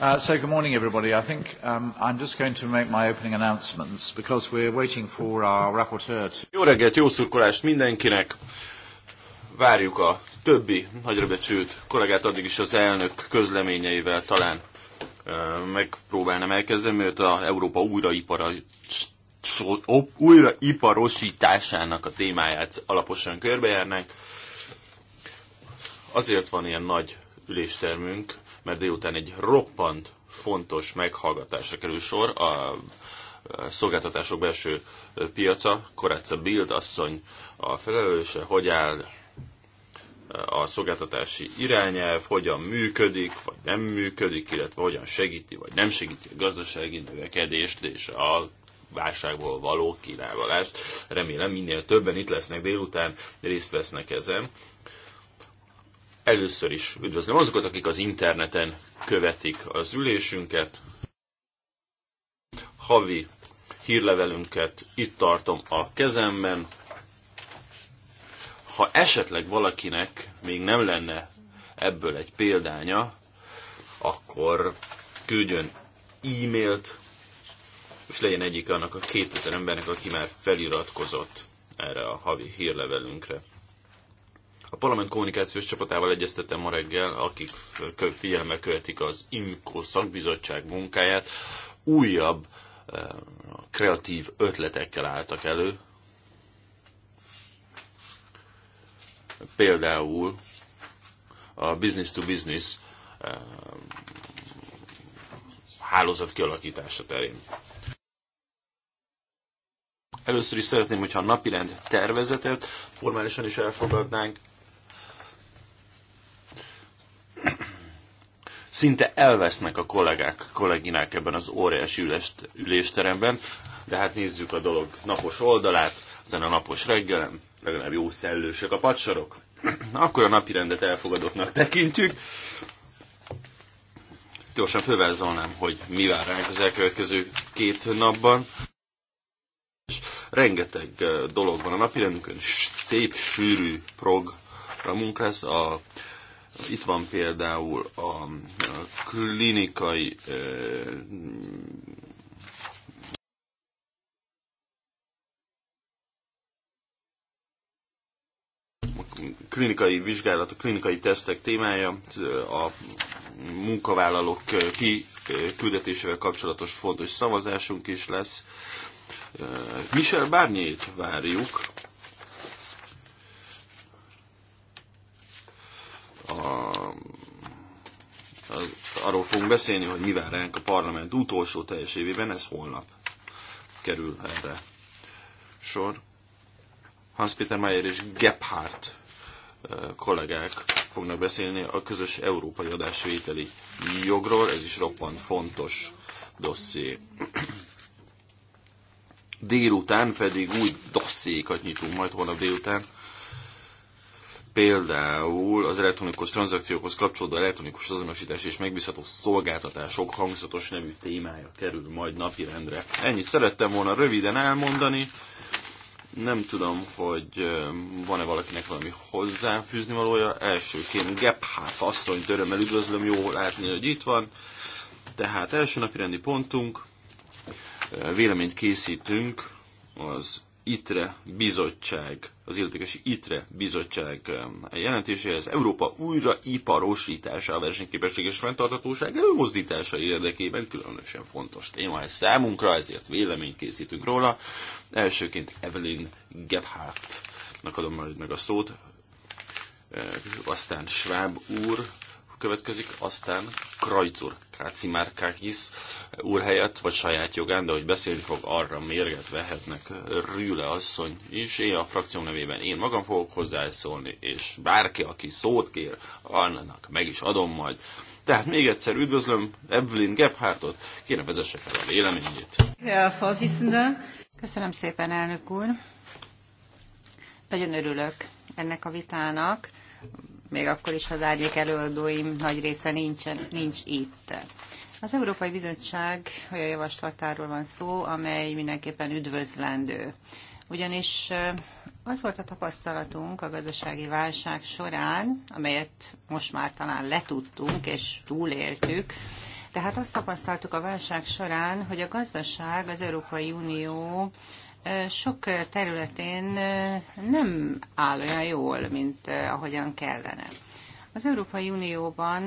Uh, so good morning, everybody. I think um, I'm just going to make my opening announcements because we're waiting for our rapporteur to... Jó reggelt, jó szurkolást mindenkinek! Várjuk a többi nagyra becsült kollégát addig is az elnök közleményeivel talán uh, megpróbálnám elkezdeni, mert a Európa újraipara újraiparosításának a témáját alaposan körbejárnánk. Azért van ilyen nagy üléstermünk, mert délután egy roppant fontos meghallgatásra kerül sor a szolgáltatások belső piaca, Koretze Bild asszony a felelőse, hogy áll a szolgáltatási irányelv, hogyan működik, vagy nem működik, illetve hogyan segíti, vagy nem segíti a gazdasági növekedést és a válságból való kilávalást. Remélem minél többen itt lesznek délután, részt vesznek ezen. Először is üdvözlöm azokat, akik az interneten követik az ülésünket. Havi hírlevelünket itt tartom a kezemben. Ha esetleg valakinek még nem lenne ebből egy példánya, akkor küldjön e-mailt, és legyen egyik annak a 2000 embernek, aki már feliratkozott erre a havi hírlevelünkre. A parlament kommunikációs csapatával egyeztettem ma reggel, akik figyelme követik az IMCO szakbizottság munkáját. Újabb eh, kreatív ötletekkel álltak elő. Például a business to business eh, hálózat kialakítása terén. Először is szeretném, hogyha a napirend tervezetet formálisan is elfogadnánk, szinte elvesznek a kollégák, kolléginák ebben az óriási ülést, ülésteremben, de hát nézzük a dolog napos oldalát, ezen a napos reggelen, legalább jó szellősök a pacsarok. Akkor a rendet elfogadottnak tekintjük. Gyorsan fővázolnám, hogy mi vár ránk az elkövetkező két napban. És rengeteg eh, dolog van a napirendünkön, szép, sűrű programunk lesz. A itt van például a klinikai klinikai vizsgálatok, klinikai tesztek témája, a munkavállalók kiküldetésével kapcsolatos fontos szavazásunk is lesz. Michel Barnier-t várjuk, a, az, arról fogunk beszélni, hogy mi vár ránk a parlament utolsó teljes évében, ez holnap kerül erre sor. Hans-Peter Mayer és Gebhardt kollégák fognak beszélni a közös európai adásvételi jogról, ez is roppant fontos dosszié. Délután pedig új dossziékat nyitunk majd holnap délután, például az elektronikus tranzakciókhoz kapcsolódó elektronikus azonosítás és megbízható szolgáltatások hangzatos nevű témája kerül majd napirendre. Ennyit szerettem volna röviden elmondani. Nem tudom, hogy van-e valakinek valami hozzáfűzni valója. Elsőként Gebhardt asszony örömmel üdvözlöm, jó látni, hogy itt van. Tehát első napi rendi pontunk, véleményt készítünk az ITRE bizottság, az illetékes ITRE bizottság um, jelentéséhez Európa újraiparosítása, a versenyképesség és fenntartatóság előmozdítása érdekében különösen fontos téma ez számunkra, ezért véleményt készítünk róla. Elsőként Evelyn Gebhardt-nak adom majd meg a szót, uh, aztán Schwab úr, következik, aztán Krajcur, Káci Márkákis úr helyett, vagy saját jogán, de hogy beszélni fog, arra mérget vehetnek Rüle asszony is. Én a frakció nevében én magam fogok hozzászólni, és bárki, aki szót kér, annak meg is adom majd. Tehát még egyszer üdvözlöm Evelyn Gebhardtot, kérem vezesse fel a véleményét. Köszönöm szépen, elnök úr. Nagyon örülök ennek a vitának még akkor is az árnyék előadóim nagy része nincsen, nincs itt. Az Európai Bizottság olyan javaslatáról van szó, amely mindenképpen üdvözlendő. Ugyanis az volt a tapasztalatunk a gazdasági válság során, amelyet most már talán letudtunk és túléltük, tehát azt tapasztaltuk a válság során, hogy a gazdaság, az Európai Unió sok területén nem áll olyan jól, mint ahogyan kellene. Az Európai Unióban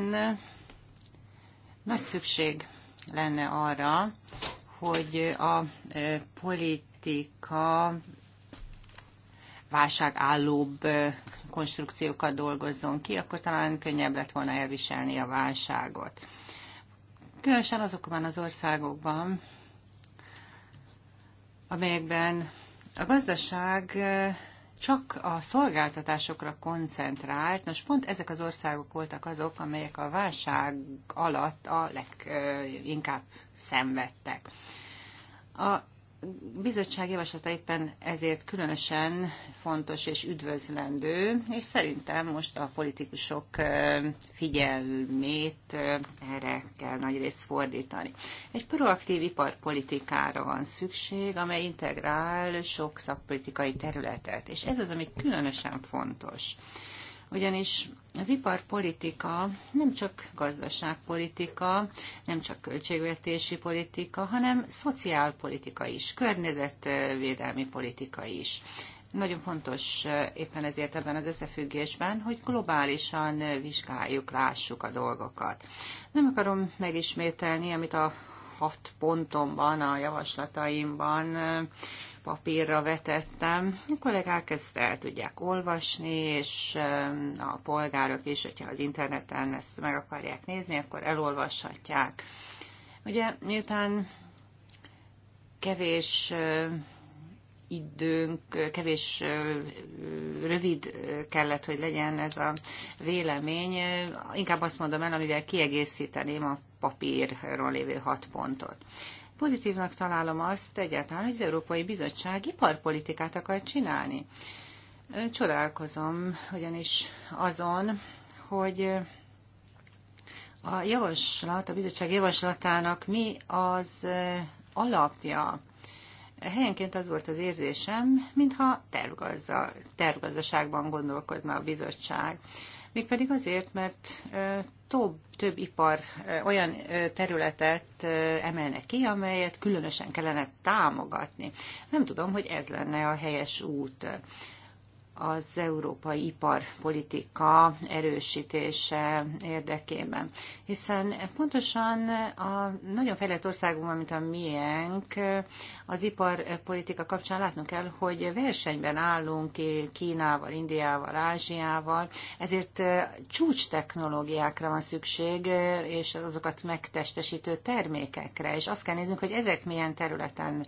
nagy szükség lenne arra, hogy a politika válságállóbb konstrukciókat dolgozzon ki, akkor talán könnyebb lett volna elviselni a válságot. Különösen azokban az országokban, amelyekben a gazdaság csak a szolgáltatásokra koncentrált. Nos, pont ezek az országok voltak azok, amelyek a válság alatt a leginkább szenvedtek. A bizottság javaslata éppen ezért különösen fontos és üdvözlendő, és szerintem most a politikusok figyelmét erre kell nagy részt fordítani. Egy proaktív iparpolitikára van szükség, amely integrál sok szakpolitikai területet, és ez az, ami különösen fontos ugyanis az iparpolitika nem csak gazdaságpolitika, nem csak költségvetési politika, hanem szociálpolitika is, környezetvédelmi politika is. Nagyon fontos eh, éppen ezért ebben az összefüggésben, hogy globálisan vizsgáljuk, lássuk a dolgokat. Nem akarom megismételni, amit a hat pontomban, a javaslataimban papírra vetettem. A kollégák ezt el tudják olvasni, és a polgárok is, hogyha az interneten ezt meg akarják nézni, akkor elolvashatják. Ugye miután kevés időnk, kevés rövid kellett, hogy legyen ez a vélemény. Inkább azt mondom el, amivel kiegészíteném a papírról lévő hat pontot. Pozitívnak találom azt egyáltalán, hogy az Európai Bizottság iparpolitikát akar csinálni. Csodálkozom ugyanis azon, hogy a javaslat, a bizottság javaslatának mi az alapja? helyenként az volt az érzésem, mintha tervgazda, tervgazdaságban gondolkodna a bizottság. Mégpedig azért, mert több, több ipar olyan területet emelnek ki, amelyet különösen kellene támogatni. Nem tudom, hogy ez lenne a helyes út az európai iparpolitika erősítése érdekében. Hiszen pontosan a nagyon fejlett országunkban, mint a miénk, az iparpolitika kapcsán látnunk kell, hogy versenyben állunk Kínával, Indiával, Ázsiával, ezért csúcs technológiákra van szükség, és azokat megtestesítő termékekre, és azt kell néznünk, hogy ezek milyen területen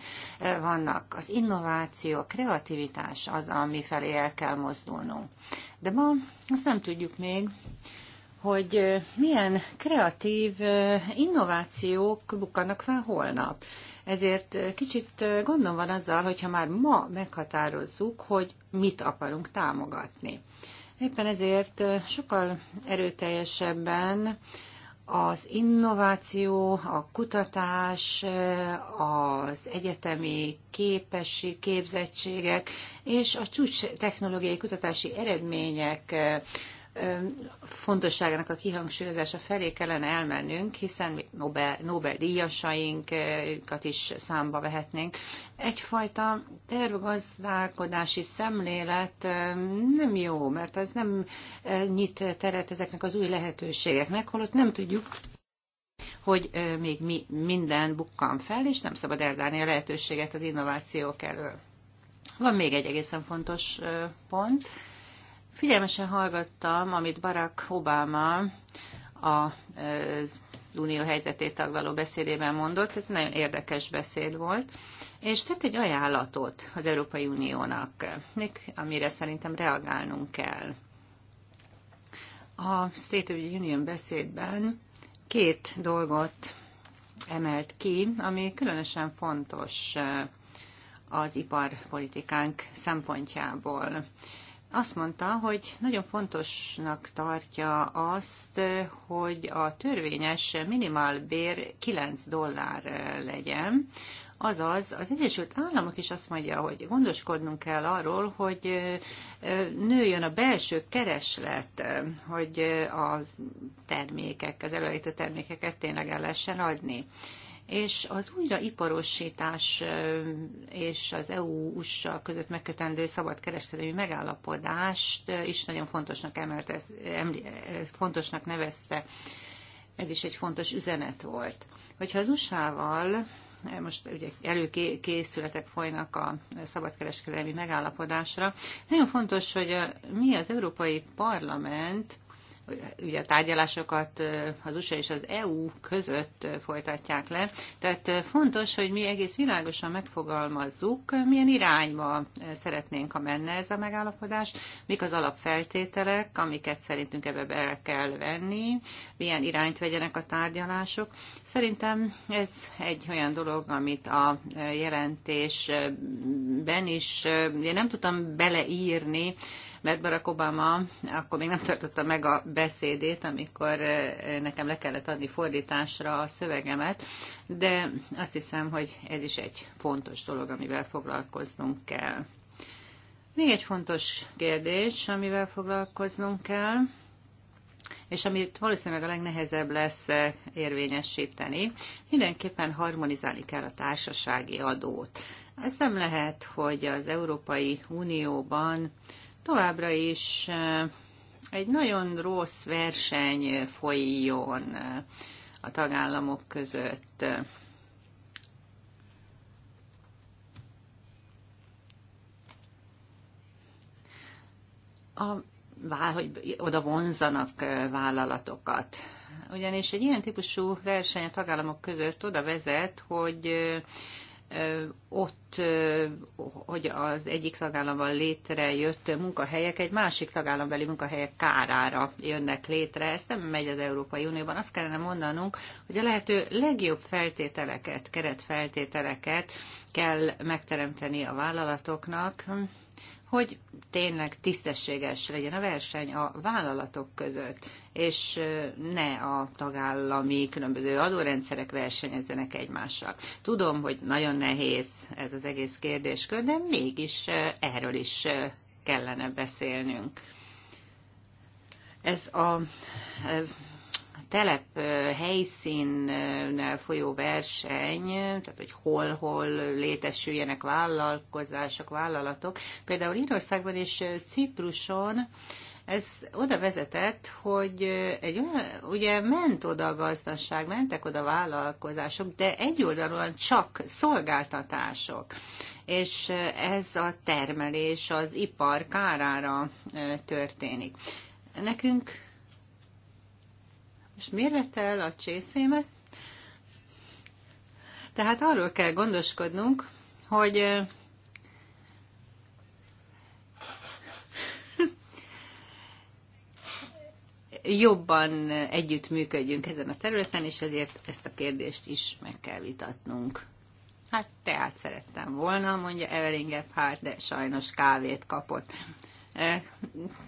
vannak. Az innováció, a kreativitás az, ami felé el kell kell mozdulnunk. De ma azt nem tudjuk még, hogy milyen kreatív innovációk bukannak fel holnap. Ezért kicsit gondom van azzal, hogyha már ma meghatározzuk, hogy mit akarunk támogatni. Éppen ezért sokkal erőteljesebben az innováció, a kutatás, az egyetemi képesség, képzettségek és a csúcs technológiai kutatási eredmények fontosságának a kihangsúlyozása felé kellene elmennünk, hiszen Nobel, Nobel-díjasainkat is számba vehetnénk. Egyfajta tervgazdálkodási szemlélet nem jó, mert az nem nyit teret ezeknek az új lehetőségeknek, holott nem tudjuk, hogy még mi minden bukkan fel, és nem szabad elzárni a lehetőséget az innovációk elől. Van még egy egészen fontos pont, Figyelmesen hallgattam, amit Barack Obama a e, unió helyzetét taglaló beszédében mondott, ez nagyon érdekes beszéd volt, és tett egy ajánlatot az Európai Uniónak, még amire szerintem reagálnunk kell. A State of the Union beszédben két dolgot emelt ki, ami különösen fontos e, az iparpolitikánk szempontjából azt mondta, hogy nagyon fontosnak tartja azt, hogy a törvényes minimálbér 9 dollár legyen, Azaz, az Egyesült Államok is azt mondja, hogy gondoskodnunk kell arról, hogy nőjön a belső kereslet, hogy a termékek, az előállított termékeket tényleg el lehessen adni és az újraiparosítás és az EU-USA között megkötendő szabadkereskedelmi megállapodást is nagyon fontosnak, eml, fontosnak nevezte. Ez is egy fontos üzenet volt. Hogyha az USA-val most ugye előkészületek folynak a szabadkereskedelmi megállapodásra. Nagyon fontos, hogy mi az Európai Parlament ugye a tárgyalásokat az USA és az EU között folytatják le. Tehát fontos, hogy mi egész világosan megfogalmazzuk, milyen irányba szeretnénk, ha menne ez a megállapodás, mik az alapfeltételek, amiket szerintünk ebbe be kell venni, milyen irányt vegyenek a tárgyalások. Szerintem ez egy olyan dolog, amit a jelentésben is én nem tudtam beleírni, mert Barack Obama akkor még nem tartotta meg a beszédét, amikor eh, nekem le kellett adni fordításra a szövegemet, de azt hiszem, hogy ez is egy fontos dolog, amivel foglalkoznunk kell. Még egy fontos kérdés, amivel foglalkoznunk kell, és amit valószínűleg a legnehezebb lesz eh, érvényesíteni, mindenképpen harmonizálni kell a társasági adót. Ez nem lehet, hogy az Európai Unióban továbbra is egy nagyon rossz verseny folyjon a tagállamok között. A, hogy oda vonzanak vállalatokat. Ugyanis egy ilyen típusú verseny a tagállamok között oda vezet, hogy ott, hogy az egyik tagállamban létrejött munkahelyek egy másik tagállambeli munkahelyek kárára jönnek létre. Ez nem megy az Európai Unióban. Azt kellene mondanunk, hogy a lehető legjobb feltételeket, keretfeltételeket kell megteremteni a vállalatoknak, hogy tényleg tisztességes legyen a verseny a vállalatok között, és ne a tagállami különböző adórendszerek versenyezzenek egymással. Tudom, hogy nagyon nehéz ez az egész kérdéskör, de mégis erről is kellene beszélnünk. Ez a telep helyszínnel folyó verseny, tehát hogy hol-hol létesüljenek vállalkozások, vállalatok. Például Írországban és Cipruson ez oda vezetett, hogy egy olyan, ugye ment oda a gazdaság, mentek oda a vállalkozások, de egy oldalon csak szolgáltatások. És ez a termelés az ipar kárára történik. Nekünk és miért vette el a csészémet? Tehát arról kell gondoskodnunk, hogy jobban együttműködjünk ezen a területen, és ezért ezt a kérdést is meg kell vitatnunk. Hát teát szerettem volna, mondja Evelyn Gephardt, de sajnos kávét kapott.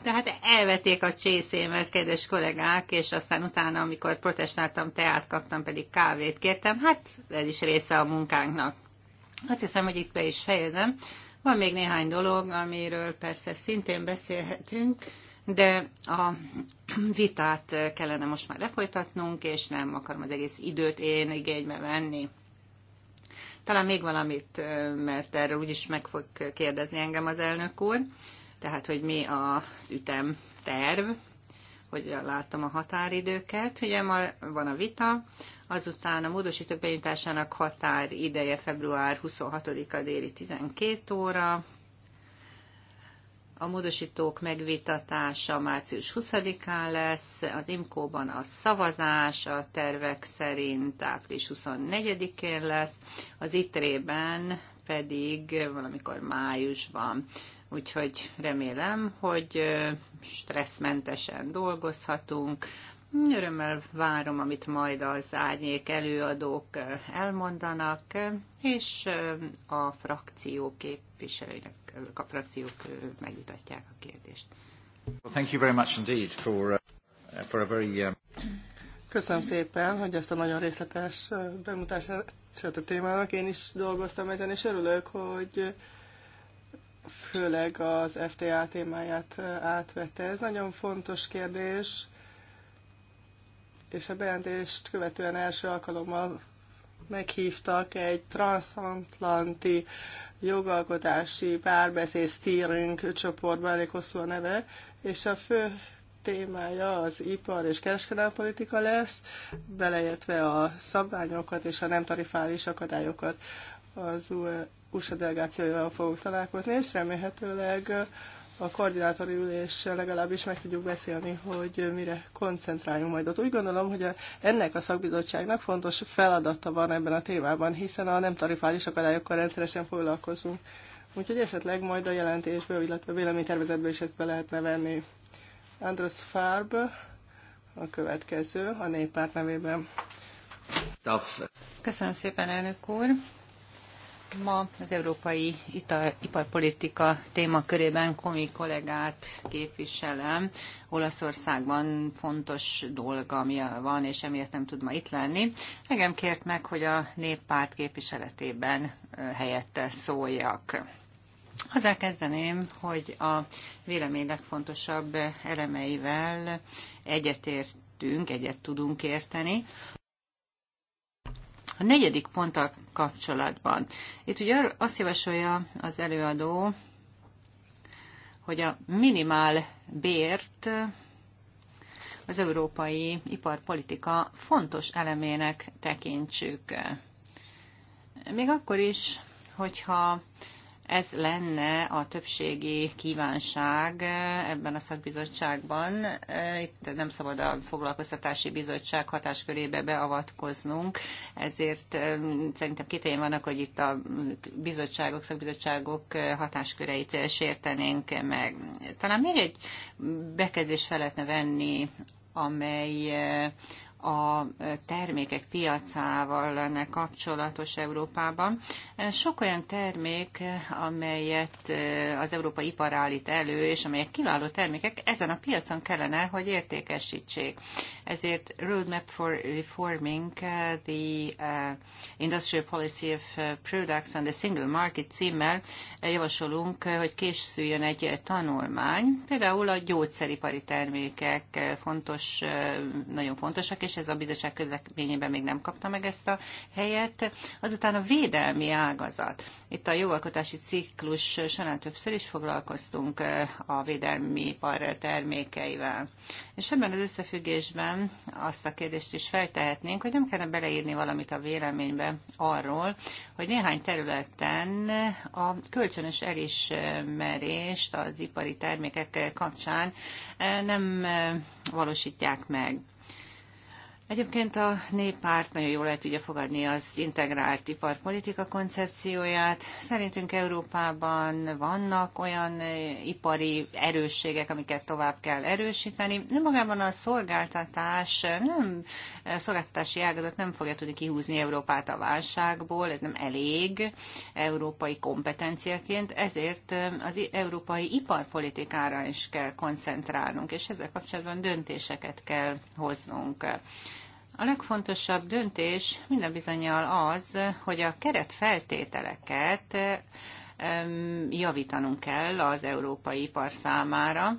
Tehát elvették a csészémet, kedves kollégák, és aztán utána, amikor protestáltam, teát kaptam, pedig kávét kértem. Hát ez is része a munkánknak. Azt hiszem, hogy itt be is fejezem. Van még néhány dolog, amiről persze szintén beszélhetünk, de a vitát kellene most már lefolytatnunk, és nem akarom az egész időt én igénybe venni. Talán még valamit, mert erről úgyis meg fog kérdezni engem az elnök úr tehát hogy mi az ütem terv, hogy láttam a határidőket. Ugye ma van a vita, azután a módosítók bejutásának ideje február 26-a déli 12 óra, a módosítók megvitatása március 20-án lesz, az IMKO-ban a szavazás a tervek szerint április 24-én lesz, az ITRE-ben pedig valamikor májusban úgyhogy remélem, hogy stresszmentesen dolgozhatunk. Örömmel várom, amit majd az árnyék előadók elmondanak, és a frakció képviselőinek, a frakciók megmutatják a kérdést. thank you very much indeed for, uh, for a very, um, Köszönöm szépen, hogy ezt a nagyon részletes bemutatását a témának. Én is dolgoztam ezen, és örülök, hogy főleg az FTA témáját átvette. Ez nagyon fontos kérdés, és a bejelentést követően első alkalommal meghívtak egy transatlanti jogalkotási párbeszéd steering csoportba, elég hosszú a neve, és a fő témája az ipar és kereskedelmi politika lesz, beleértve a szabványokat és a nem tarifális akadályokat. Az USA delegációjával fogok találkozni, és remélhetőleg a koordinátori ülés legalábbis meg tudjuk beszélni, hogy mire koncentráljunk majd ott. Úgy gondolom, hogy a, ennek a szakbizottságnak fontos feladata van ebben a témában, hiszen a nem tarifális akadályokkal rendszeresen foglalkozunk. Úgyhogy esetleg majd a jelentésből, illetve a véleménytervezetből is ezt be lehetne venni. Andros Farb, a következő, a néppárt nevében. Köszönöm szépen, elnök úr. Ma az európai ita, iparpolitika témakörében komi kollégát képviselem. Olaszországban fontos dolga ami van, és emiatt nem tud ma itt lenni. Engem kért meg, hogy a néppárt képviseletében helyette szóljak. Azzal kezdeném, hogy a vélemény legfontosabb elemeivel egyetért egyet tudunk érteni. A negyedik ponttal kapcsolatban. Itt ugye azt javasolja az előadó, hogy a minimál bért az európai iparpolitika fontos elemének tekintsük. Még akkor is, hogyha ez lenne a többségi kívánság ebben a szakbizottságban. Itt nem szabad a foglalkoztatási bizottság hatáskörébe beavatkoznunk, ezért szerintem kételjen vannak, hogy itt a bizottságok, szakbizottságok hatásköreit sértenénk meg. Talán még egy bekezdés fel lehetne venni amely a termékek piacával lenne kapcsolatos Európában. Sok olyan termék, amelyet az Európa ipar állít elő, és amelyek kiváló termékek, ezen a piacon kellene, hogy értékesítsék. Ezért Roadmap for Reforming the uh, Industrial Policy of uh, Products on the Single Market címmel javasolunk, hogy készüljön egy tanulmány, például a gyógyszeripari termékek fontos, uh, nagyon fontosak, és ez a bizottság közleményében még nem kapta meg ezt a helyet. Azután a védelmi ágazat. Itt a jogalkotási ciklus során többször is foglalkoztunk eh, a védelmi ipar termékeivel. És ebben az összefüggésben azt a kérdést is feltehetnénk, hogy nem kellene beleírni valamit a véleménybe arról, hogy néhány területen a kölcsönös elismerést az ipari termékek kapcsán eh, nem eh, valósítják meg. Egyébként a néppárt nagyon jól lehet tudja fogadni az integrált iparpolitika koncepcióját. Szerintünk Európában vannak olyan eh, ipari erősségek, amiket tovább kell erősíteni. Nem magában a szolgáltatás, nem, a szolgáltatási ágazat nem fogja tudni kihúzni Európát a válságból, ez nem elég európai kompetenciaként, ezért eh, az európai iparpolitikára is kell koncentrálnunk, és ezzel kapcsolatban döntéseket kell hoznunk. A legfontosabb döntés minden bizonyal az, hogy a keretfeltételeket javítanunk kell az európai ipar számára,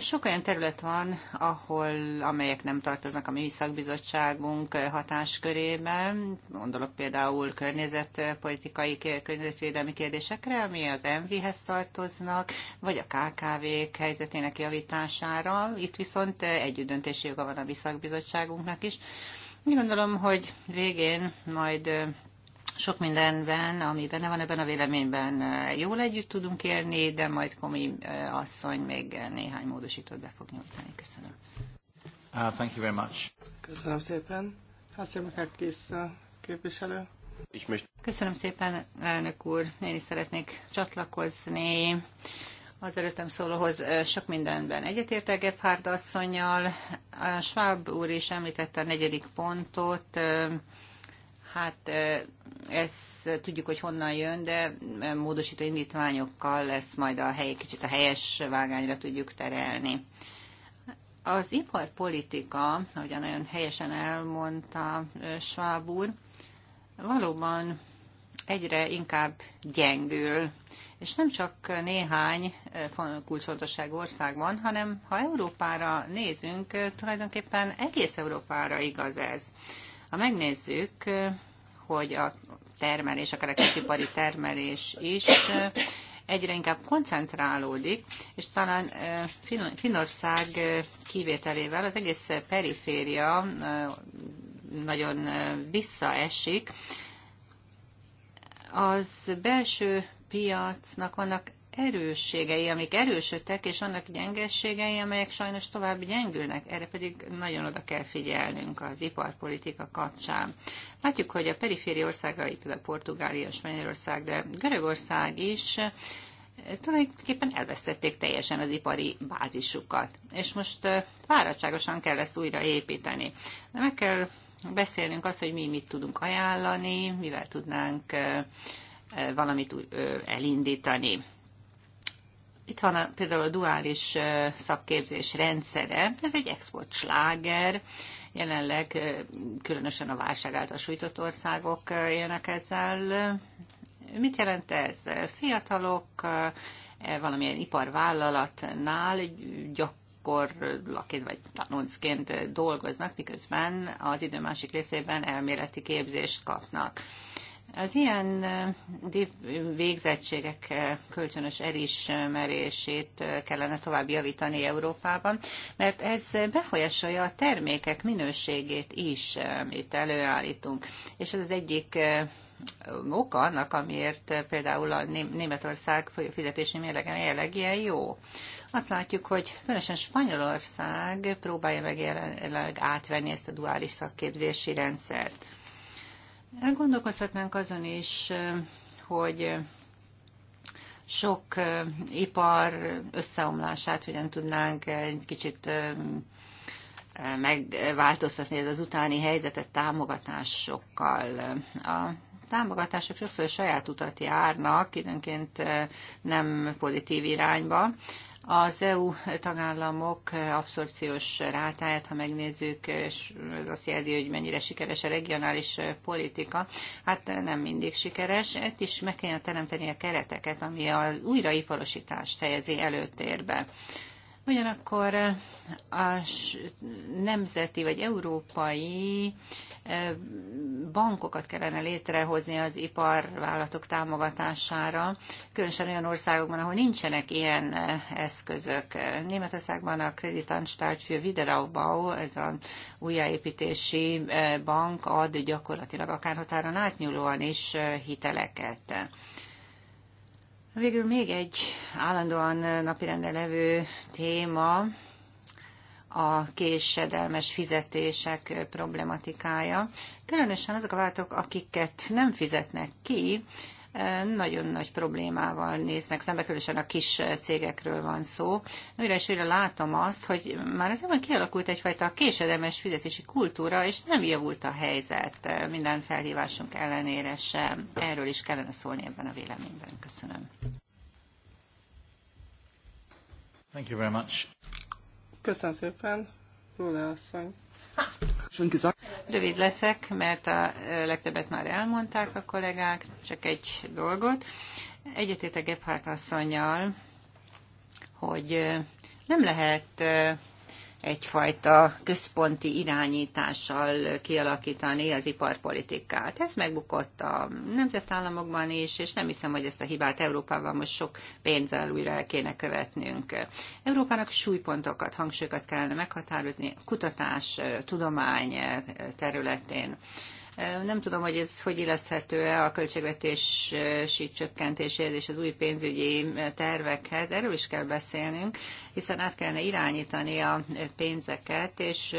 sok olyan terület van, ahol, amelyek nem tartoznak a mi szakbizottságunk hatáskörében, gondolok például környezetpolitikai, környezetvédelmi kérdésekre, ami az MV-hez tartoznak, vagy a KKV-k helyzetének javítására. Itt viszont együttdöntési joga van a mi szakbizottságunknak is. Mi gondolom, hogy végén majd sok mindenben, ami benne van ebben a véleményben, eh, jól együtt tudunk élni, de majd Komi eh, asszony még néhány módosítót be fog nyújtani. Köszönöm. Uh, thank you very much. Köszönöm szépen. Hatszimakakis eh, képviselő. Köszönöm szépen, elnök úr. Én is szeretnék csatlakozni az előttem szólóhoz sok mindenben egyetértek Gebhard asszonyjal. A Schwab úr is említette a negyedik pontot, Hát ezt tudjuk, hogy honnan jön, de módosító indítványokkal lesz majd a hely, kicsit a helyes vágányra tudjuk terelni. Az iparpolitika, ahogy nagyon helyesen elmondta Schwab úr, valóban egyre inkább gyengül, és nem csak néhány kulcsfontosság országban, hanem ha Európára nézünk, tulajdonképpen egész Európára igaz ez. Ha megnézzük, hogy a termelés, a kerekesipari termelés is egyre inkább koncentrálódik, és talán Finország kivételével az egész periféria nagyon visszaesik. Az belső piacnak vannak erősségei, amik erősödtek, és annak gyengességei, amelyek sajnos tovább gyengülnek. Erre pedig nagyon oda kell figyelnünk az iparpolitika kapcsán. Látjuk, hogy a periféri országai, például Portugália, Spanyolország, de Görögország is eh, tulajdonképpen elvesztették teljesen az ipari bázisukat. És most eh, fáradtságosan kell ezt újra építeni. De meg kell beszélnünk azt, hogy mi mit tudunk ajánlani, mivel tudnánk eh, valamit elindítani. Itt van a, például a duális szakképzés rendszere, ez egy export sláger, jelenleg különösen a válság által sújtott országok élnek ezzel. Mit jelent ez? Fiatalok e, valamilyen iparvállalatnál gyak gyakorlaként vagy tanoncként dolgoznak, miközben az idő másik részében elméleti képzést kapnak. Az ilyen végzettségek kölcsönös elismerését kellene tovább javítani Európában, mert ez befolyásolja a termékek minőségét is, amit előállítunk. És ez az egyik oka annak, amiért például a Németország fizetési mérlegen jelenleg ilyen jó. Azt látjuk, hogy különösen Spanyolország próbálja meg jelenleg átvenni ezt a duális szakképzési rendszert. Elgondolkozhatnánk azon is, hogy sok ipar összeomlását hogyan tudnánk egy kicsit megváltoztatni ez az utáni helyzetet támogatásokkal. A támogatások sokszor saját utat járnak, időnként nem pozitív irányba, az EU tagállamok abszorciós rátáját, ha megnézzük, és ez azt jelzi, hogy mennyire sikeres a regionális politika, hát nem mindig sikeres. Itt is meg kellene teremteni a kereteket, ami az újraiparosítást helyezi előtérbe. Ugyanakkor a nemzeti vagy európai e, bankokat kellene létrehozni az iparvállalatok támogatására, különösen olyan országokban, ahol nincsenek ilyen e, eszközök. Németországban a Kreditanstalt für Wiederaufbau, ez a újjáépítési e, bank ad gyakorlatilag akár határon átnyúlóan is hiteleket. Végül még egy állandóan napirenden levő téma, a késedelmes fizetések problematikája. Különösen azok a váltók, akiket nem fizetnek ki, nagyon nagy problémával néznek szembe, különösen a kis cégekről van szó. Újra és újra látom azt, hogy már azért kialakult egyfajta késedelmes fizetési kultúra, és nem javult a helyzet minden felhívásunk ellenére sem. Erről is kellene szólni ebben a véleményben. Köszönöm. Thank you very much. Köszönöm szépen, Róla asszony. Rövid leszek, mert a legtöbbet már elmondták a kollégák, csak egy dolgot. Egyetértek Gebhardt asszonyjal, hogy nem lehet egyfajta központi irányítással kialakítani az iparpolitikát. Ez megbukott a nemzetállamokban is, és nem hiszem, hogy ezt a hibát Európában most sok pénzzel újra el kéne követnünk. Európának súlypontokat, hangsúlyokat kellene meghatározni kutatás, tudomány területén. Nem tudom, hogy ez hogy illeszthető-e a költségvetési csökkentéséhez és az új pénzügyi tervekhez. Erről is kell beszélnünk, hiszen át kellene irányítani a pénzeket, és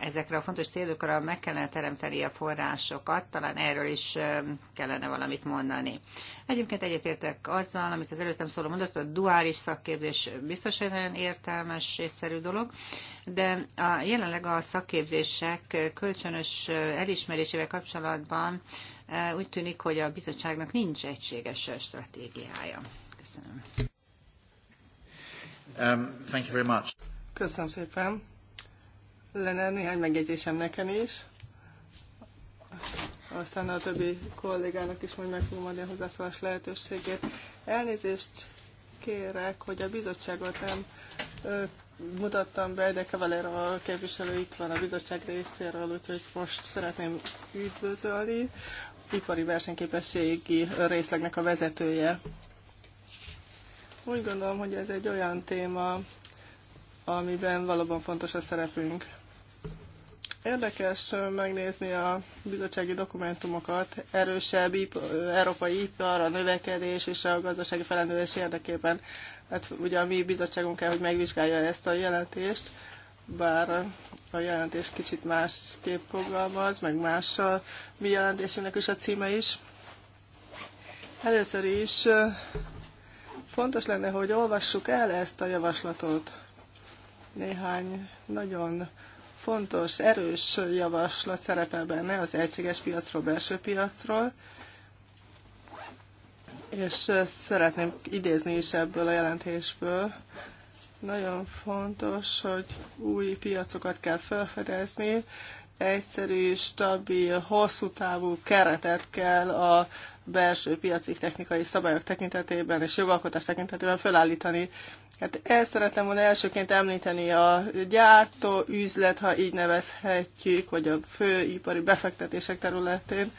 ezekre a fontos célokra meg kellene teremteni a forrásokat. Talán erről is kellene valamit mondani. Egyébként egyetértek azzal, amit az előttem szóló mondott, a duális szakképzés biztos, hogy nagyon értelmes és szerű dolog de a, jelenleg a szakképzések kölcsönös elismerésével kapcsolatban úgy tűnik, hogy a bizottságnak nincs egységes stratégiája. Köszönöm. Um, thank you very much. Köszönöm szépen. Lenne néhány megjegyzésem nekem is. Aztán a többi kollégának is majd meg fogom adni a hozzászólás lehetőségét. Elnézést kérek, hogy a bizottságot nem mutattam be, de a képviselő itt van a bizottság részéről, úgyhogy most szeretném üdvözölni ipari versenyképességi részlegnek a vezetője. Úgy gondolom, hogy ez egy olyan téma, amiben valóban fontos a szerepünk. Érdekes megnézni a bizottsági dokumentumokat, erősebb ip- európai ipar, a növekedés és a gazdasági felelősség érdekében. Hát ugye a mi bizottságunk kell, hogy megvizsgálja ezt a jelentést, bár a jelentés kicsit másképp fogalmaz, meg más a mi jelentésünknek is a címe is. Először is fontos lenne, hogy olvassuk el ezt a javaslatot. Néhány nagyon fontos, erős javaslat szerepel benne az egységes piacról, belső piacról, és szeretném idézni is ebből a jelentésből. Nagyon fontos, hogy új piacokat kell felfedezni, egyszerű, stabil, hosszú távú keretet kell a belső piaci technikai szabályok tekintetében és jogalkotás tekintetében felállítani. Hát ezt szeretem volna elsőként említeni a gyártó üzlet, ha így nevezhetjük, vagy a főipari befektetések területén,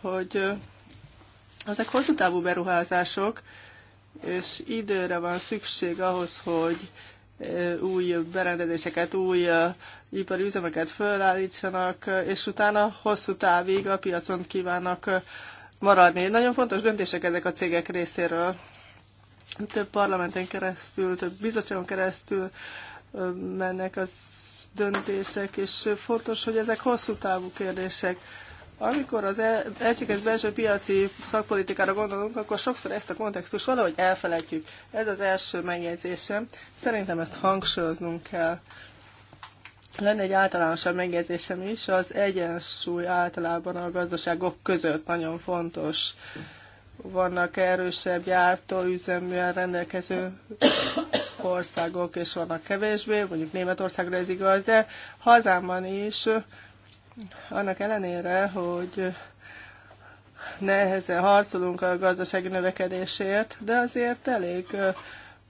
hogy ezek hosszú távú beruházások, és időre van szükség ahhoz, hogy eh, új berendezéseket, új eh, ipari üzemeket fölállítsanak, eh, és utána hosszú távig a piacon kívánnak maradni. Nagyon fontos döntések ezek a cégek részéről. Több parlamenten keresztül, több bizottságon keresztül mennek az döntések, és fontos, hogy ezek hosszú távú kérdések amikor az el, belső piaci szakpolitikára gondolunk, akkor sokszor ezt a kontextust valahogy elfelejtjük. Ez az első megjegyzésem. Szerintem ezt hangsúlyoznunk kell. Lenne egy általánosabb megjegyzésem is, az egyensúly általában a gazdaságok között nagyon fontos. Vannak erősebb üzeműen rendelkező országok, és vannak kevésbé, mondjuk Németországra ez igaz, de hazámban is annak ellenére, hogy nehezen harcolunk a gazdasági növekedésért, de azért elég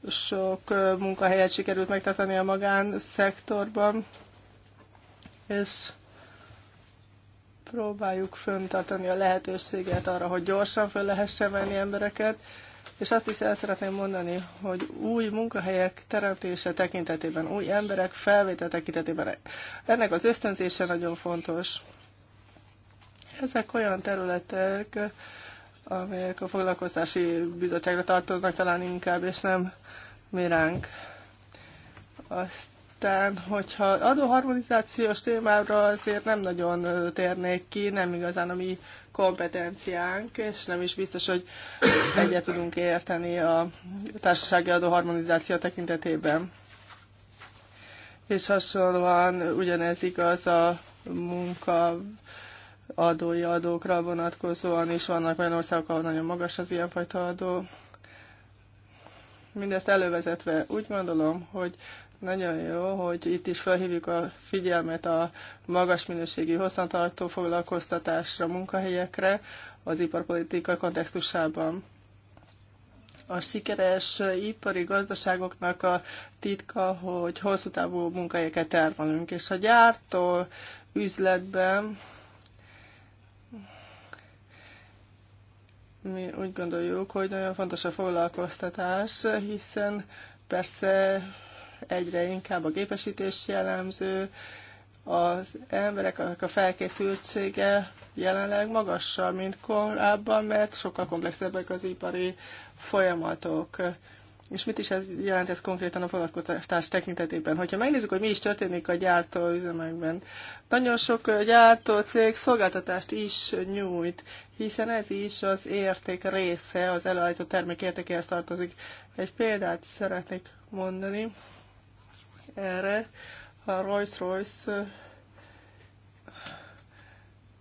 sok munkahelyet sikerült megtartani a magánszektorban, és próbáljuk föntartani a lehetőséget arra, hogy gyorsan föl lehessen venni embereket, és azt is el szeretném mondani, hogy új munkahelyek teremtése tekintetében, új emberek felvétel tekintetében ennek az ösztönzése nagyon fontos. Ezek olyan területek, amelyek a foglalkoztási bizottságra tartoznak talán inkább, és nem mi ránk. Aztán, hogyha adóharmonizációs témára azért nem nagyon térnék ki, nem igazán a mi kompetenciánk, és nem is biztos, hogy egyet tudunk érteni a társasági adó harmonizáció tekintetében. És hasonlóan ugyanez igaz a munka adói adókra vonatkozóan is vannak olyan országok, ahol nagyon magas az ilyenfajta adó. Mindezt elővezetve úgy gondolom, hogy nagyon jó, hogy itt is felhívjuk a figyelmet a magas minőségű hosszantartó foglalkoztatásra, munkahelyekre az iparpolitika kontextusában. A sikeres ipari gazdaságoknak a titka, hogy hosszú távú munkahelyeket termelünk, és a gyártó üzletben mi úgy gondoljuk, hogy nagyon fontos a foglalkoztatás, hiszen persze egyre inkább a gépesítés jellemző, az embereknek a felkészültsége jelenleg magasabb, mint korábban, mert sokkal komplexebbek az ipari folyamatok. És mit is ez jelent ez konkrétan a foglalkoztatás tekintetében? Hogyha megnézzük, hogy mi is történik a üzemekben, nagyon sok gyártó cég szolgáltatást is nyújt, hiszen ez is az érték része, az előállított termék értékéhez tartozik. Egy példát szeretnék mondani erre. A Rolls-Royce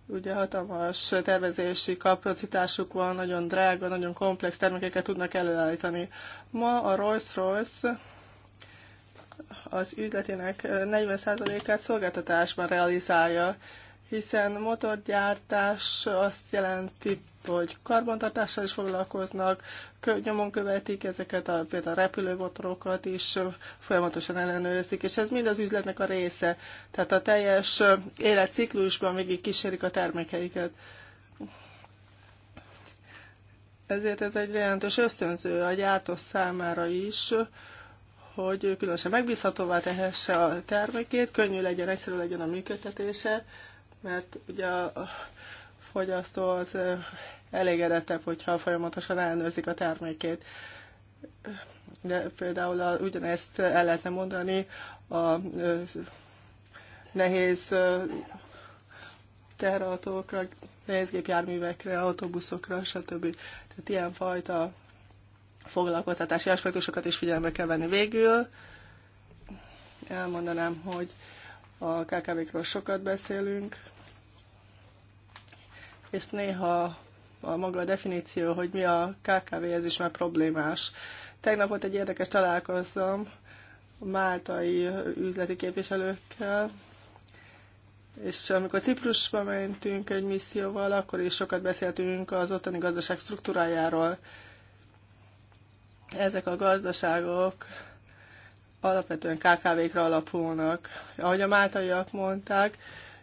ugye hatalmas tervezési kapacitásuk van, nagyon drága, nagyon komplex termékeket tudnak előállítani. Ma a Rolls-Royce az üzletének 40%-át szolgáltatásban realizálja, hiszen motorgyártás azt jelenti hogy karbantartással is foglalkoznak, nyomon követik ezeket, a, például a repülőmotorokat is folyamatosan ellenőrzik, és ez mind az üzletnek a része. Tehát a teljes életciklusban végig kísérik a termékeiket. Ezért ez egy jelentős ösztönző a gyártó számára is, hogy különösen megbízhatóvá tehesse a termékét, könnyű legyen, egyszerű legyen a működtetése, mert ugye a fogyasztó az elégedettebb, hogyha folyamatosan ellenőrzik a termékét. De például a, ugyanezt el lehetne mondani a nehéz teherautókra, nehéz gépjárművekre, autóbuszokra, stb. Tehát ilyenfajta foglalkoztatási aspektusokat is figyelembe kell venni. Végül elmondanám, hogy a KKV-król sokat beszélünk, és néha a maga a definíció, hogy mi a KKV, ez is már problémás. Tegnap volt egy érdekes találkozom máltai üzleti képviselőkkel, és amikor Ciprusba mentünk egy misszióval, akkor is sokat beszéltünk az ottani gazdaság struktúrájáról. Ezek a gazdaságok alapvetően KKV-kra alapulnak. Ahogy a máltaiak mondták,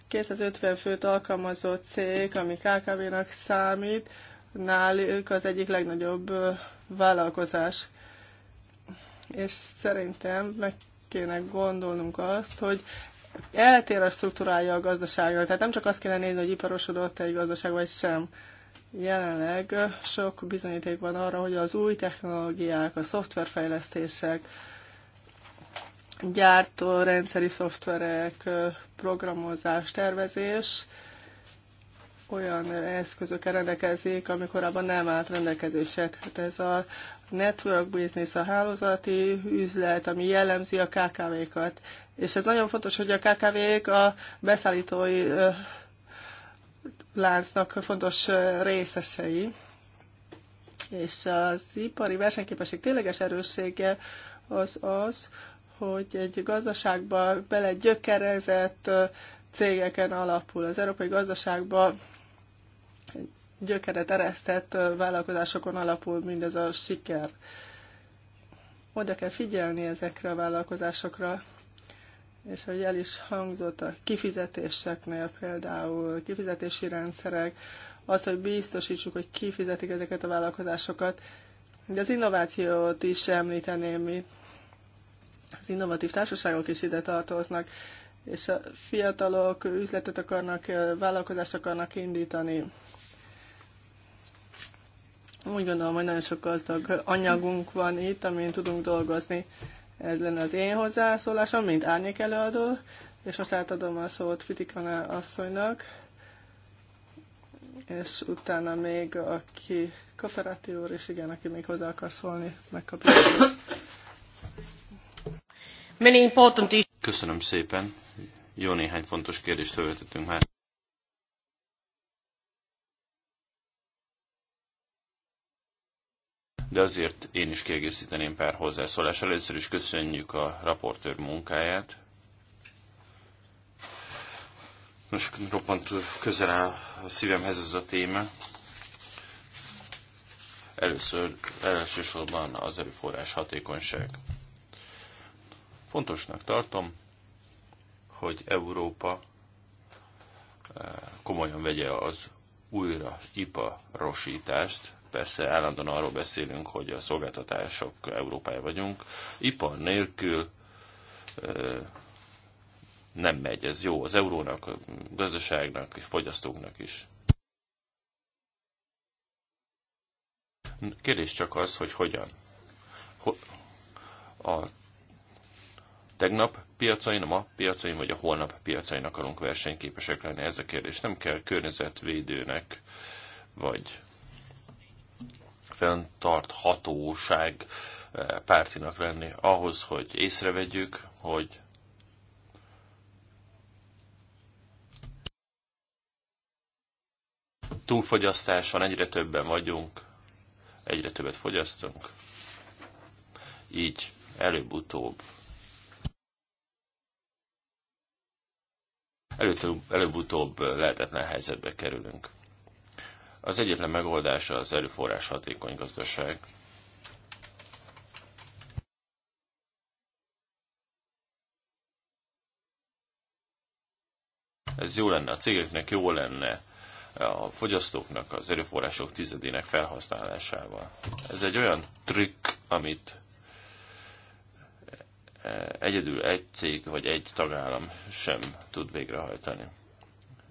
250 főt alkalmazó cég, ami KKV-nak számít, náluk az egyik legnagyobb vállalkozás. És szerintem meg kéne gondolnunk azt, hogy eltér a struktúrája a gazdaságnak. Tehát nem csak azt kéne nézni, hogy iparosodott egy gazdaság, vagy sem. Jelenleg sok bizonyíték van arra, hogy az új technológiák, a szoftverfejlesztések, gyártó rendszeri szoftverek, programozás, tervezés olyan eszközökkel rendelkezik, amikor abban nem állt rendelkezésre. Tehát ez a network business, a hálózati üzlet, ami jellemzi a KKV-kat. És ez nagyon fontos, hogy a KKV-k a beszállítói láncnak fontos részesei. És az ipari versenyképesség tényleges erőssége az az, hogy egy gazdaságba gyökerezett cégeken alapul, az európai gazdaságba gyökeret eresztett vállalkozásokon alapul mindez a siker. Oda kell figyelni ezekre a vállalkozásokra, és hogy el is hangzott a kifizetéseknél például, kifizetési rendszerek, az, hogy biztosítsuk, hogy kifizetik ezeket a vállalkozásokat, de az innovációt is említeném itt. Az innovatív társaságok is ide tartoznak, és a fiatalok üzletet akarnak, vállalkozást akarnak indítani. Úgy gondolom, hogy nagyon sok gazdag anyagunk van itt, amin tudunk dolgozni. Ez lenne az én hozzászólásom, mint árnyék előadó, és most átadom a szót Fitikana asszonynak, és utána még aki kooperatív úr, és igen, aki még hozzá akar szólni, megkapja. Many important Köszönöm szépen. Jó néhány fontos kérdést felvetettünk már. de azért én is kiegészíteném pár hozzászólás. Először is köszönjük a raportőr munkáját. Most roppant közel áll a szívemhez ez a téma. Először, elsősorban az erőforrás hatékonyság. Fontosnak tartom, hogy Európa eh, komolyan vegye az újra iparosítást. Persze állandóan arról beszélünk, hogy a szolgáltatások Európája vagyunk. Ipar nélkül eh, nem megy. Ez jó az eurónak, a gazdaságnak és fogyasztóknak is. Kérdés csak az, hogy hogyan. A tegnap piacain, a ma piacain, vagy a holnap piacain akarunk versenyképesek lenni. Ez a kérdés. Nem kell környezetvédőnek, vagy fenntarthatóság eh, pártinak lenni ahhoz, hogy észrevegyük, hogy túlfogyasztás van, egyre többen vagyunk, egyre többet fogyasztunk, így előbb-utóbb előbb-utóbb lehetetlen helyzetbe kerülünk. Az egyetlen megoldása az erőforrás hatékony gazdaság. Ez jó lenne a cégeknek, jó lenne a fogyasztóknak az erőforrások tizedének felhasználásával. Ez egy olyan trükk, amit egyedül egy cég vagy egy tagállam sem tud végrehajtani.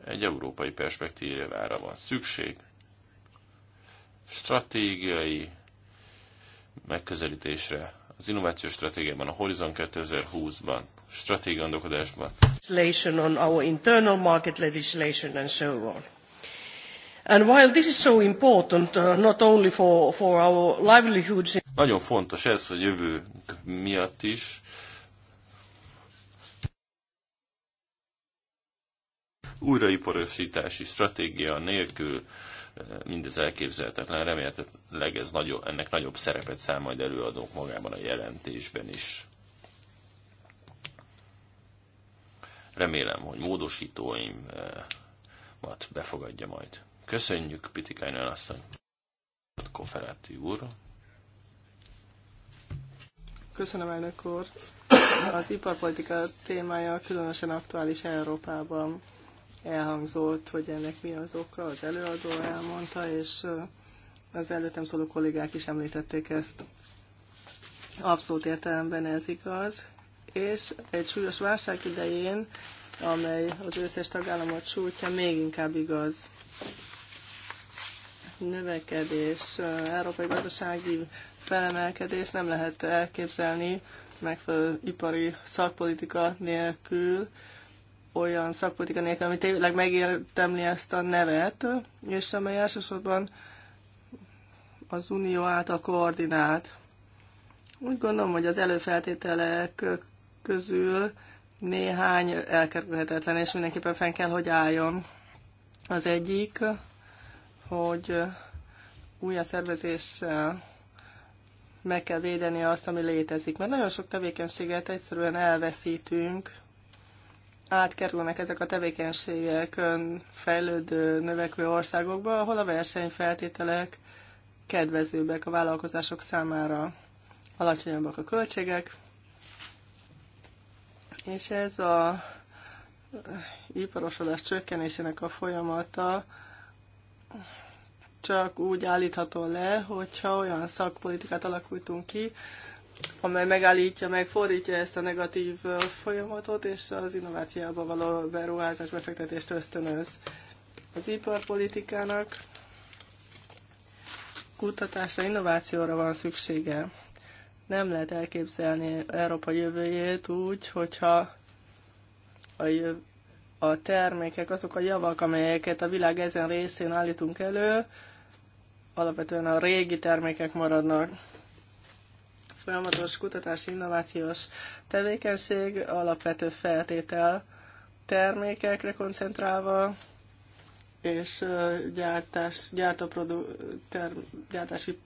Egy európai perspektívára van szükség, stratégiai megközelítésre, az innovációs stratégiában, a Horizon 2020-ban, stratégiai gondolkodásban. on our internal market legislation and so on. And while this is so important, uh, not only for, for our livelihoods... Nagyon fontos ez a jövő miatt is, újraiparosítási stratégia nélkül eh, mindez elképzelhetetlen. Remélhetőleg ez nagyobb, ennek nagyobb szerepet száll majd előadók magában a jelentésben is. Remélem, hogy módosítóimat eh, befogadja majd. Köszönjük, Pitikainen asszony! Koferáti úr. Köszönöm, elnök úr. Az iparpolitika témája különösen aktuális Európában elhangzott, hogy ennek mi az oka, az előadó elmondta, és az előttem szóló kollégák is említették ezt. Abszolút értelemben ez igaz, és egy súlyos válság idején, amely az összes tagállamot sújtja, még inkább igaz növekedés, európai gazdasági felemelkedés nem lehet elképzelni megfelelő ipari szakpolitika nélkül, olyan szakpolitika nélkül, ami tényleg megértemli ezt a nevet, és amely elsősorban az Unió által koordinált. Úgy gondolom, hogy az előfeltételek közül néhány elkerülhetetlen, és mindenképpen fenn kell, hogy álljon. Az egyik, hogy új a szervezéssel meg kell védeni azt, ami létezik. Mert nagyon sok tevékenységet egyszerűen elveszítünk, átkerülnek ezek a tevékenységek fejlődő, növekvő országokba, ahol a versenyfeltételek kedvezőbbek a vállalkozások számára, alacsonyabbak a költségek, és ez a eh, iparosodás csökkenésének a folyamata csak úgy állítható le, hogyha olyan szakpolitikát alakultunk ki, amely megállítja, megfordítja ezt a negatív folyamatot, és az innovációba való beruházás befektetést ösztönöz. Az iparpolitikának kutatásra, innovációra van szüksége. Nem lehet elképzelni Európa jövőjét úgy, hogyha a, jöv- a termékek, azok a javak, amelyeket a világ ezen részén állítunk elő, alapvetően a régi termékek maradnak folyamatos kutatási innovációs tevékenység alapvető feltétel termékekre koncentrálva, és gyártás, gyártóprodu, ter, gyártási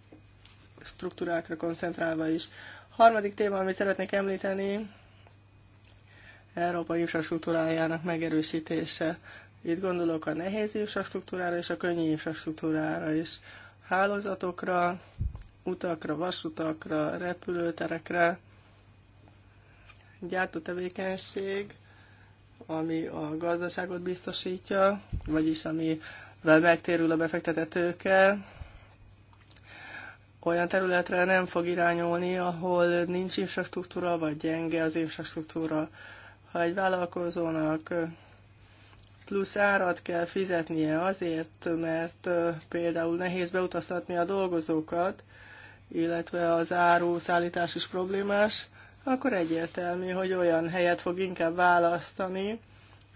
struktúrákra koncentrálva is. Harmadik téma, amit szeretnék említeni, Európa infrastruktúrájának megerősítése. Itt gondolok a nehéz infrastruktúrára és a könnyű infrastruktúrára is. Hálózatokra, utakra, vasutakra, repülőterekre. Gyártó tevékenység, ami a gazdaságot biztosítja, vagyis amivel megtérül a befektetett tőke, olyan területre nem fog irányulni, ahol nincs infrastruktúra, vagy gyenge az infrastruktúra. Ha egy vállalkozónak plusz árat kell fizetnie azért, mert például nehéz beutaztatni a dolgozókat, illetve az áru szállítás is problémás, akkor egyértelmű, hogy olyan helyet fog inkább választani,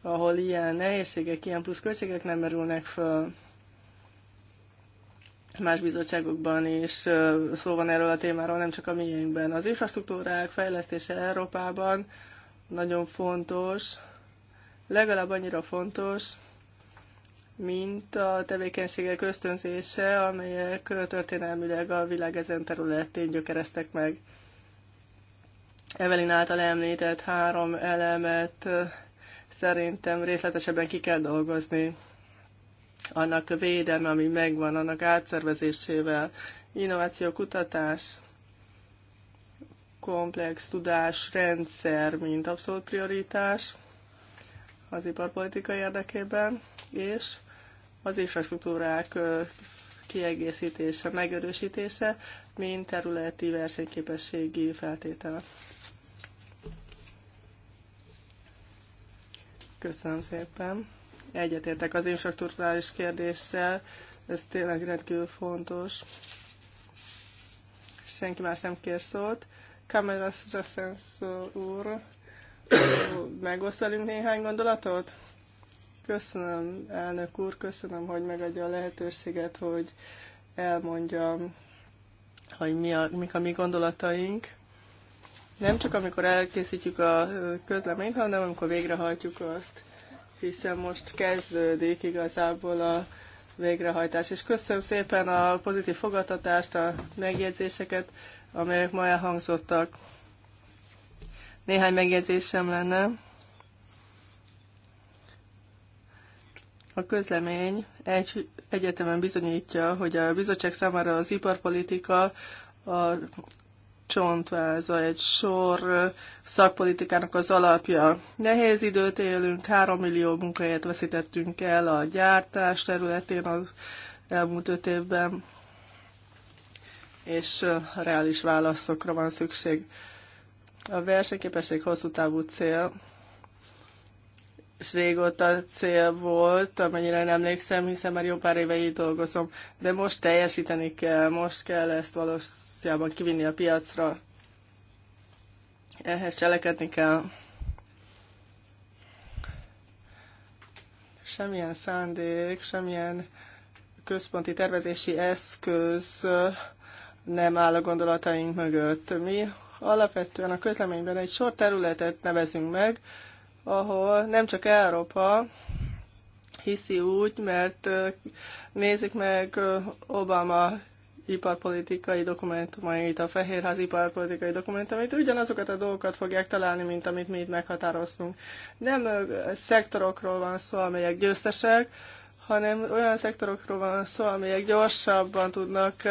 ahol ilyen nehézségek, ilyen költségek nem merülnek föl. Más bizottságokban is szó van erről a témáról, nem csak a miénkben. Az infrastruktúrák fejlesztése Európában nagyon fontos, legalább annyira fontos, mint a tevékenységek ösztönzése, amelyek történelmileg a világ ezen területén gyökereztek meg. Evelyn által említett három elemet szerintem részletesebben ki kell dolgozni. Annak a védelme, ami megvan, annak átszervezésével, innováció, kutatás, komplex tudás, rendszer, mint abszolút prioritás az iparpolitika érdekében, és az infrastruktúrák kiegészítése, megerősítése, mint területi versenyképességi feltétele. Köszönöm szépen. Egyetértek az infrastruktúrális kérdéssel, ez tényleg rendkívül fontos. Senki más nem kér szót. Kameras Rassensz úr, megosztalunk néhány gondolatot? Köszönöm, elnök úr, köszönöm, hogy megadja a lehetőséget, hogy elmondjam, hogy mi a, mik a mi gondolataink. Nem csak amikor elkészítjük a közleményt, hanem amikor végrehajtjuk azt, hiszen most kezdődik igazából a végrehajtás. És köszönöm szépen a pozitív fogadtatást, a megjegyzéseket, amelyek ma elhangzottak. Néhány megjegyzésem lenne A közlemény egy, egyetemen bizonyítja, hogy a bizottság számára az iparpolitika a csontváza, egy sor szakpolitikának az alapja. Nehéz időt élünk, 3 millió munkahelyet veszítettünk el a gyártás területén az elmúlt öt évben, és reális válaszokra van szükség. A versenyképesség hosszú távú cél, és régóta cél volt, amennyire nem emlékszem, hiszen már jó pár éve így dolgozom, de most teljesíteni kell, most kell ezt valószínűleg kivinni a piacra. Ehhez cselekedni kell. Semmilyen szándék, semmilyen központi tervezési eszköz nem áll a gondolataink mögött. Mi alapvetően a közleményben egy sor területet nevezünk meg, ahol nem csak Európa hiszi úgy, mert nézik meg Obama iparpolitikai dokumentumait, a Fehérház iparpolitikai dokumentumait, ugyanazokat a dolgokat fogják találni, mint amit mi itt meghatároztunk. Nem szektorokról van szó, amelyek győztesek, hanem olyan szektorokról van szó, amelyek gyorsabban tudnak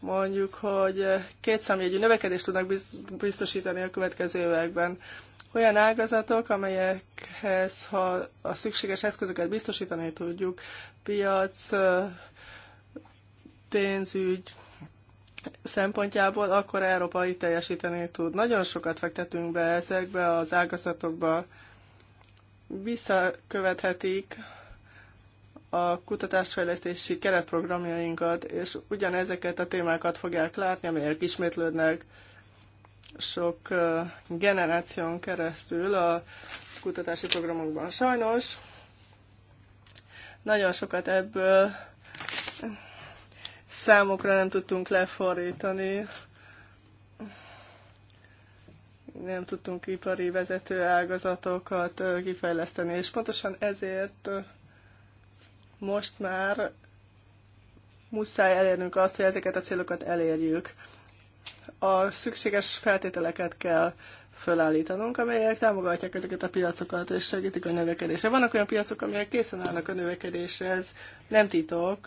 mondjuk, hogy kétszámjegyű növekedést tudnak biztosítani a következő években olyan ágazatok, amelyekhez, ha a szükséges eszközöket biztosítani tudjuk, piac, pénzügy szempontjából, akkor európai teljesíteni tud. Nagyon sokat fektetünk be ezekbe az ágazatokba. Visszakövethetik a kutatásfejlesztési keretprogramjainkat, és ugyanezeket a témákat fogják látni, amelyek ismétlődnek sok generáción keresztül a kutatási programokban. Sajnos nagyon sokat ebből számokra nem tudtunk lefordítani, nem tudtunk ipari vezető ágazatokat kifejleszteni, és pontosan ezért most már muszáj elérnünk azt, hogy ezeket a célokat elérjük a szükséges feltételeket kell fölállítanunk, amelyek támogatják ezeket a piacokat és segítik a növekedésre. Vannak olyan piacok, amelyek készen állnak a növekedésre, ez nem titok.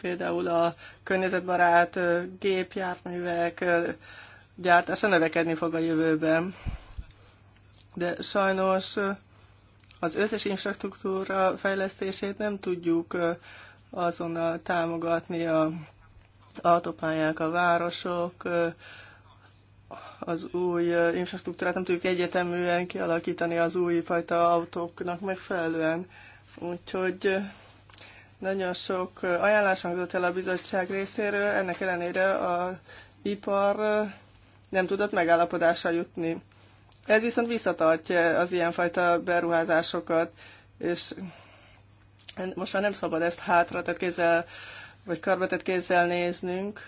Például a környezetbarát gépjárművek gyártása növekedni fog a jövőben. De sajnos az összes infrastruktúra fejlesztését nem tudjuk azonnal támogatni a autópályák, a városok, az új infrastruktúrát nem tudjuk egyeteműen kialakítani az új fajta autóknak megfelelően. Úgyhogy nagyon sok ajánlás hangzott el a bizottság részéről, ennek ellenére az ipar nem tudott megállapodásra jutni. Ez viszont visszatartja az ilyenfajta beruházásokat, és most már nem szabad ezt hátra, tehát kézzel vagy karvetett kézzel néznünk,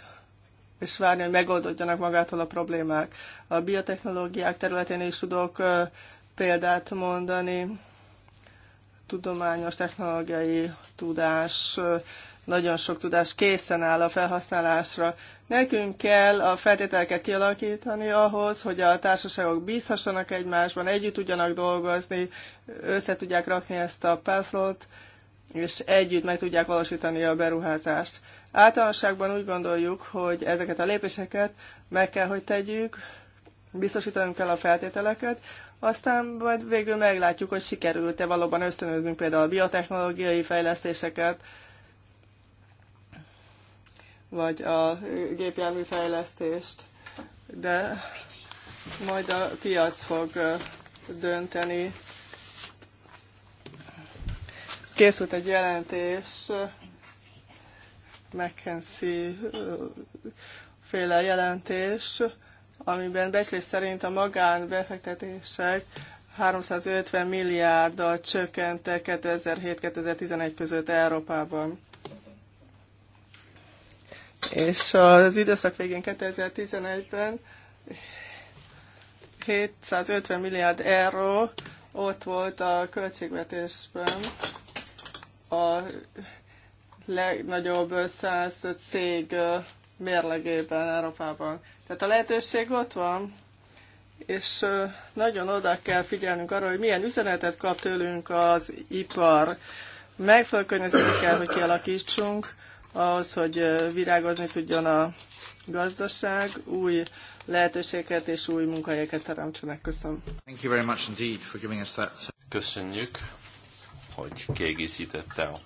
és várni, hogy megoldódjanak magától a problémák. A biotechnológiák területén is tudok példát mondani, tudományos, technológiai tudás, nagyon sok tudás készen áll a felhasználásra. Nekünk kell a feltételeket kialakítani ahhoz, hogy a társaságok bízhassanak egymásban, együtt tudjanak dolgozni, össze tudják rakni ezt a puzzle és együtt meg tudják valósítani a beruházást. Általánosságban úgy gondoljuk, hogy ezeket a lépéseket meg kell, hogy tegyük, biztosítanunk kell a feltételeket, aztán majd végül meglátjuk, hogy sikerült-e valóban ösztönöznünk például a biotechnológiai fejlesztéseket, vagy a gépjárműfejlesztést, de majd a piac fog dönteni Készült egy jelentés, McKenzie féle jelentés, amiben becslés szerint a magánbefektetések 350 milliárddal csökkentek 2007-2011 között Európában. És az időszak végén 2011-ben 750 milliárd euró ott volt a költségvetésben a legnagyobb 100 cég mérlegében Európában. Tehát a lehetőség ott van, és nagyon oda kell figyelnünk arra, hogy milyen üzenetet kap tőlünk az ipar. Megfelelő kell, hogy kialakítsunk, ahhoz, hogy virágozni tudjon a gazdaság, új lehetőséget és új munkahelyeket teremtsenek. Köszönöm. Thank you very much indeed for giving us that. Köszönjük hogy kiegészítette a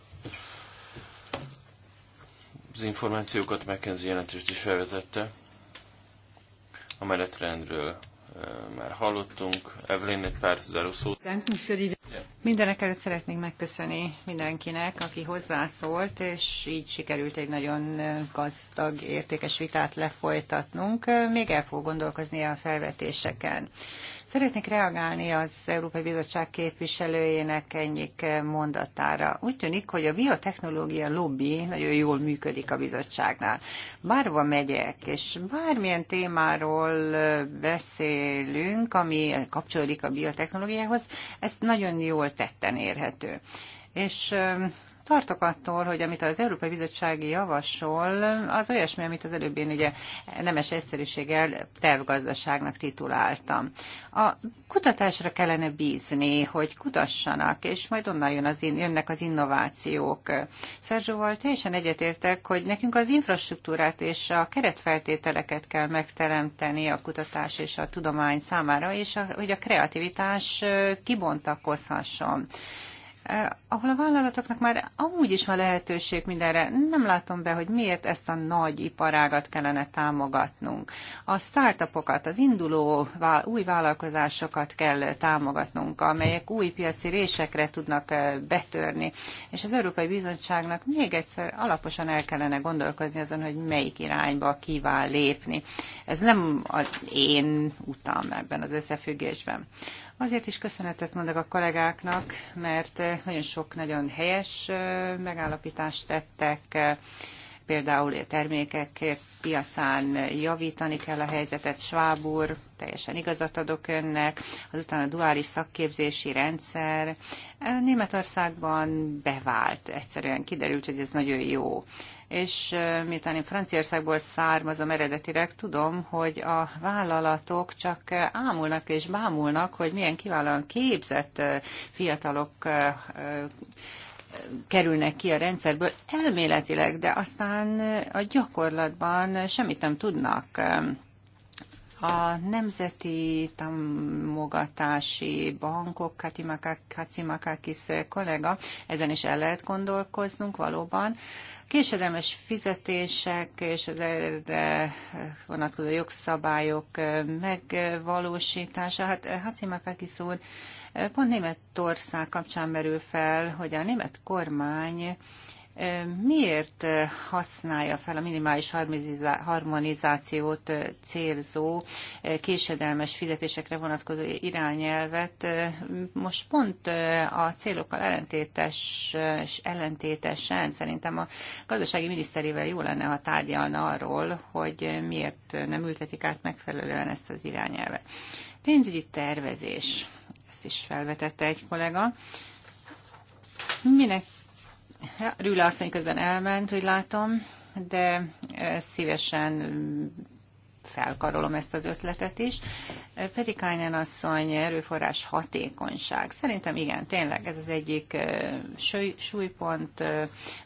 az információkat McKenzie jelentést is felvetette. A menetrendről már hallottunk. Evelyn egy pár tudáró szót. Mindenek előtt szeretnék megköszönni mindenkinek, aki hozzászólt, és így sikerült egy nagyon gazdag, értékes vitát lefolytatnunk. Még el fog gondolkozni a felvetéseken. Szeretnék reagálni az Európai Bizottság képviselőjének egyik mondatára. Úgy tűnik, hogy a biotechnológia lobby nagyon jól működik a bizottságnál. Bárva megyek, és bármilyen témáról beszélünk, ami kapcsolódik a biotechnológiához, ezt nagyon jól tetten érhető. És Tartok attól, hogy amit az Európai Bizottság javasol, az olyasmi, amit az előbb én ugye nemes egyszerűséggel tervgazdaságnak tituláltam. A kutatásra kellene bízni, hogy kutassanak, és majd onnan jön az in, jönnek az innovációk. Szerzsóval teljesen egyetértek, hogy nekünk az infrastruktúrát és a keretfeltételeket kell megteremteni a kutatás és a tudomány számára, és a, hogy a kreativitás kibontakozhasson. Eh, ahol a vállalatoknak már amúgy is van lehetőség mindenre. Nem látom be, hogy miért ezt a nagy iparágat kellene támogatnunk. A startupokat, az induló új vállalkozásokat kell támogatnunk, amelyek új piaci résekre tudnak eh, betörni. És az Európai Bizottságnak még egyszer alaposan el kellene gondolkozni azon, hogy melyik irányba kíván lépni. Ez nem az én utam ebben az összefüggésben. Azért is köszönetet mondok a kollégáknak, mert eh, nagyon sok nagyon helyes eh, megállapítást tettek, eh, például a termékek piacán javítani kell a helyzetet. Schwab úr, teljesen igazat adok önnek, azután a duális szakképzési rendszer. Németországban bevált, egyszerűen kiderült, hogy ez nagyon jó és miután én Franciaországból származom eredetileg, tudom, hogy a vállalatok csak ámulnak és bámulnak, hogy milyen kiválóan képzett fiatalok kerülnek ki a rendszerből elméletileg, de aztán a gyakorlatban semmit nem tudnak. A nemzeti támogatási bankok, Kacimakakis kollega, ezen is el lehet gondolkoznunk valóban. Késedelmes fizetések és az erre vonatkozó jogszabályok megvalósítása. Hát Hacimakakis úr, pont Németország kapcsán merül fel, hogy a német kormány miért eh, használja fel a minimális harmonizációt eh, célzó eh, késedelmes fizetésekre vonatkozó irányelvet most pont a célokkal ellentétes, ellentétesen szerintem a gazdasági miniszterével jó lenne, ha tárgyalna arról, hogy miért nem ültetik át megfelelően ezt az irányelvet. Pénzügyi tervezés, ezt is felvetette egy kollega. Minek Hát, Rüle asszony közben elment, hogy látom, de szívesen felkarolom ezt az ötletet is. Petikainen asszony erőforrás hatékonyság. Szerintem igen, tényleg ez az egyik súlypont.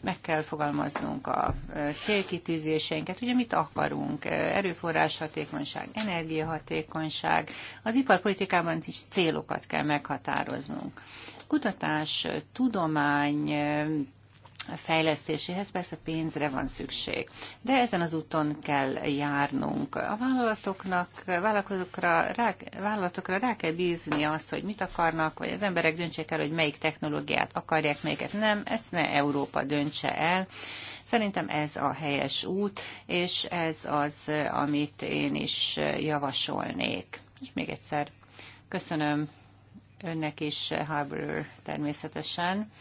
Meg kell fogalmaznunk a célkitűzéseinket. Ugye mit akarunk? Erőforrás hatékonyság, energiahatékonyság. Az iparpolitikában is célokat kell meghatároznunk. Kutatás, tudomány fejlesztéséhez persze pénzre van szükség, de ezen az úton kell járnunk. A vállalatoknak, vállalkozókra, rá, vállalatokra rá kell bízni azt, hogy mit akarnak, vagy az emberek döntsék el, hogy melyik technológiát akarják, melyiket nem, ezt ne Európa döntse el. Szerintem ez a helyes út, és ez az, amit én is javasolnék. És még egyszer köszönöm önnek is, Harbour természetesen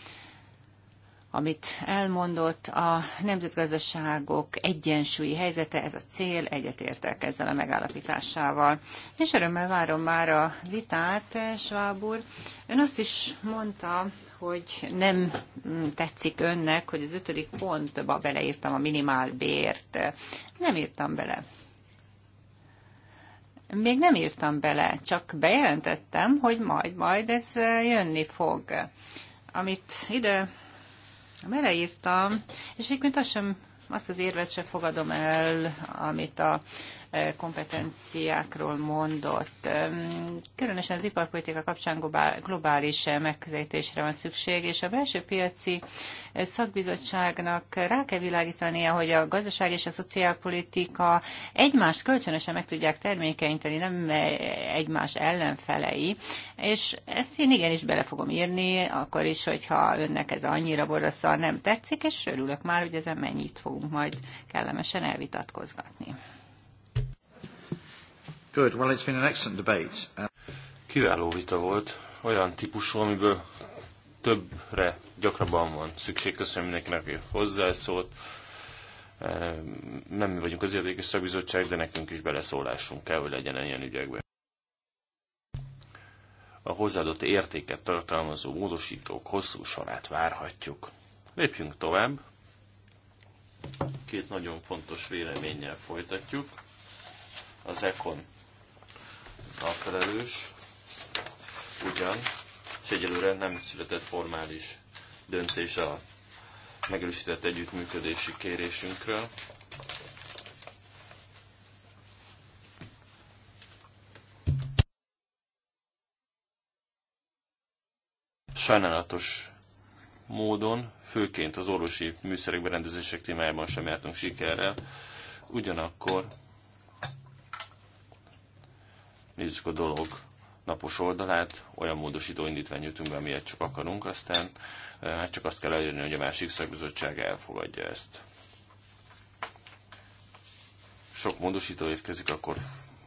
amit elmondott, a nemzetgazdaságok egyensúlyi helyzete, ez a cél, egyetértek ezzel a megállapításával. És örömmel várom már a vitát, Schwab úr. Ön azt is mondta, hogy nem tetszik önnek, hogy az ötödik pontba beleírtam a minimál bért. Nem írtam bele. Még nem írtam bele, csak bejelentettem, hogy majd, majd ez jönni fog. Amit ide írtam, és egyébként azt sem azt az érvet sem fogadom el, amit a kompetenciákról mondott. Különösen az iparpolitika kapcsán globális megközelítésre van szükség, és a belső piaci szakbizottságnak rá kell világítania, hogy a gazdaság és a szociálpolitika egymást kölcsönösen meg tudják termékenyíteni, nem egymás ellenfelei, és ezt én igenis bele fogom írni, akkor is, hogyha önnek ez annyira borzasztóan nem tetszik, és örülök már, hogy ezen mennyit fogunk majd kellemesen elvitatkozgatni. Good. Well, it's been an excellent debate. Kiváló vita volt, olyan típusú, amiből többre gyakrabban van szükség. Köszönöm mindenkinek, aki hozzászólt. E, nem mi vagyunk az érdekes szakbizottság, de nekünk is beleszólásunk kell, hogy legyen ilyen ügyekben. A hozzáadott értéket tartalmazó módosítók hosszú sorát várhatjuk. Lépjünk tovább. Két nagyon fontos véleménnyel folytatjuk. Az Econ a felelős, ugyan, és egyelőre nem született formális döntés a megerősített együttműködési kérésünkről. Sajnálatos módon, főként az orvosi műszerek berendezések témájában sem jártunk sikerrel, ugyanakkor nézzük a dolog napos oldalát, olyan módosító indítvány jutunk be, amilyet csak akarunk, aztán hát csak azt kell elérni, hogy a másik szakbizottság elfogadja ezt. Sok módosító érkezik, akkor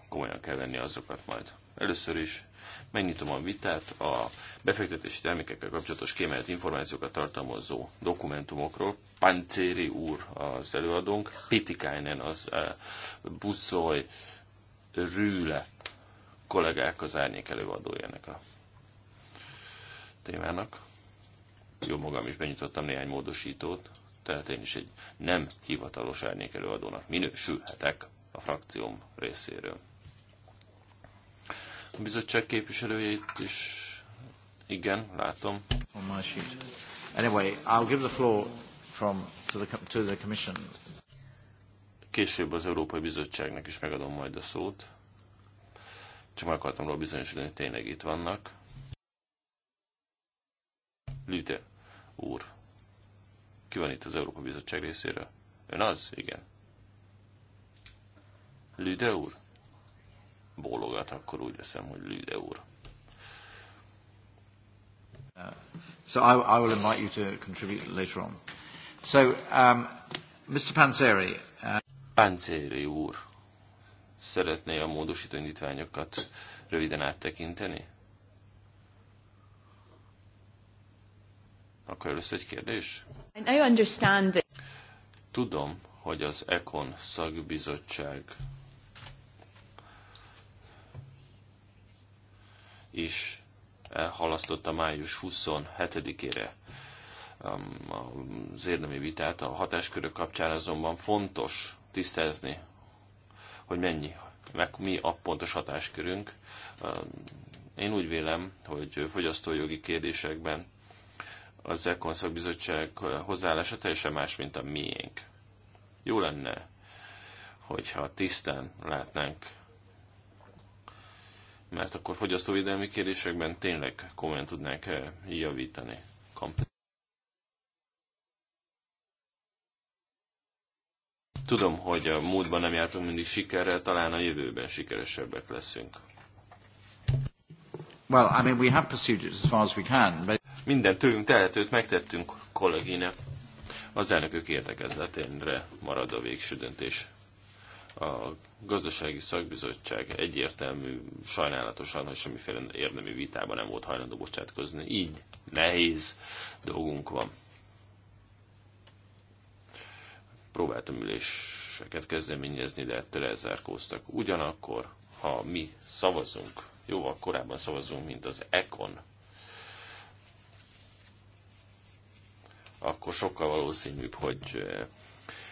komolyan kell venni azokat majd. Először is megnyitom a vitát a befektetési termékekkel kapcsolatos kiemelt információkat tartalmazó dokumentumokról. Pancéri úr az előadónk, Pitikainen az uh, Buszoly, Rüle kollégák az árnyék előadó ennek a témának. Jó magam is benyitottam néhány módosítót, tehát én is egy nem hivatalos árnyék előadónak minősülhetek a frakcióm részéről. A bizottság képviselőjét is igen, látom. Anyway, I'll give the floor from, to, the, to the Commission. Később az Európai Bizottságnak is megadom majd a szót. Csak meg akartam róla bizonyosodni, hogy tényleg itt vannak. Lüte úr, ki van itt az Európa Bizottság részéről? Ön az? Igen. Lüde úr? Bólogat, akkor úgy veszem, hogy Lüde úr. so I, I will invite you to contribute later on. So, um, Mr. Panzeri. Uh... Panzeri úr szeretné a módosító indítványokat röviden áttekinteni? Akkor először egy kérdés. I understand that... Tudom, hogy az ECON szakbizottság is elhalasztotta május 27-ére um, az érdemi vitát. A hatáskörök kapcsán azonban fontos tisztázni hogy mennyi, meg mi a pontos hatáskörünk. Én úgy vélem, hogy fogyasztójogi kérdésekben az Ekon szakbizottság hozzáállása teljesen más, mint a miénk. Jó lenne, hogyha tisztán látnánk, mert akkor fogyasztóvédelmi kérdésekben tényleg komolyan tudnánk eh, javítani. Kamp- Tudom, hogy a múltban nem jártunk mindig sikerrel, talán a jövőben sikeresebbek leszünk. Well, I mean, we have pursued it as far as we can, but... Minden tőlünk tehetőt megtettünk, kollégine. Az elnökök értekezleténre marad a végső döntés. A gazdasági szakbizottság egyértelmű, sajnálatosan, hogy semmiféle érdemi vitában nem volt hajlandó bocsátkozni. Így nehéz dolgunk van. Próbáltam üléseket kezdeményezni, de ettől elzárkóztak. Ugyanakkor, ha mi szavazunk, jóval korábban szavazunk, mint az ECON, akkor sokkal valószínűbb, hogy eh,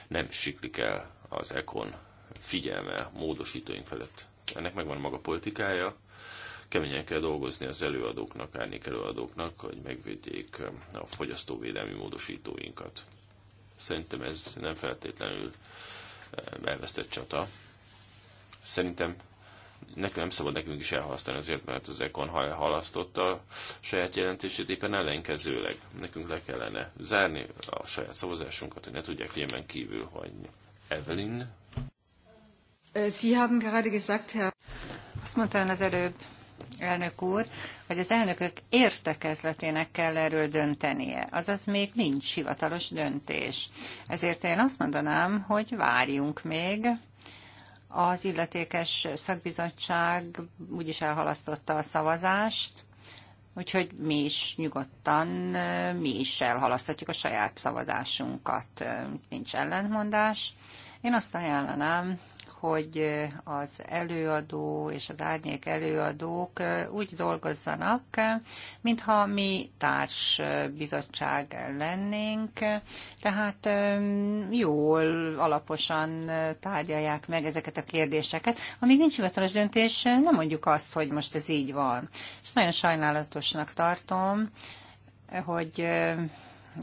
nem siklik el az ECON figyelme módosítóink felett. Ennek megvan maga politikája, keményen kell dolgozni az előadóknak, árnyék előadóknak, hogy megvédjék eh, a fogyasztóvédelmi módosítóinkat. Szerintem ez nem feltétlenül eh, elvesztett csata. Szerintem nekünk nem szabad nekünk is elhalasztani azért, mert az Econ halasztotta a saját jelentését éppen ellenkezőleg. Nekünk le kellene zárni a saját szavazásunkat, hogy ne tudják filmen kívül hagyni. Evelyn? Äh, Sie haben gerade gesagt, Herr... Azt mondta az előbb, elnök úr, hogy az elnökök értekezletének kell erről döntenie, azaz még nincs hivatalos döntés. Ezért én azt mondanám, hogy várjunk még, az illetékes szakbizottság úgyis elhalasztotta a szavazást, úgyhogy mi is nyugodtan, mi is elhalaszthatjuk a saját szavazásunkat, nincs ellentmondás. Én azt ajánlanám, hogy az előadó és az árnyék előadók úgy dolgozzanak, mintha mi társ bizottság lennénk, tehát jól, alaposan tárgyalják meg ezeket a kérdéseket. Amíg nincs hivatalos döntés, nem mondjuk azt, hogy most ez így van. És nagyon sajnálatosnak tartom, hogy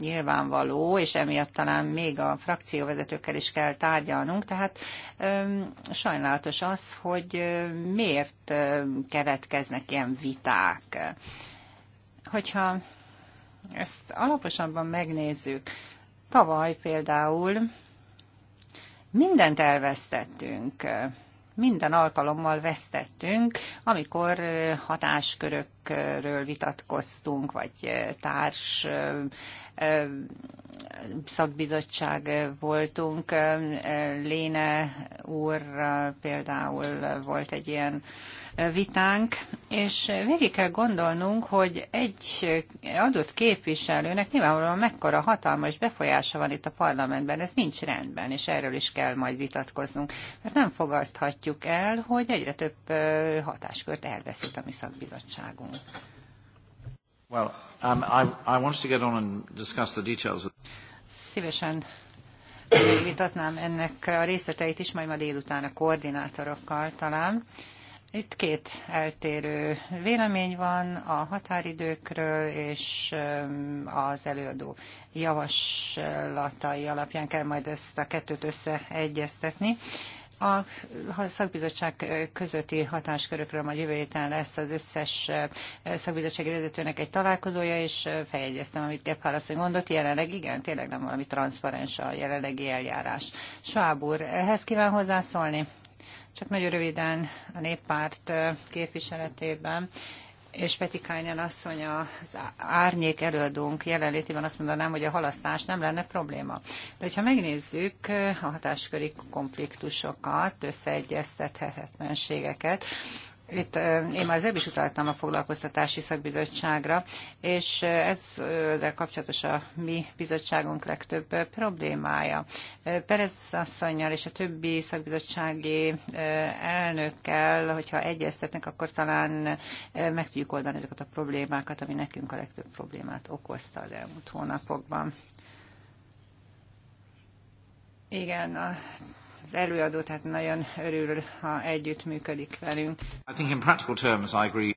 nyilvánvaló, és emiatt talán még a frakcióvezetőkkel is kell tárgyalnunk. Tehát sajnálatos az, hogy miért keletkeznek ilyen viták. Hogyha ezt alaposabban megnézzük, tavaly például mindent elvesztettünk minden alkalommal vesztettünk, amikor hatáskörökről vitatkoztunk, vagy társ szakbizottság voltunk. Léne úr például volt egy ilyen vitánk, és végig kell gondolnunk, hogy egy adott képviselőnek nyilvánvalóan mekkora hatalmas befolyása van itt a parlamentben, ez nincs rendben, és erről is kell majd vitatkoznunk. mert hát nem fogadhatjuk el, hogy egyre több hatáskört elveszít a mi szakbizottságunk. Well, um, I, I to get on and discuss the details. Szívesen vitatnám ennek a részleteit is, majd ma délután a koordinátorokkal talán. Itt két eltérő vélemény van a határidőkről, és um, az előadó javaslatai alapján kell majd ezt a kettőt összeegyeztetni. A szakbizottság közötti hatáskörökről majd jövő héten lesz az összes eh, szakbizottsági vezetőnek egy találkozója, és eh, feljegyeztem, amit Gebhár asszony mondott. Jelenleg igen, tényleg nem valami transzparens a jelenlegi eljárás. Schwab úr, ehhez kíván hozzászólni? Csak nagyon röviden a néppárt eh, képviseletében és Peti Kájnán asszony az árnyék előadónk jelenlétében azt mondanám, hogy a halasztás nem lenne probléma. De ha megnézzük a hatásköri konfliktusokat, összeegyeztethetetlenségeket, itt én már az is utaltam a foglalkoztatási szakbizottságra, és ez ezzel kapcsolatos a mi bizottságunk legtöbb problémája. Perez asszonynal és a többi szakbizottsági elnökkel, hogyha egyeztetnek, akkor talán meg tudjuk oldani ezeket a problémákat, ami nekünk a legtöbb problémát okozta az elmúlt hónapokban. Igen, a az előadó, tehát nagyon örül, ha együtt működik velünk. I think in practical terms I agree.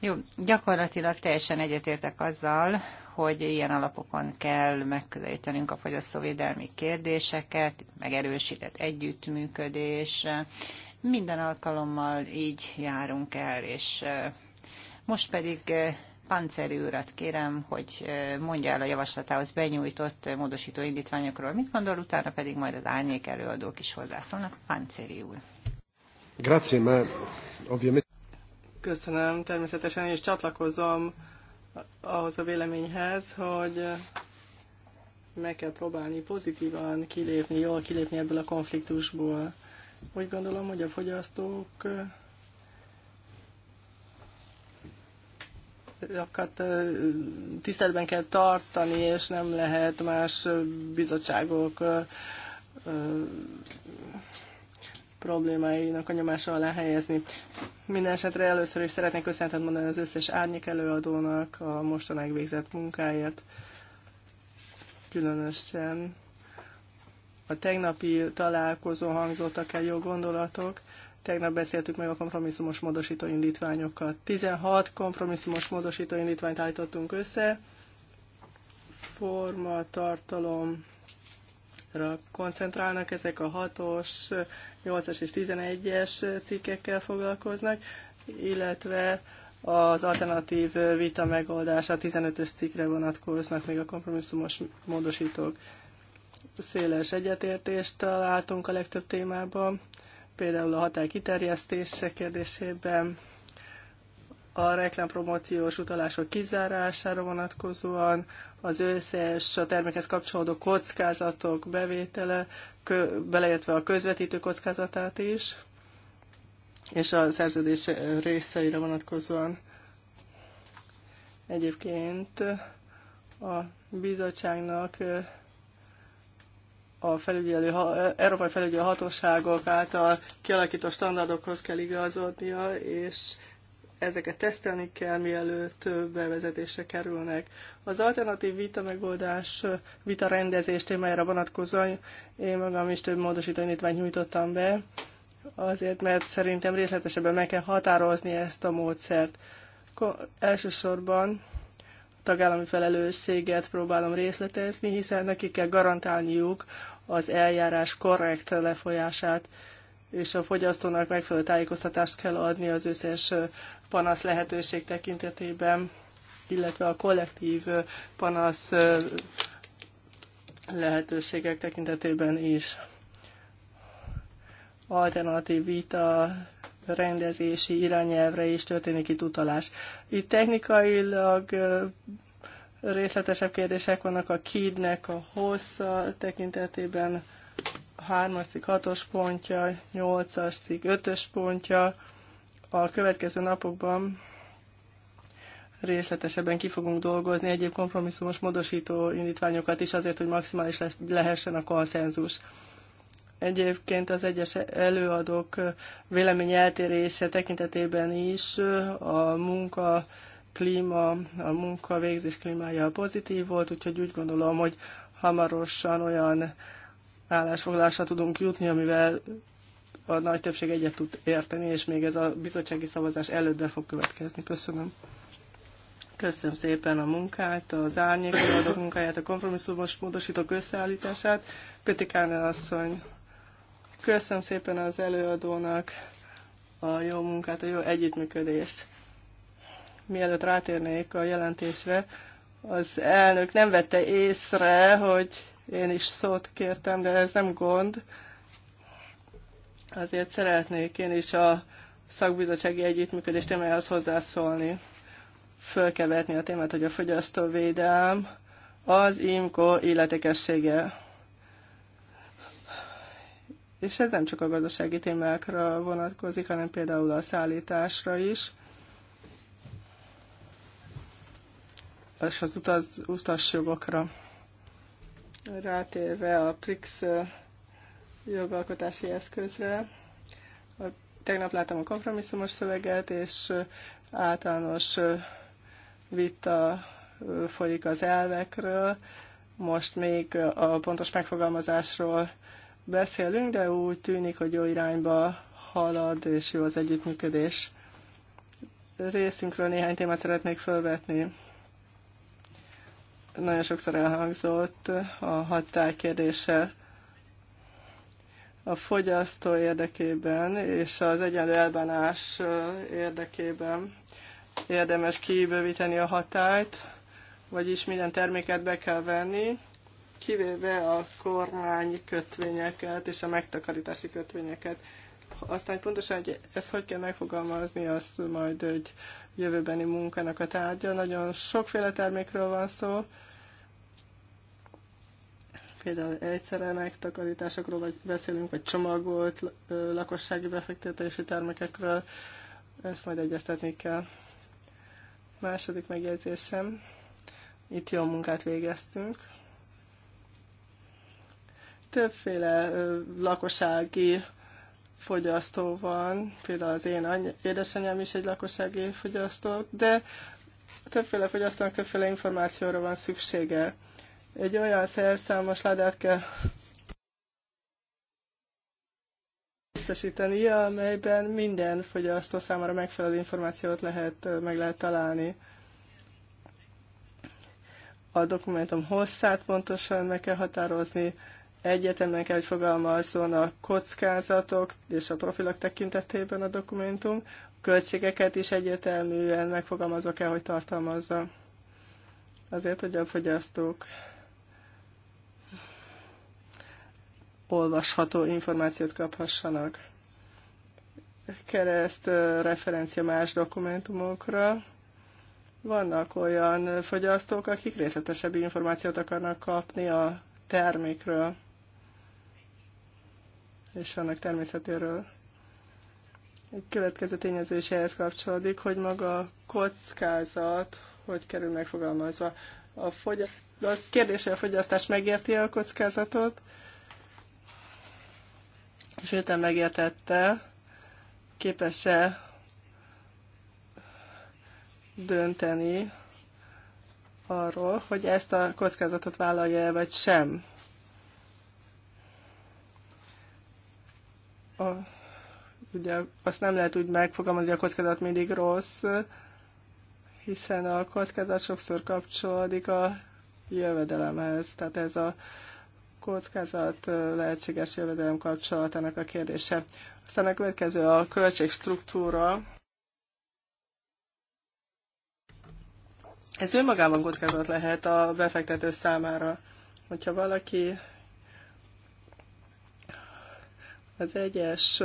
Jó, gyakorlatilag teljesen egyetértek azzal, hogy ilyen alapokon kell megközelítenünk a fogyasztóvédelmi kérdéseket, megerősített együttműködés. Minden alkalommal így járunk el, és eh, most pedig eh, Panceri urat kérem, hogy mondja el a javaslatához benyújtott módosító indítványokról, mit gondol, utána pedig majd az árnyék előadók is hozzászólnak. Panceri úr. Grazie, ma ovviamente... Köszönöm, természetesen és csatlakozom ahhoz a véleményhez, hogy meg kell próbálni pozitívan kilépni, jól kilépni ebből a konfliktusból. Úgy gondolom, hogy a fogyasztók szabályokat tiszteletben kell tartani, és nem lehet más bizottságok problémáinak a nyomása alá helyezni. Minden esetre először is szeretnék köszönetet mondani az összes árnyék előadónak a mostanáig végzett munkáért. Különösen a tegnapi találkozó hangzottak el jó gondolatok, Tegnap beszéltük meg a kompromisszumos módosító indítványokat. 16 kompromisszumos módosító indítványt állítottunk össze. Forma, tartalom, koncentrálnak, ezek a 6-os, 8-as és 11-es cikkekkel foglalkoznak, illetve az alternatív vita megoldása 15-ös cikkre vonatkoznak még a kompromisszumos módosítók. Széles egyetértést találtunk a legtöbb témában például a hatály kiterjesztése kérdésében, a reklámpromóciós utalások kizárására vonatkozóan, az összes a termékhez kapcsolódó kockázatok bevétele, kö, beleértve a közvetítő kockázatát is, és a szerződés részeire vonatkozóan. Egyébként a bizottságnak a felügyelő, Európai Felügyelő Hatóságok által kialakított standardokhoz kell igazodnia, és ezeket tesztelni kell, mielőtt bevezetésre kerülnek. Az alternatív vita megoldás, vita rendezés témájára vonatkozóan én magam is több módosító indítványt nyújtottam be, azért mert szerintem részletesebben meg kell határozni ezt a módszert. elsősorban tagállami felelősséget próbálom részletezni, hiszen nekik kell garantálniuk az eljárás korrekt lefolyását, és a fogyasztónak megfelelő tájékoztatást kell adni az összes panasz lehetőség tekintetében, illetve a kollektív panasz lehetőségek tekintetében is. Alternatív vita rendezési irányelvre is történik itt utalás. Itt technikailag Részletesebb kérdések vannak a kidnek a hossza tekintetében, 3-as cikk 6-os pontja, 8-as cikk 5-ös pontja. A következő napokban részletesebben ki fogunk dolgozni egyéb kompromisszumos módosító indítványokat is azért, hogy maximális lesz, lehessen a konszenzus. Egyébként az egyes előadók vélemény eltérése tekintetében is a munka klíma, a munkavégzés klímája pozitív volt, úgyhogy úgy gondolom, hogy hamarosan olyan állásfoglalásra tudunk jutni, amivel a nagy többség egyet tud érteni, és még ez a bizottsági szavazás előtt be fog következni. Köszönöm. Köszönöm szépen a munkát, az árnyékoladók munkáját, a kompromisszumos módosítók összeállítását. Kárnál asszony, köszönöm szépen az előadónak a jó munkát, a jó együttműködést mielőtt rátérnék a jelentésre, az elnök nem vette észre, hogy én is szót kértem, de ez nem gond. Azért szeretnék én is a szakbizottsági együttműködés témájához hozzászólni. fölkevetni a témát, hogy a fogyasztóvédelm az IMCO illetékessége. És ez nem csak a gazdasági témákra vonatkozik, hanem például a szállításra is és az utaz, utasjogokra. Rátérve a PRIX jogalkotási eszközre, a, tegnap láttam a kompromisszumos szöveget, és általános vita folyik az elvekről. Most még a pontos megfogalmazásról beszélünk, de úgy tűnik, hogy jó irányba halad, és jó az együttműködés. Részünkről néhány témát szeretnék felvetni nagyon sokszor elhangzott a hatály kérdése a fogyasztó érdekében és az egyenlő elbánás érdekében érdemes kibővíteni a hatályt, vagyis minden terméket be kell venni, kivéve a kormány kötvényeket és a megtakarítási kötvényeket. Aztán pontosan, hogy ezt hogy kell megfogalmazni, azt majd egy jövőbeni munkának a tárgya. Nagyon sokféle termékről van szó, például egyszerre megtakarításokról vagy beszélünk, vagy csomagolt lakossági befektetési termékekről, ezt majd egyeztetni kell. Második megjegyzésem, itt jó munkát végeztünk. Többféle lakossági fogyasztó van, például az én any- édesanyám is egy lakossági fogyasztó, de többféle fogyasztónak többféle információra van szüksége. Egy olyan szerszámos ládát kell biztosítani, amelyben minden fogyasztó számára megfelelő információt lehet, meg lehet találni. A dokumentum hosszát pontosan meg kell határozni, Egyetemben egy fogalma azon a kockázatok és a profilak tekintetében a dokumentum, költségeket is egyértelműen megfogalmazva kell, hogy tartalmazza. Azért, hogy a fogyasztók olvasható információt kaphassanak. Kereszt referencia más dokumentumokra. Vannak olyan fogyasztók, akik részletesebb információt akarnak kapni a termékről és annak természetéről. Egy következő tényező is ehhez kapcsolódik, hogy maga a kockázat, hogy kerül megfogalmazva. A, fogy... az kérdés, hogy a fogyasztás megérti a kockázatot, és őten megértette, képes-e dönteni arról, hogy ezt a kockázatot vállalja-e, vagy sem. a, ugye azt nem lehet úgy megfogalmazni, hogy a kockázat mindig rossz, hiszen a kockázat sokszor kapcsolódik a jövedelemhez. Tehát ez a kockázat lehetséges jövedelem kapcsolatának a kérdése. Aztán a következő a költségstruktúra. Ez önmagában kockázat lehet a befektető számára. Hogyha valaki az egyes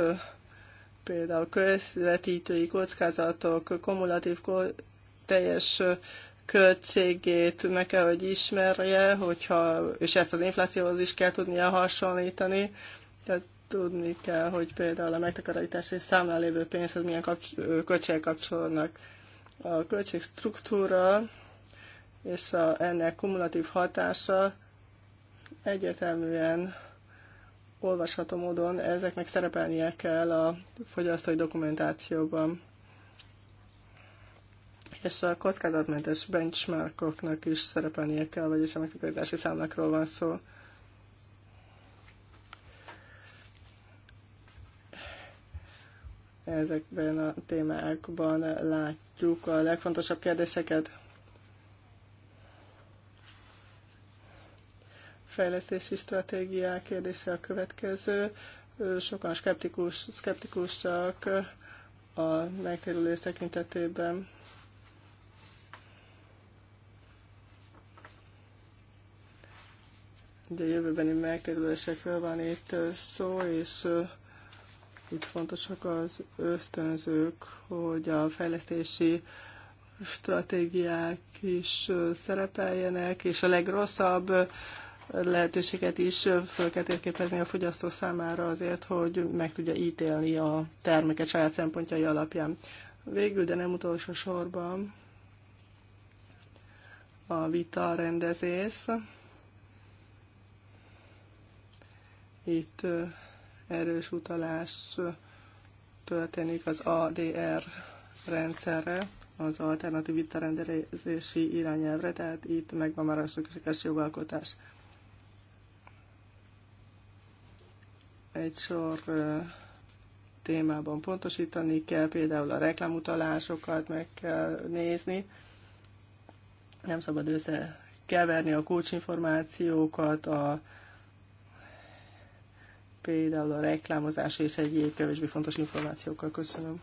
például közvetítői kockázatok kumulatív teljes költségét meg kell, hogy ismerje, hogyha, és ezt az inflációhoz is kell tudnia hasonlítani, tehát tudni kell, hogy például a megtakarítási számlán lévő pénzhez milyen költségek kapcsolódnak. A költségstruktúra és a, ennek kumulatív hatása egyértelműen olvasható módon ezeknek szerepelnie kell a fogyasztói dokumentációban. És a kockázatmentes benchmarkoknak is szerepelnie kell, vagyis a megtakarítási számlákról van szó. Ezekben a témákban látjuk a legfontosabb kérdéseket. fejlesztési stratégiák kérdése a következő. Sokan skeptikus, skeptikusak a megtérülés tekintetében. Ugye a jövőbeni megtérülésekről van itt szó, és itt fontosak az ösztönzők, hogy a fejlesztési stratégiák is szerepeljenek, és a legrosszabb lehetőséget is föl kell térképezni a fogyasztó számára azért, hogy meg tudja ítélni a terméket saját szempontjai alapján. Végül, de nem utolsó sorban a vita rendezés. Itt erős utalás történik az ADR rendszerre, az alternatív vita rendezési irányelvre, tehát itt megvan már a szükséges jogalkotás. egy sor témában pontosítani kell, például a reklámutalásokat meg kell nézni. Nem szabad összekeverni a kulcsinformációkat, a, például a reklámozás és egyéb kevésbé fontos információkkal. Köszönöm.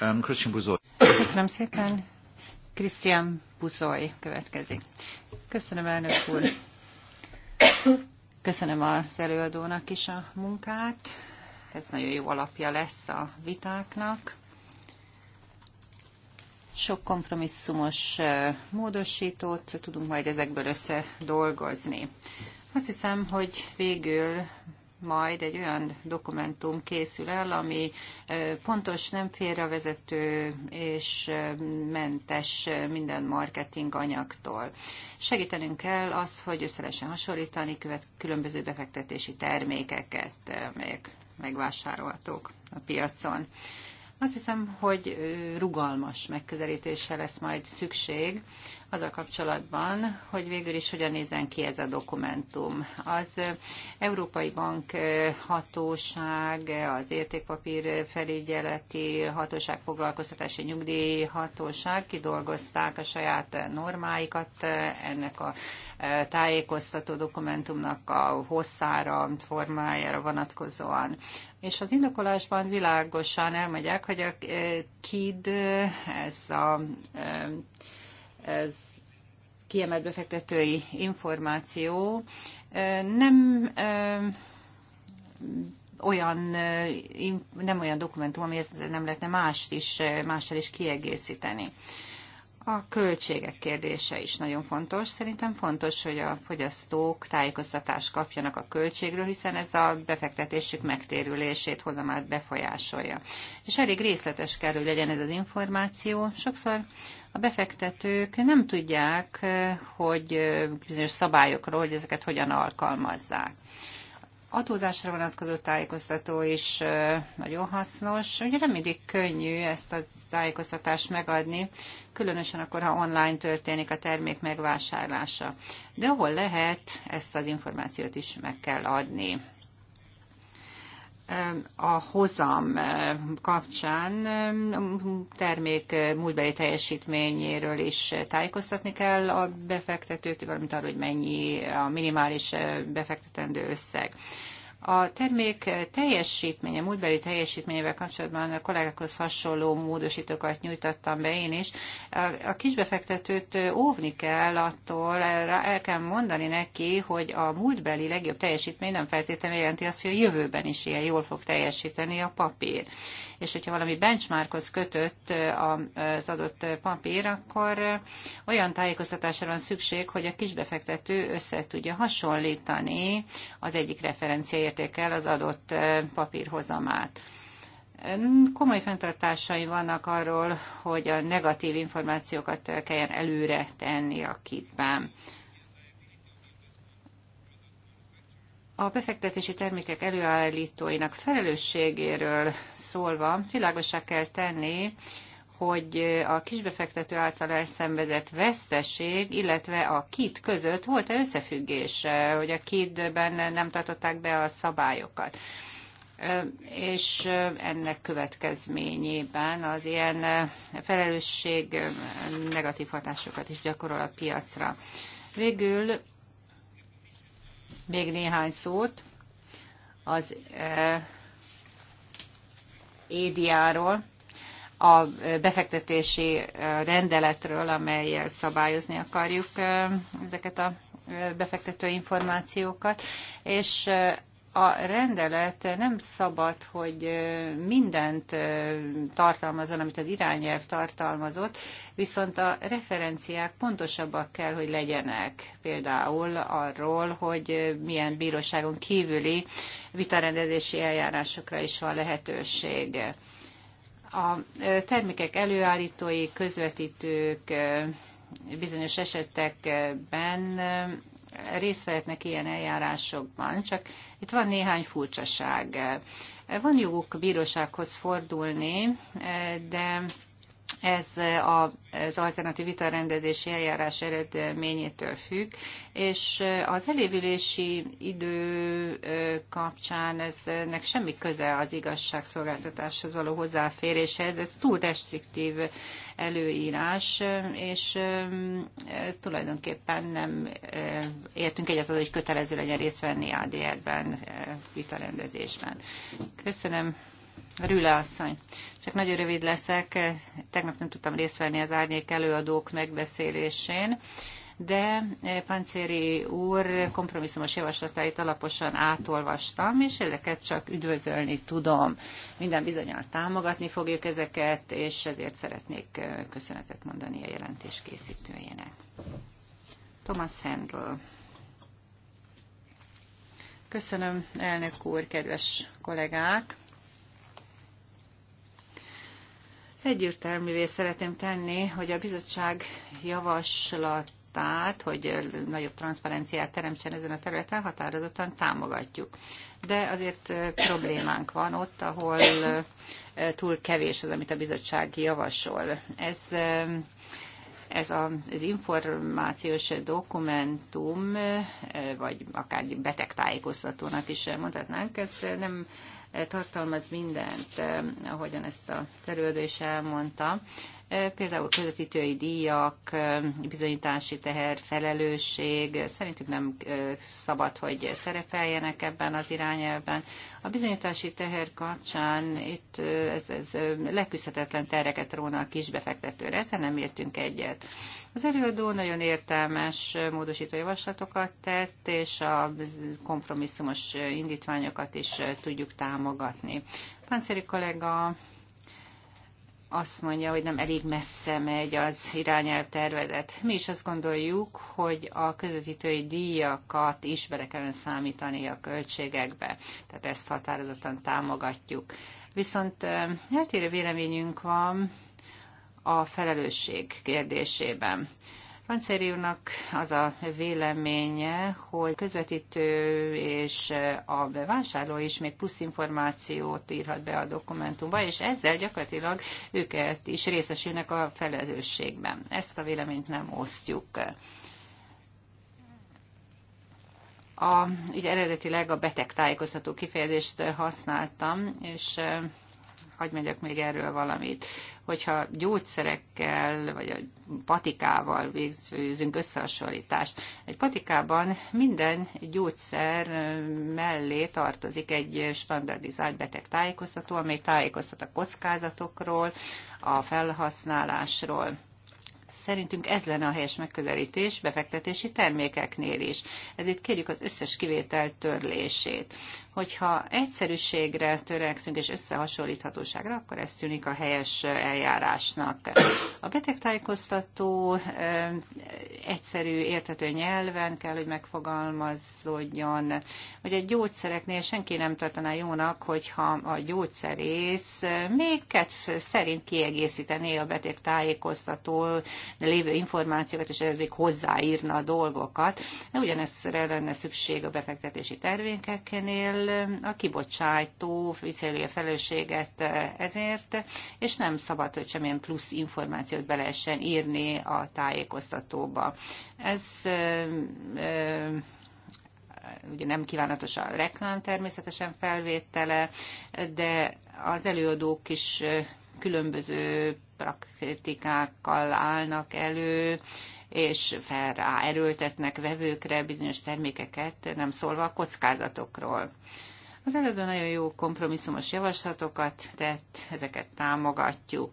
Um, Christian Buzoy. Köszönöm szépen. Christian Buzoy következik. Köszönöm, elnök úr. Köszönöm az előadónak is a munkát. Ez nagyon jó alapja lesz a vitáknak. Sok kompromisszumos módosítót tudunk majd ezekből összedolgozni. Azt hiszem, hogy végül majd egy olyan dokumentum készül el, ami pontos, nem félrevezető és mentes minden marketing anyagtól. Segítenünk kell az, hogy összesen hasonlítani követ különböző befektetési termékeket, amelyek megvásárolhatók a piacon. Azt hiszem, hogy rugalmas megközelítésre lesz majd szükség azzal kapcsolatban, hogy végül is hogyan nézen ki ez a dokumentum. Az Európai Bank hatóság, az értékpapír felügyeleti hatóság, foglalkoztatási nyugdíj hatóság kidolgozták a saját normáikat ennek a tájékoztató dokumentumnak a hosszára, formájára vonatkozóan. És az indokolásban világosan elmondják, hogy a KID, ez a ez kiemelt befektetői információ nem olyan, nem olyan dokumentum, ezt nem lehetne mást is, mással is kiegészíteni a költségek kérdése is nagyon fontos. Szerintem fontos, hogy a fogyasztók tájékoztatást kapjanak a költségről, hiszen ez a befektetésük megtérülését, hozamát befolyásolja. És elég részletes kell, hogy legyen ez az információ. Sokszor a befektetők nem tudják, eh, hogy eh, bizonyos szabályokról, hogy ezeket hogyan alkalmazzák adózásra vonatkozó tájékoztató is eh, nagyon hasznos. Ugye nem mindig könnyű ezt az tájékoztatást megadni, különösen akkor, ha online történik a termék megvásárlása. De ahol lehet, ezt az információt is meg kell adni. A hozam kapcsán um, termék múltbeli teljesítményéről is tájékoztatni kell a befektetőt, valamint arról, hogy mennyi a minimális befektetendő összeg. A termék teljesítménye, múltbeli teljesítményével kapcsolatban a kollégákhoz hasonló módosítókat nyújtattam be én is. A kisbefektetőt óvni kell attól, el kell mondani neki, hogy a múltbeli legjobb teljesítmény nem feltétlenül jelenti azt, hogy a jövőben is ilyen jól fog teljesíteni a papír. És hogyha valami benchmarkhoz kötött az adott papír, akkor olyan tájékoztatásra van szükség, hogy a kisbefektető össze tudja hasonlítani az egyik referenciáért érték el az adott papírhozamát. Komoly fenntartásai vannak arról, hogy a negatív információkat kelljen előre tenni a kitben. A befektetési termékek előállítóinak felelősségéről szólva világosá kell tenni, hogy a kisbefektető által elszenvedett veszteség, illetve a KID között volt-e összefüggés, hogy a KID-ben nem tartották be a szabályokat. És ennek következményében az ilyen felelősség negatív hatásokat is gyakorol a piacra. Végül még néhány szót az édiáról a befektetési rendeletről, amelyel szabályozni akarjuk ezeket a befektető információkat, és a rendelet nem szabad, hogy mindent tartalmazon, amit az irányelv tartalmazott, viszont a referenciák pontosabbak kell, hogy legyenek. Például arról, hogy milyen bíróságon kívüli vitarendezési eljárásokra is van lehetőség a termékek előállítói, közvetítők bizonyos esetekben részt vehetnek ilyen eljárásokban, csak itt van néhány furcsaság. Van joguk bírósághoz fordulni, de ez az alternatív vitarendezési eljárás eredményétől függ, és az elévülési idő kapcsán eznek semmi köze az igazságszolgáltatáshoz való hozzáféréshez, ez túl restriktív előírás, és tulajdonképpen nem értünk egyet az, hogy kötelező legyen részt venni ADR-ben, vitarendezésben. Köszönöm Rüle asszony. Csak nagyon rövid leszek. Tegnap nem tudtam részt venni az árnyék előadók megbeszélésén de Pancéri úr kompromisszumos javaslatait alaposan átolvastam, és ezeket csak üdvözölni tudom. Minden bizonyal támogatni fogjuk ezeket, és ezért szeretnék köszönetet mondani a jelentés készítőjének. Thomas Handel. Köszönöm, elnök úr, kedves kollégák! Egyértelművé szeretném tenni, hogy a bizottság javaslatát, hogy nagyobb transzparenciát teremtsen ezen a területen, határozottan támogatjuk. De azért problémánk van ott, ahol túl kevés az, amit a bizottság javasol. Ez ez az információs dokumentum, vagy akár betegtájékoztatónak is mondhatnánk, ez nem tartalmaz mindent, eh, ahogyan ezt a előadó is elmondta például közvetítői díjak, bizonyítási teher, felelősség, szerintük nem szabad, hogy szerepeljenek ebben az irányelben. A bizonyítási teher kapcsán itt ez, ez leküzdhetetlen terreket róna a kisbefektetőre, ezzel nem értünk egyet. Az előadó nagyon értelmes módosító javaslatokat tett, és a kompromisszumos indítványokat is tudjuk támogatni. Páncéri kollega azt mondja, hogy nem elég messze megy az irányelv tervezet. Mi is azt gondoljuk, hogy a közvetítői díjakat is bele kellene számítani a költségekbe, tehát ezt határozottan támogatjuk. Viszont eltérő véleményünk van a felelősség kérdésében. Panceri úrnak az a véleménye, hogy közvetítő és a vásárló is még plusz információt írhat be a dokumentumba, és ezzel gyakorlatilag őket is részesülnek a felelősségben. Ezt a véleményt nem osztjuk. A, ugye eredetileg a beteg tájékoztató kifejezést használtam, és hagyd megyek még erről valamit, hogyha gyógyszerekkel vagy a patikával végzünk összehasonlítást. Egy patikában minden gyógyszer mellé tartozik egy standardizált betegtájékoztató, amely tájékoztat a kockázatokról, a felhasználásról. Szerintünk ez lenne a helyes megközelítés befektetési termékeknél is. Ezért kérjük az összes kivétel törlését. Hogyha egyszerűségre törekszünk és összehasonlíthatóságra, akkor ez tűnik a helyes eljárásnak. A betegtájékoztató egyszerű, érthető nyelven kell, hogy megfogalmazódjon. Ugye gyógyszereknél senki nem tartaná jónak, hogyha a gyógyszerész még kedv szerint kiegészítené a betegtájékoztató tájékoztató lévő információkat, és ez még hozzáírna a dolgokat. De lenne szükség a befektetési tervénkeknél, mivel a kibocsájtó viseli a felelősséget ezért, és nem szabad, hogy semmilyen plusz információt be lehessen írni a tájékoztatóba. Ez ugye nem kívánatos a reklám természetesen felvétele, de az előadók is különböző praktikákkal állnak elő, és fel rá erőltetnek vevőkre bizonyos termékeket, nem szólva a kockázatokról. Az előadó nagyon jó kompromisszumos javaslatokat tett, ezeket támogatjuk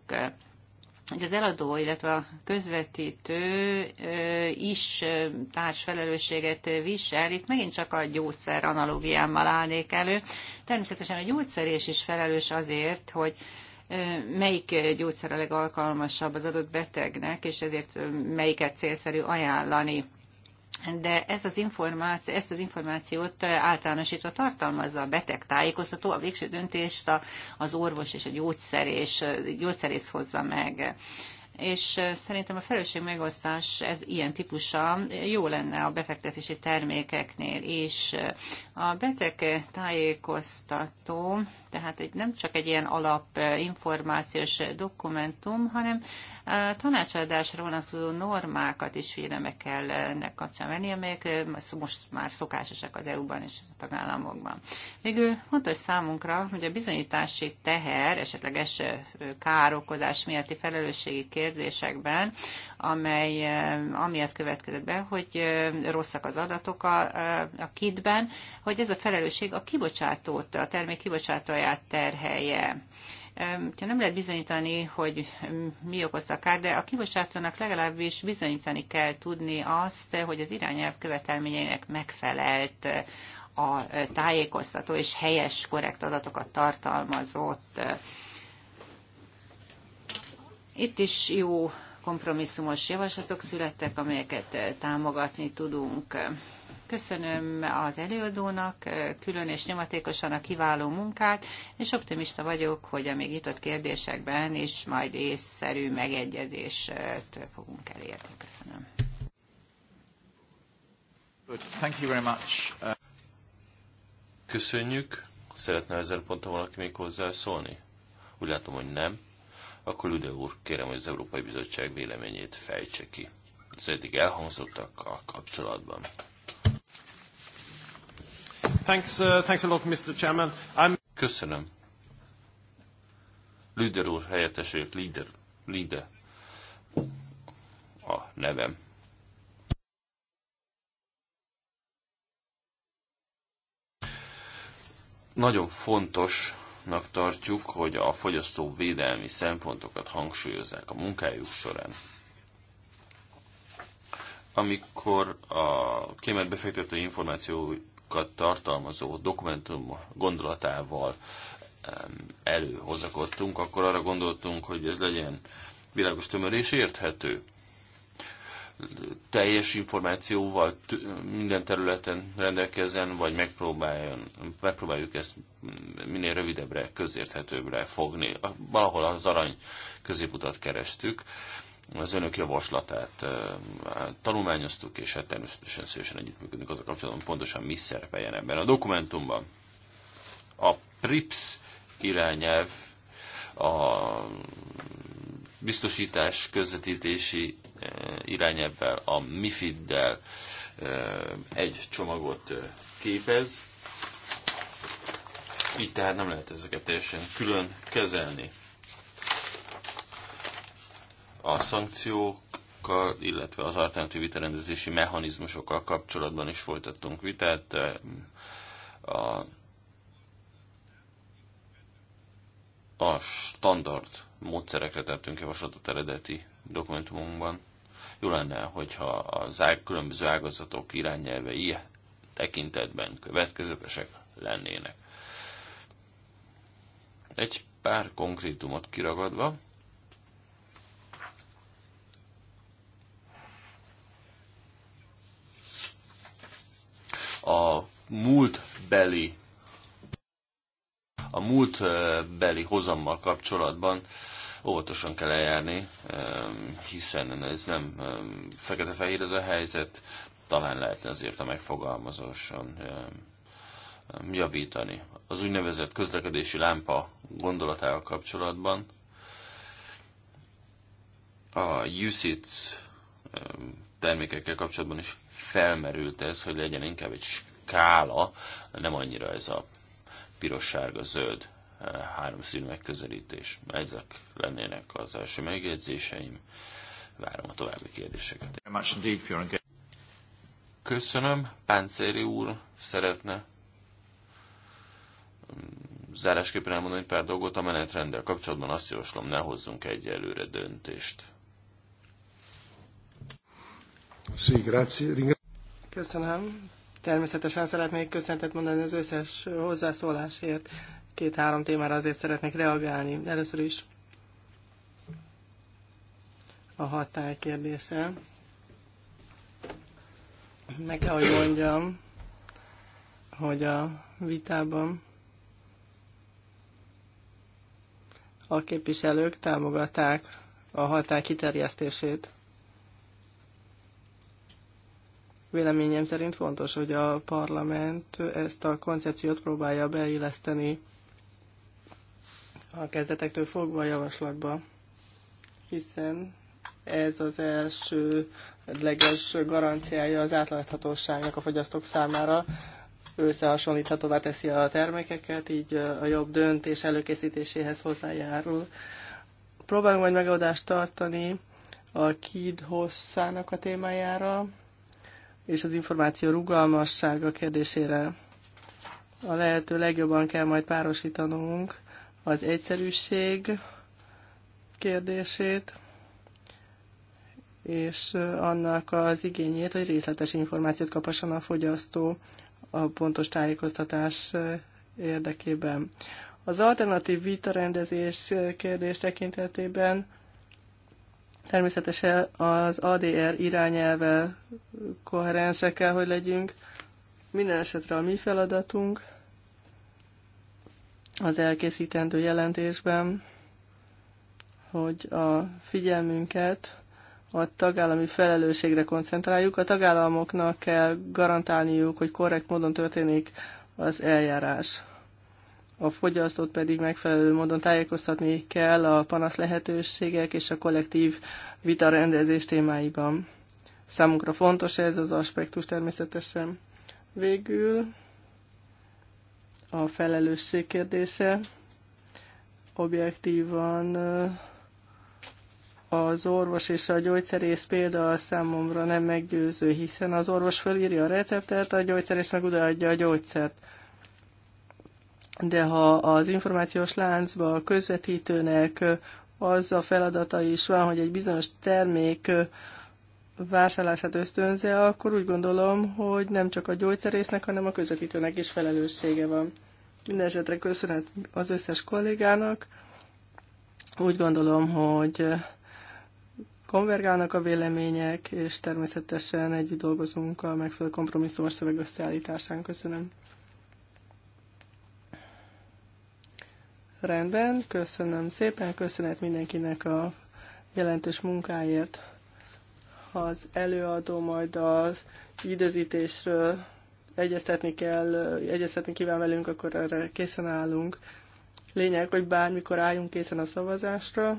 hogy az eladó, illetve a közvetítő is társfelelősséget visel. Itt megint csak a gyógyszer analógiámmal állnék elő. Természetesen a gyógyszerés is felelős azért, hogy melyik gyógyszer a legalkalmasabb az adott betegnek, és ezért melyiket célszerű ajánlani. De ez az információ, ezt az információt általánosítva tartalmazza a beteg tájékoztató, a végső döntést az orvos és a gyógyszerész, gyógyszerész hozza meg és szerintem a felelősség megosztás ez ilyen típusa jó lenne a befektetési termékeknél is. A beteg tájékoztató, tehát egy, nem csak egy ilyen alap információs dokumentum, hanem tanácsadásra vonatkozó normákat is figyelembe kell ennek kapcsán venni, amelyek most már szokásosak az EU-ban és a tagállamokban. Végül fontos számunkra, hogy a bizonyítási teher, esetleges károkozás miatti felelősségi kérdésekben, amely amiatt következett be, hogy rosszak az adatok a, a kidben, hogy ez a felelősség a kibocsátót, a termék kibocsátóját terhelje nem lehet bizonyítani, hogy mi okozta a kár, de a kibocsátónak legalábbis bizonyítani kell tudni azt, hogy az irányelv követelményeinek megfelelt a tájékoztató és helyes, korrekt adatokat tartalmazott. Itt is jó kompromisszumos javaslatok születtek, amelyeket támogatni tudunk. Köszönöm az előadónak, külön és nyomatékosan a kiváló munkát, és optimista vagyok, hogy a még nyitott kérdésekben is majd észszerű megegyezést fogunk elérni. Köszönöm. Köszönjük. Szeretne ezer ponton valaki még hozzászólni? Úgy látom, hogy nem. Akkor Lüde úr, kérem, hogy az Európai Bizottság véleményét fejtse ki. Az eddig elhangzottak a kapcsolatban. Thanks, uh, thanks a lot, Mr. Chairman. I'm... Köszönöm. Lüder úr helyettes vagyok, Lider, Lide a nevem. Nagyon fontosnak tartjuk, hogy a fogyasztó védelmi szempontokat hangsúlyozzák a munkájuk során. Amikor a kémet befektető információ célokat tartalmazó dokumentum gondolatával előhozakodtunk, akkor arra gondoltunk, hogy ez legyen világos tömör és érthető. Teljes információval minden területen rendelkezzen, vagy megpróbáljon, megpróbáljuk ezt minél rövidebbre, közérthetőbbre fogni. Valahol az arany középutat kerestük az önök javaslatát tanulmányoztuk, és hát természetesen szívesen együttműködünk az a kapcsolatban, pontosan mi szerepeljen ebben a dokumentumban. A PRIPS irányelv a biztosítás közvetítési irányelvvel, a MIFID-del egy csomagot képez. Így tehát nem lehet ezeket teljesen külön kezelni a szankciókkal, illetve az alternatív vitarendezési mechanizmusokkal kapcsolatban is folytattunk vitát. A, a standard módszerekre tettünk javaslatot eredeti dokumentumunkban. Jó lenne, hogyha az ág, különböző ágazatok irányelvei tekintetben következetesek lennének. Egy pár konkrétumot kiragadva, a múltbeli a múltbeli hozammal kapcsolatban óvatosan kell eljárni, hiszen ez nem fekete-fehér ez a helyzet, talán lehetne azért a megfogalmazáson javítani. Az úgynevezett közlekedési lámpa gondolatával kapcsolatban a USITS termékekkel kapcsolatban is felmerült ez, hogy legyen inkább egy skála, nem annyira ez a piros-sárga-zöld eh, háromszínű megközelítés. Ezek lennének az első megjegyzéseim. Várom a további kérdéseket. Köszönöm. Páncéri úr szeretne mm, zárásképpen elmondani pár dolgot a menetrenddel kapcsolatban. Azt javaslom, ne hozzunk egyelőre döntést. Köszönöm. Természetesen szeretnék köszöntet mondani az összes hozzászólásért. Két-három témára azért szeretnék reagálni. Először is a hatály kérdése. Meg kell, hogy mondjam, hogy a vitában a képviselők támogatták a hatály kiterjesztését. Véleményem szerint fontos, hogy a parlament ezt a koncepciót próbálja beilleszteni a kezdetektől fogva a javaslatba, hiszen ez az első leges garanciája az átláthatóságnak a fogyasztók számára, összehasonlíthatóvá teszi a termékeket, így a jobb döntés előkészítéséhez hozzájárul. Próbálunk majd megoldást tartani a KID hosszának a témájára, és az információ rugalmassága kérdésére. A lehető legjobban kell majd párosítanunk az egyszerűség kérdését, és annak az igényét, hogy részletes információt kaphasson a fogyasztó a pontos tájékoztatás érdekében. Az alternatív vitarendezés kérdés tekintetében Természetesen az ADR irányelve koherensek kell, hogy legyünk. Minden esetre a mi feladatunk az elkészítendő jelentésben, hogy a figyelmünket a tagállami felelősségre koncentráljuk. A tagállamoknak kell garantálniuk, hogy korrekt módon történik az eljárás a fogyasztót pedig megfelelő módon tájékoztatni kell a panasz lehetőségek és a kollektív rendezés témáiban. Számunkra fontos ez az aspektus természetesen. Végül a felelősség kérdése objektívan az orvos és a gyógyszerész példa számomra nem meggyőző, hiszen az orvos fölírja a receptet, a gyógyszerész meg odaadja a gyógyszert de ha az információs láncba a közvetítőnek az a feladata is van, hogy egy bizonyos termék vásárlását ösztönze, akkor úgy gondolom, hogy nem csak a gyógyszerésznek, hanem a közvetítőnek is felelőssége van. Mindenesetre köszönet az összes kollégának. Úgy gondolom, hogy konvergálnak a vélemények, és természetesen együtt dolgozunk a megfelelő kompromisszumos szöveg összeállításán. Köszönöm. Rendben, köszönöm szépen, köszönet mindenkinek a jelentős munkáért. Ha az előadó majd az időzítésről egyeztetni kell, egyeztetni kíván velünk, akkor erre készen állunk. Lényeg, hogy bármikor álljunk készen a szavazásra,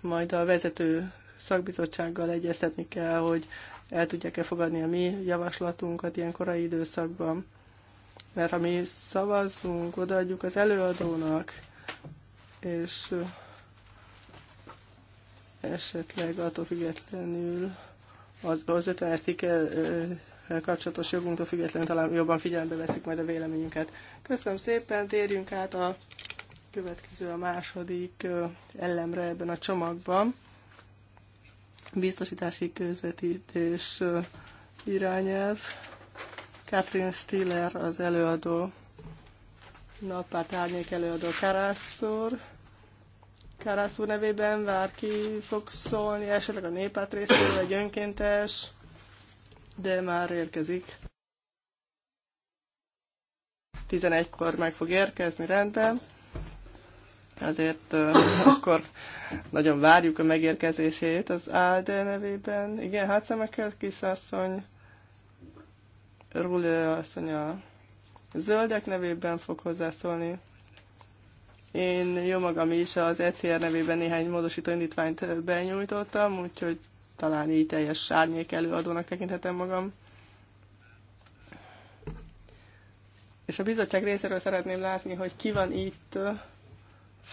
majd a vezető szakbizottsággal egyeztetni kell, hogy el tudják-e fogadni a mi javaslatunkat ilyen korai időszakban mert ha mi szavazunk, odaadjuk az előadónak, és esetleg attól függetlenül az, az 50 cikkel kapcsolatos jogunktól függetlenül talán jobban figyelembe veszik majd a véleményünket. Köszönöm szépen, térjünk át a következő, a második elemre ebben a csomagban. Biztosítási közvetítés irányelv. Katrin Stiller az előadó, nappárt árnyék előadó Karász úr. Karász úr nevében bárki fog szólni, esetleg a néppárt részéről egy önkéntes, de már érkezik. 11-kor meg fog érkezni, rendben. Azért uh, akkor nagyon várjuk a megérkezését az ALDE nevében. Igen, hát szemekkel kisasszony Rulő asszony a zöldek nevében fog hozzászólni. Én jó magam is az ECR nevében néhány módosító indítványt benyújtottam, úgyhogy talán így teljes árnyék előadónak tekinthetem magam. És a bizottság részéről szeretném látni, hogy ki van itt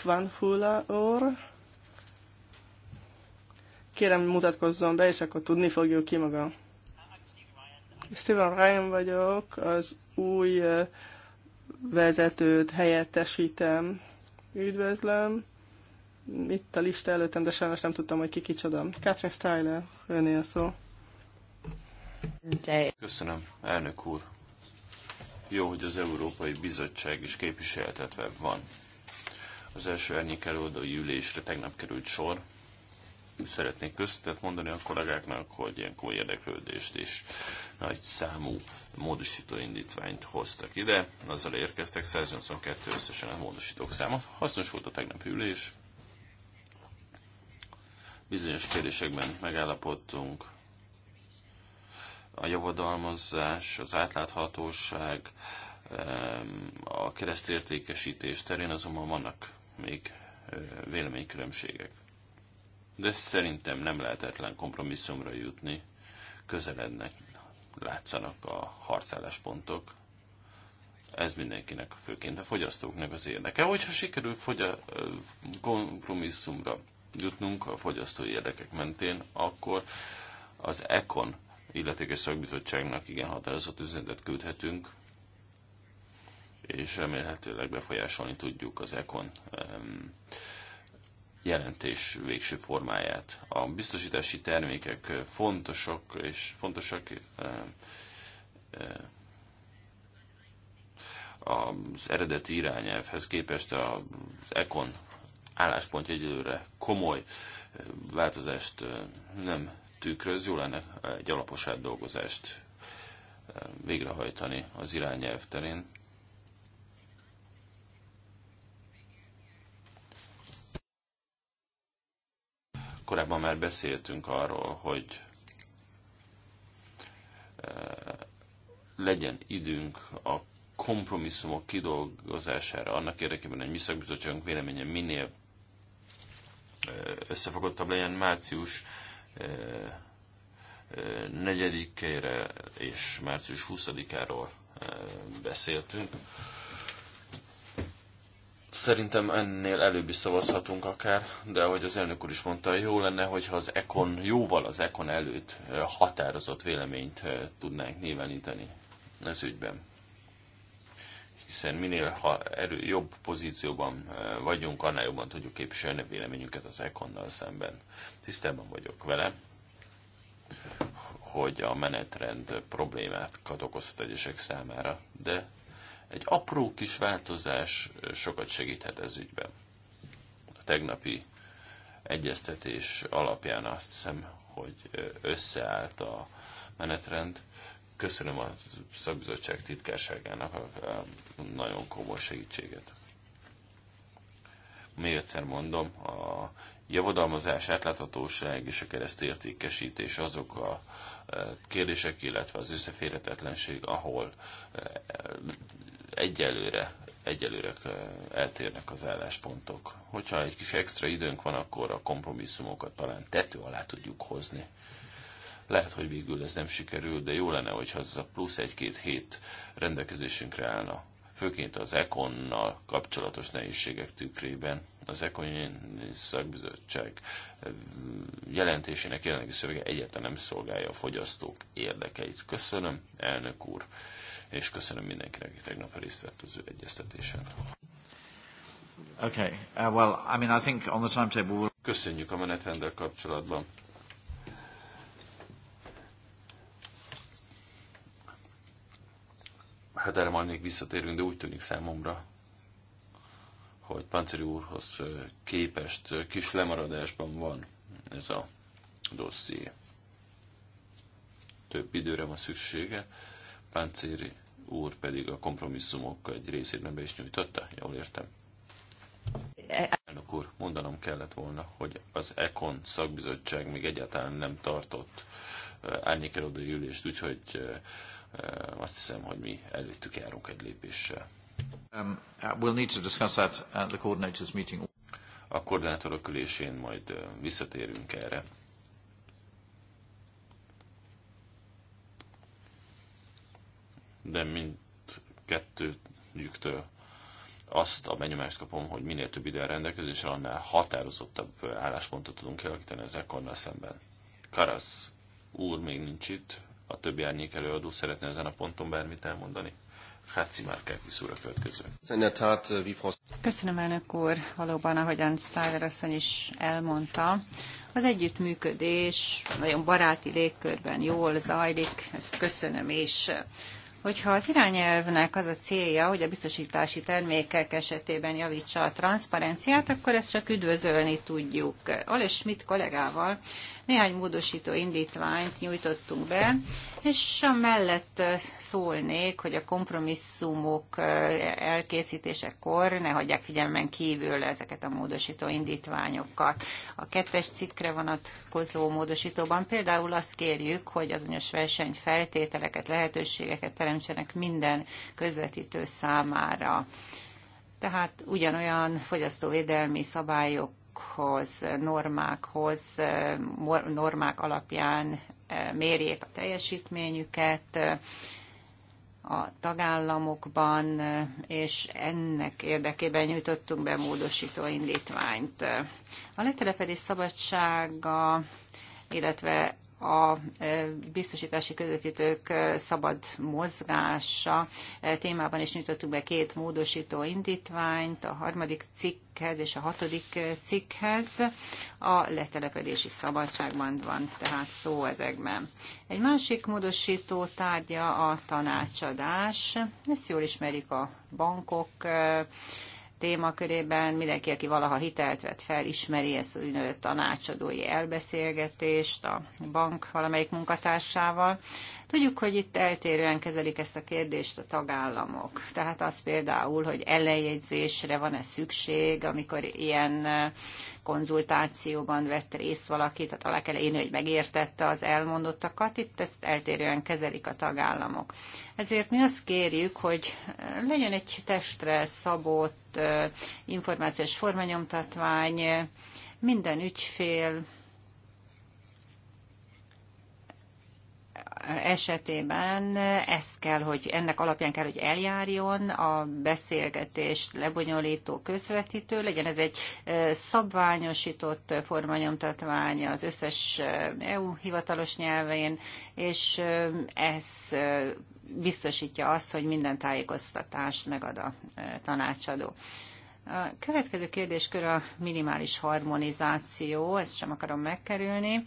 Van Hula úr. Kérem, mutatkozzon be, és akkor tudni fogjuk ki maga. Steven Ryan vagyok, az új vezetőt helyettesítem. Üdvözlöm. Itt a lista előttem, de sajnos nem tudtam, hogy ki kicsoda. Catherine Styler, öné a szó. Köszönöm, elnök úr. Jó, hogy az Európai Bizottság is képviseltetve van. Az első árnyék előadói ülésre tegnap került sor, szeretnék köztet mondani a kollégáknak, hogy ilyen komoly érdeklődést és nagy számú módosító indítványt hoztak ide. Azzal érkeztek 182 összesen a módosítók száma. Hasznos volt a tegnapi ülés. Bizonyos kérdésekben megállapodtunk. A javadalmazás, az átláthatóság, a keresztértékesítés terén azonban vannak még véleménykülönbségek de szerintem nem lehetetlen kompromisszumra jutni. Közelednek, látszanak a harcálláspontok. Ez mindenkinek, főként a fogyasztóknak az érdeke. Hogyha sikerül fogya, kompromisszumra jutnunk a fogyasztói érdekek mentén, akkor az ECON illetékes szakbizottságnak igen határozott üzenetet küldhetünk, és remélhetőleg befolyásolni tudjuk az ECON um, jelentés végső formáját. A biztosítási termékek fontosak és fontosak eh, eh, az eredeti irányelvhez képest az ECON álláspont egyelőre komoly eh, változást nem tükröz, jó lenne egy alapos átdolgozást végrehajtani az irányelv terén. Korábban már beszéltünk arról, hogy e, legyen időnk a kompromisszumok kidolgozására annak érdekében, hogy mi szakbizottságunk véleménye minél e, összefogottabb legyen március 4-ére e, és március 20-áról beszéltünk. Szerintem ennél előbb is szavazhatunk akár, de ahogy az elnök úr is mondta, jó lenne, hogyha az Ekon jóval az Ekon előtt határozott véleményt tudnánk nyilvánítani ez ügyben. Hiszen minél ha erő, jobb pozícióban vagyunk, annál jobban tudjuk képviselni véleményünket az Econnal szemben. Tisztában vagyok vele, hogy a menetrend problémát okozhat egyesek számára, de egy apró kis változás sokat segíthet ez ügyben. A tegnapi egyeztetés alapján azt hiszem, hogy összeállt a menetrend. Köszönöm a szakbizottság titkárságának a nagyon komoly segítséget. Még egyszer mondom, a javadalmazás, átláthatóság és a keresztértékesítés azok a kérdések, illetve az összeférhetetlenség, ahol egyelőre, egyelőre eltérnek az álláspontok. Hogyha egy kis extra időnk van, akkor a kompromisszumokat talán tető alá tudjuk hozni. Lehet, hogy végül ez nem sikerül, de jó lenne, hogyha ez a plusz egy-két hét rendelkezésünkre állna. Főként az ekonnal kapcsolatos nehézségek tükrében. Az Econ szakbizottság jelentésének jelenlegi szövege egyáltalán nem szolgálja a fogyasztók érdekeit. Köszönöm, elnök úr és köszönöm mindenkinek, aki tegnap részt vett az ő egyeztetésen. Okay. Uh, well, I mean, I think on the timetable we'll... Köszönjük a menetrendel kapcsolatban. Hát erre majd még visszatérünk, de úgy tűnik számomra, hogy Panceri úrhoz képest kis lemaradásban van ez a dosszié. Több időre van szüksége. Páncéri úr pedig a kompromisszumok egy részében be is nyújtotta, jól értem. Elnök úr, mondanom kellett volna, hogy az ECON szakbizottság még egyáltalán nem tartott árnyékelődő ülést, úgyhogy azt hiszem, hogy mi előttük járunk egy lépéssel. Um, uh, we'll need to discuss that at the coordinators meeting. A koordinátorok ülésén majd visszatérünk erre. de mind kettőjüktől azt a benyomást kapom, hogy minél több a rendelkezésre, annál határozottabb álláspontot tudunk kialakítani az ekkornal szemben. Karasz úr még nincs itt, a többi árnyék előadó szeretne ezen a ponton bármit elmondani. Háci Márkákis úr a következő. Köszönöm, elnök úr. Valóban, ahogyan Styler asszony is elmondta, az együttműködés nagyon baráti légkörben jól zajlik, ezt köszönöm És Hogyha az irányelvnek az a célja, hogy a biztosítási termékek esetében javítsa a transzparenciát, akkor ezt csak üdvözölni tudjuk. Oles Schmidt kollégával néhány módosító indítványt nyújtottunk be, és mellett szólnék, hogy a kompromisszumok elkészítésekor ne hagyják figyelmen kívül ezeket a módosító indítványokat. A kettes cikkre vonatkozó módosítóban például azt kérjük, hogy azonos versenyfeltételeket, lehetőségeket teremtsenek minden közvetítő számára. Tehát ugyanolyan fogyasztóvédelmi szabályokhoz, normákhoz, normák alapján eh, mérjék a teljesítményüket eh, a tagállamokban, eh, és ennek érdekében nyújtottunk be módosító indítványt. A letelepedés szabadsága, illetve a e, biztosítási közvetítők e, szabad mozgása e, témában is nyújtottuk be két módosító indítványt, a harmadik cikkhez és a hatodik cikkhez. A letelepedési szabadságban van tehát szó ezekben. Egy másik módosító tárgya a tanácsadás. Ezt jól ismerik a bankok témakörében mindenki, aki valaha hitelt vett fel, ismeri ezt az úgynevezett tanácsadói elbeszélgetést a bank valamelyik munkatársával. Tudjuk, hogy itt eltérően kezelik ezt a kérdést a tagállamok. Tehát az például, hogy elejegyzésre van-e szükség, amikor ilyen konzultációban vett részt valaki, tehát alá kell írni, hogy megértette az elmondottakat, itt ezt eltérően kezelik a tagállamok. Ezért mi azt kérjük, hogy legyen egy testre szabott információs formanyomtatvány, minden ügyfél esetében ez kell, hogy ennek alapján kell, hogy eljárjon a beszélgetés lebonyolító közvetítő, legyen ez egy szabványosított formanyomtatvány az összes EU hivatalos nyelvén, és ez biztosítja azt, hogy minden tájékoztatást megad a tanácsadó. A következő kérdéskör a minimális harmonizáció, ezt sem akarom megkerülni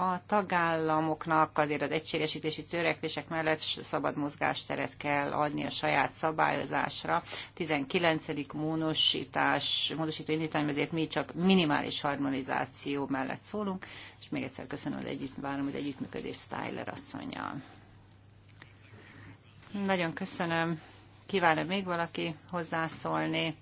a tagállamoknak azért az egységesítési törekvések mellett szabad mozgásteret kell adni a saját szabályozásra. 19. módosítás, módosító indítvány, ezért mi csak minimális harmonizáció mellett szólunk, és még egyszer köszönöm hogy együtt, várom hogy együttműködés Styler asszonyjal. Nagyon köszönöm. Kívánom még valaki hozzászólni?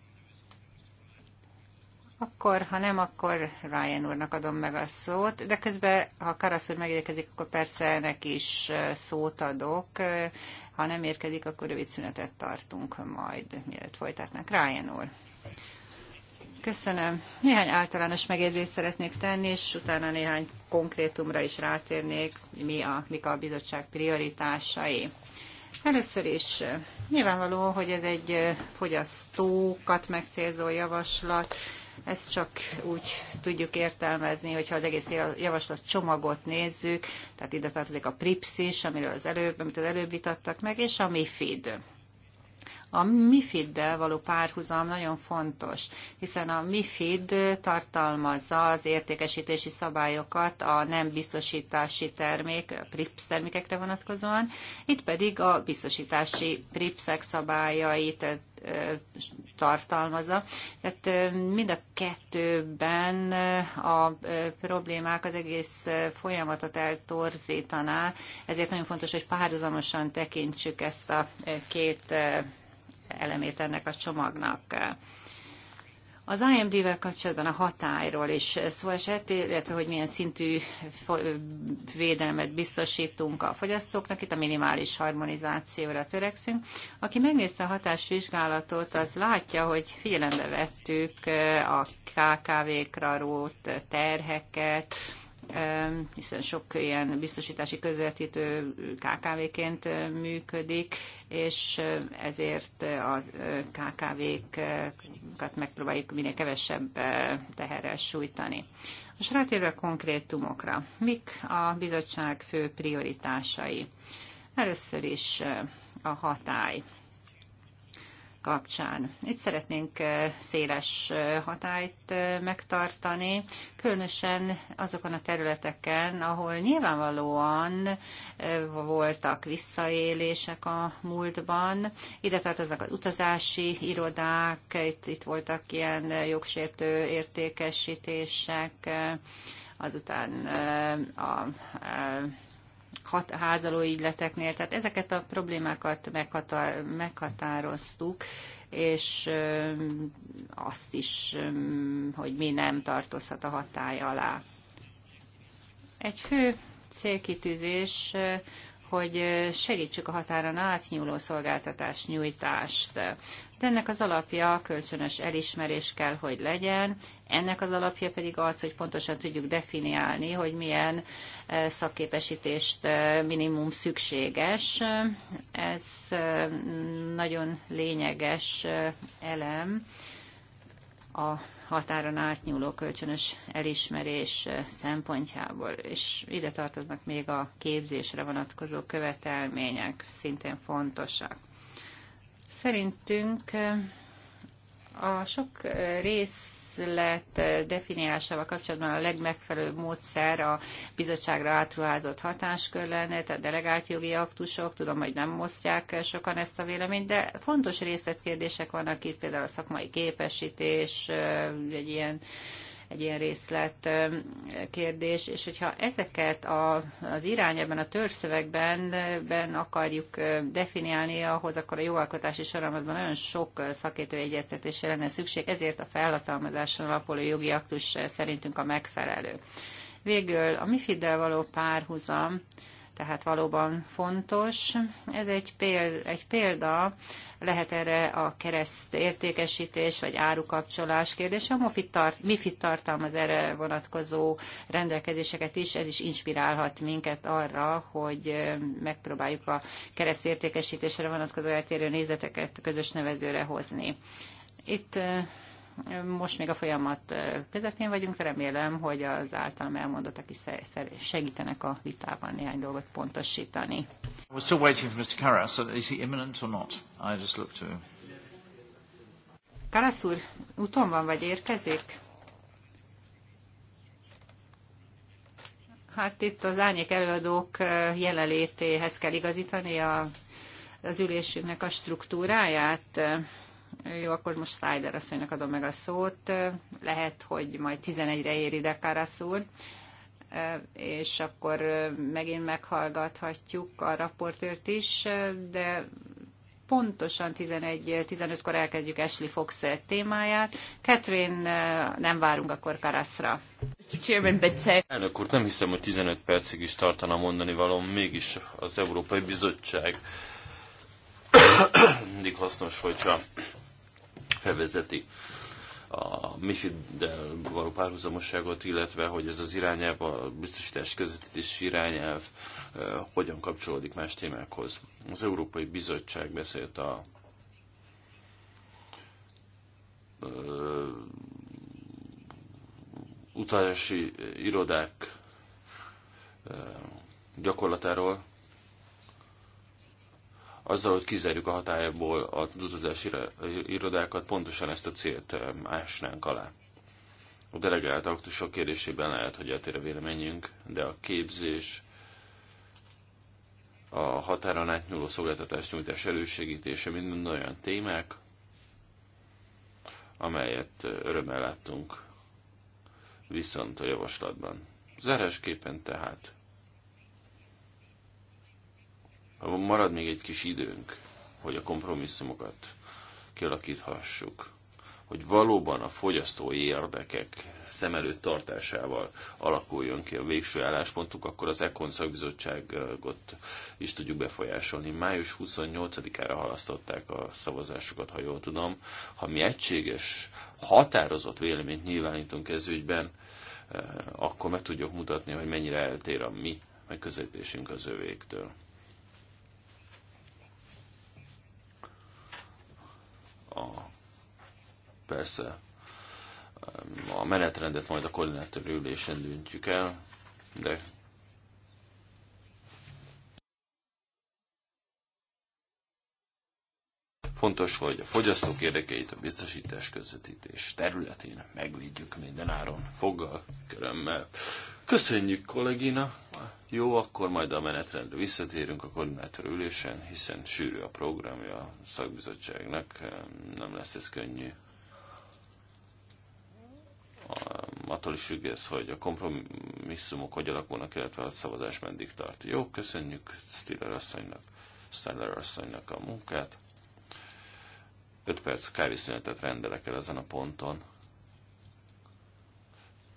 Akkor, ha nem, akkor Ryan úrnak adom meg a szót, de közben, ha Karasz úr megérkezik, akkor persze neki is szót adok. Ha nem érkezik, akkor rövid szünetet tartunk majd, mielőtt folytatnak Ryan úr. Köszönöm. Néhány általános megjegyzést szeretnék tenni, és utána néhány konkrétumra is rátérnék, mi a, mik a bizottság prioritásai. Először is nyilvánvaló, hogy ez egy fogyasztókat megcélzó javaslat, ezt csak úgy tudjuk értelmezni, hogyha az egész javaslat csomagot nézzük, tehát ide tartozik a PRIPS is, amiről az előbb, amit az előbb vitattak meg, és a MIFID. A MIFID-del való párhuzam nagyon fontos, hiszen a MIFID tartalmazza az értékesítési szabályokat a nem biztosítási termék, a PRIPS termékekre vonatkozóan, itt pedig a biztosítási PRIPSek szabályait tartalmazza. Tehát mind a kettőben a problémák az egész folyamatot eltorzítaná, ezért nagyon fontos, hogy párhuzamosan tekintsük ezt a két elemét ennek a csomagnak. Az IMD-vel kapcsolatban a hatályról is szó esett, illetve hogy milyen szintű védelmet biztosítunk a fogyasztóknak, itt a minimális harmonizációra törekszünk. Aki megnézte a hatásvizsgálatot, az látja, hogy figyelembe vettük a KKV-kra rót terheket, hiszen sok ilyen biztosítási közvetítő KKV-ként működik, és ezért a KKV-kat megpróbáljuk minél kevesebb teherrel sújtani. Most rátérve a konkrétumokra, mik a bizottság fő prioritásai? Először is a hatály kapcsán. Itt szeretnénk széles hatályt megtartani, különösen azokon a területeken, ahol nyilvánvalóan voltak visszaélések a múltban. Ide tartoznak az utazási irodák, itt, itt voltak ilyen jogsértő értékesítések, azután a, a hat, házalóügyleteknél, tehát ezeket a problémákat meghatároztuk, és azt is, hogy mi nem tartozhat a hatály alá. Egy fő célkitűzés, hogy segítsük a határon átnyúló szolgáltatás nyújtást. De ennek az alapja kölcsönös elismerés kell, hogy legyen, ennek az alapja pedig az, hogy pontosan tudjuk definiálni, hogy milyen eh, szakképesítést eh, minimum szükséges. Ez eh, nagyon lényeges elem a határon átnyúló kölcsönös elismerés szempontjából, és ide tartoznak még a képzésre vonatkozó követelmények, szintén fontosak. Szerintünk a sok rész üzlet definiálásával kapcsolatban a legmegfelelőbb módszer a bizottságra átruházott hatáskör lenne, tehát delegált jogi aktusok, tudom, hogy nem osztják sokan ezt a véleményt, de fontos részletkérdések vannak itt, például a szakmai képesítés, egy ilyen egy ilyen részlet kérdés, és hogyha ezeket a, az irányában, a törzszövegben ben akarjuk definiálni, ahhoz akkor a jogalkotási sorozatban nagyon sok szakértő egyeztetésre lenne szükség, ezért a felhatalmazáson alapuló jogi aktus szerintünk a megfelelő. Végül a MIFID-del való párhuzam, tehát valóban fontos. Ez egy, péld, egy példa, lehet erre a kereszt értékesítés vagy árukapcsolás kérdése. A MOFID tart, MIFID tartalmaz erre vonatkozó rendelkezéseket is, ez is inspirálhat minket arra, hogy megpróbáljuk a kereszt értékesítésre vonatkozó eltérő nézeteket közös nevezőre hozni. Itt most még a folyamat közepén vagyunk, remélem, hogy az általam elmondottak is segítenek a vitában néhány dolgot pontosítani. Mr. Karas. Karasz úr, úton van, vagy érkezik? Hát itt az árnyék előadók jelenlétéhez kell igazítani a, az ülésünknek a struktúráját. Jó, akkor most Ryder asszonynak adom meg a szót. Lehet, hogy majd 11-re ér ide Karasz úr, és akkor megint meghallgathatjuk a raportőrt is, de pontosan 11-15-kor elkezdjük Ashley Fox témáját. Catherine, nem várunk akkor Karaszra. Uh, Elnök úr, nem hiszem, hogy 15 percig is tartana mondani valom, mégis az Európai Bizottság mindig hasznos, hogyha fevezeti a Mifiddel való párhuzamosságot, illetve hogy ez az irányelv, a biztosítás közvetítés irányelv hogyan kapcsolódik más témákhoz. Az Európai Bizottság beszélt a utazási irodák gyakorlatáról, azzal, hogy kizárjuk a hatályából az utazási irodákat, pontosan ezt a célt eh, ásnánk alá. A delegált aktusok kérdésében lehet, hogy eltér a véleményünk, de a képzés, a határon átnyúló szolgáltatás nyújtás elősegítése mind olyan témák, amelyet eh, örömmel láttunk viszont a javaslatban. Zárásképpen tehát ha marad még egy kis időnk, hogy a kompromisszumokat kialakíthassuk, hogy valóban a fogyasztói érdekek szem előtt tartásával alakuljon ki a végső álláspontuk, akkor az ECON szakbizottságot is tudjuk befolyásolni. Május 28-ára halasztották a szavazásokat, ha jól tudom. Ha mi egységes, határozott véleményt nyilvánítunk ez ügyben, eh, akkor meg tudjuk mutatni, hogy mennyire eltér a mi megközelítésünk az övéktől. a, persze a menetrendet majd a koordinátor ülésen döntjük el, de fontos, hogy a fogyasztók érdekeit a biztosítás közvetítés területén megvédjük minden áron, foggal, körömmel, Köszönjük, kollégina! Jó, akkor majd a menetrendre visszatérünk a koordinátor ülésen, hiszen sűrű a programja a szakbizottságnak, nem lesz ez könnyű. Attól is függ ez, hogy a kompromisszumok hogy alakulnak, illetve a szavazás meddig tart. Jó, köszönjük Stiller asszonynak, Stiller asszonynak a munkát. 5 perc kávészünetet rendelek el ezen a ponton.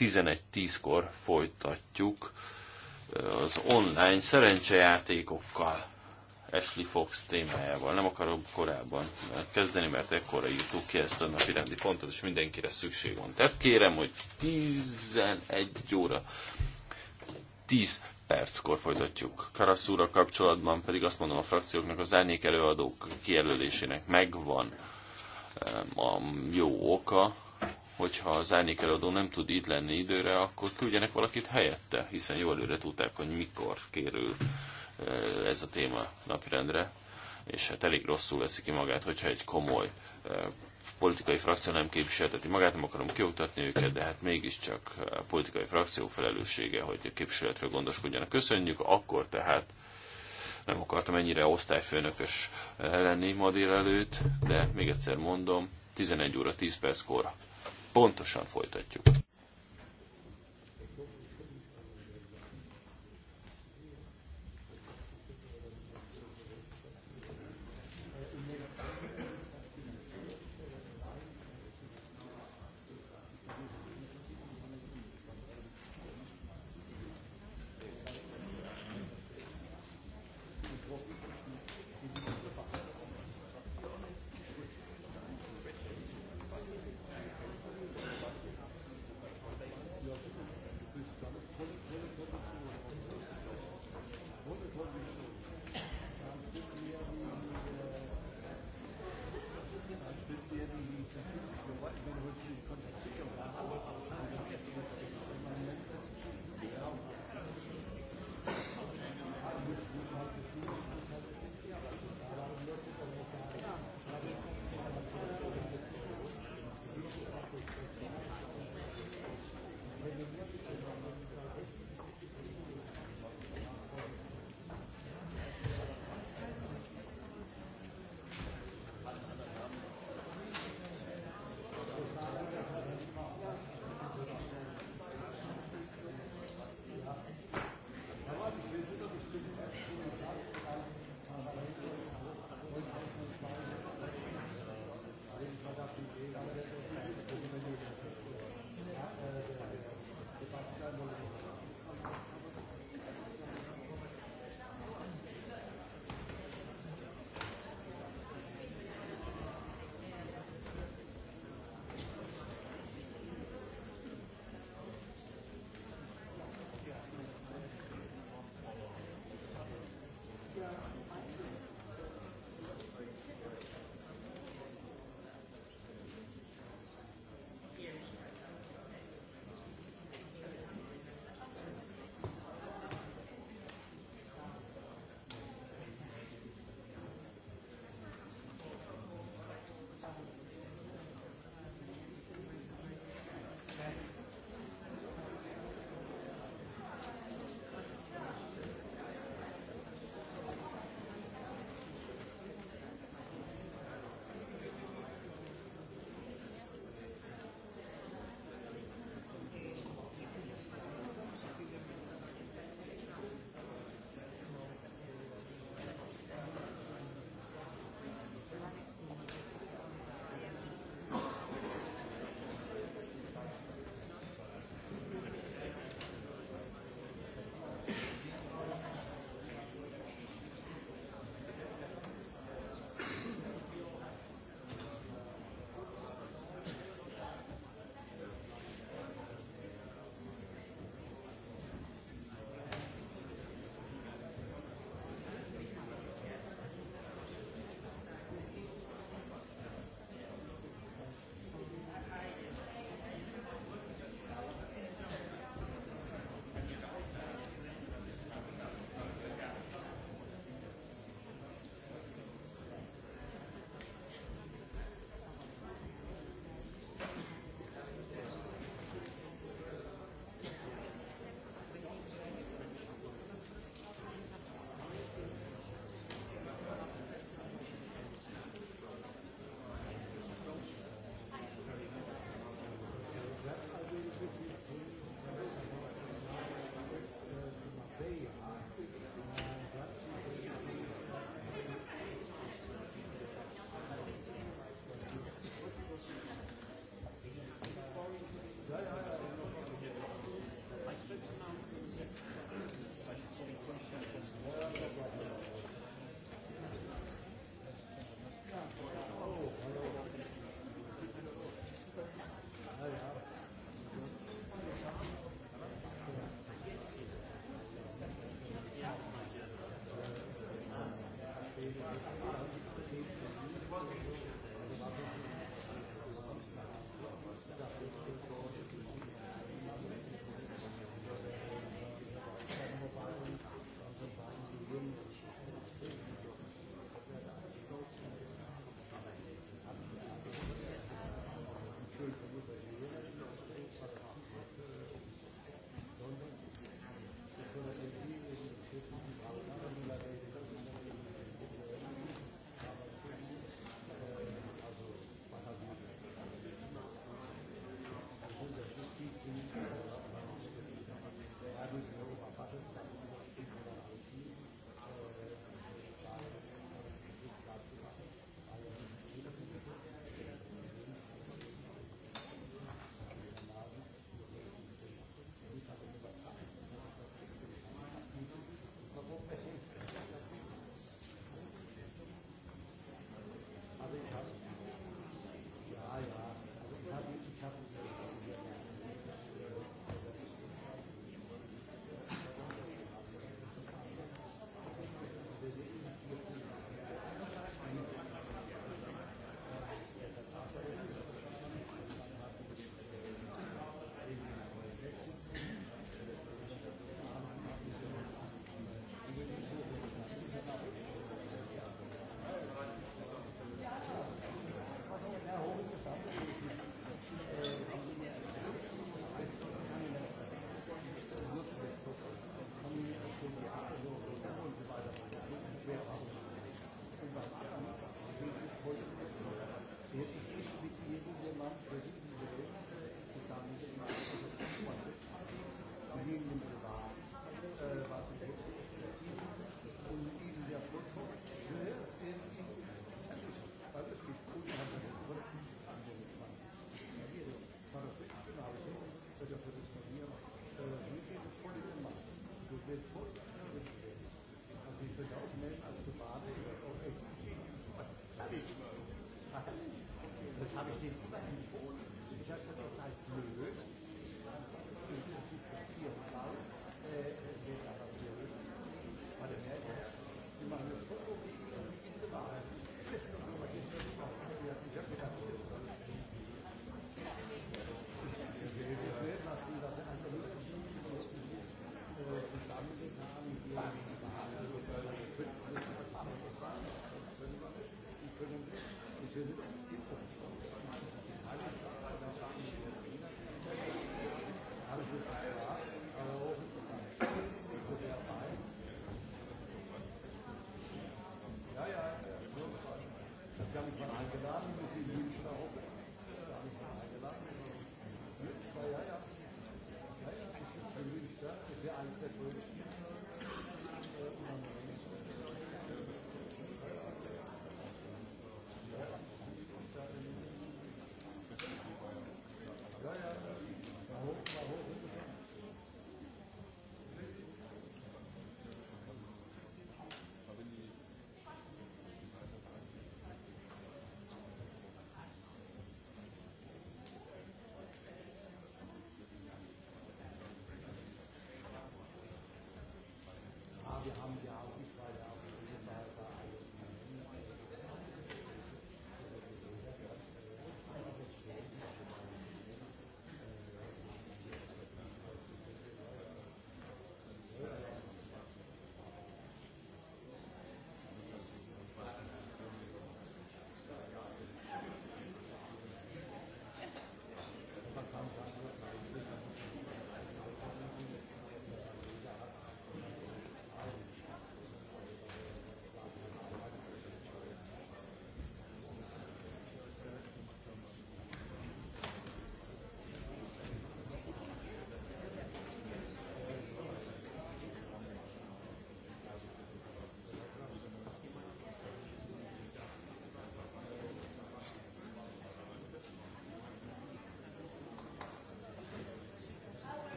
11.10-kor folytatjuk eh, az online szerencsejátékokkal. Ashley Fox témájával. Nem akarom korábban kezdeni, mert ekkora írtuk ki ezt a napi rendi pontot, és mindenkire szükség van. Tehát kérem, hogy 11 óra 10 perckor folytatjuk. Karaszúra kapcsolatban pedig azt mondom a frakcióknak, az árnyék előadók kijelölésének megvan eh, a jó oka, hogyha az árnyékeladó nem tud itt lenni időre, akkor küldjenek valakit helyette, hiszen jól előre tudták, hogy mikor kérül eh, ez a téma napirendre, és hát elég rosszul veszi ki magát, hogyha egy komoly eh, politikai frakció nem képviselteti magát, nem akarom kioktatni őket, de hát mégiscsak a politikai frakció felelőssége, hogy a képviseletről gondoskodjanak. Köszönjük, akkor tehát nem akartam ennyire osztályfőnökös eh, lenni ma délelőtt, de még egyszer mondom, 11 óra 10 perckor pontosan folytatjuk.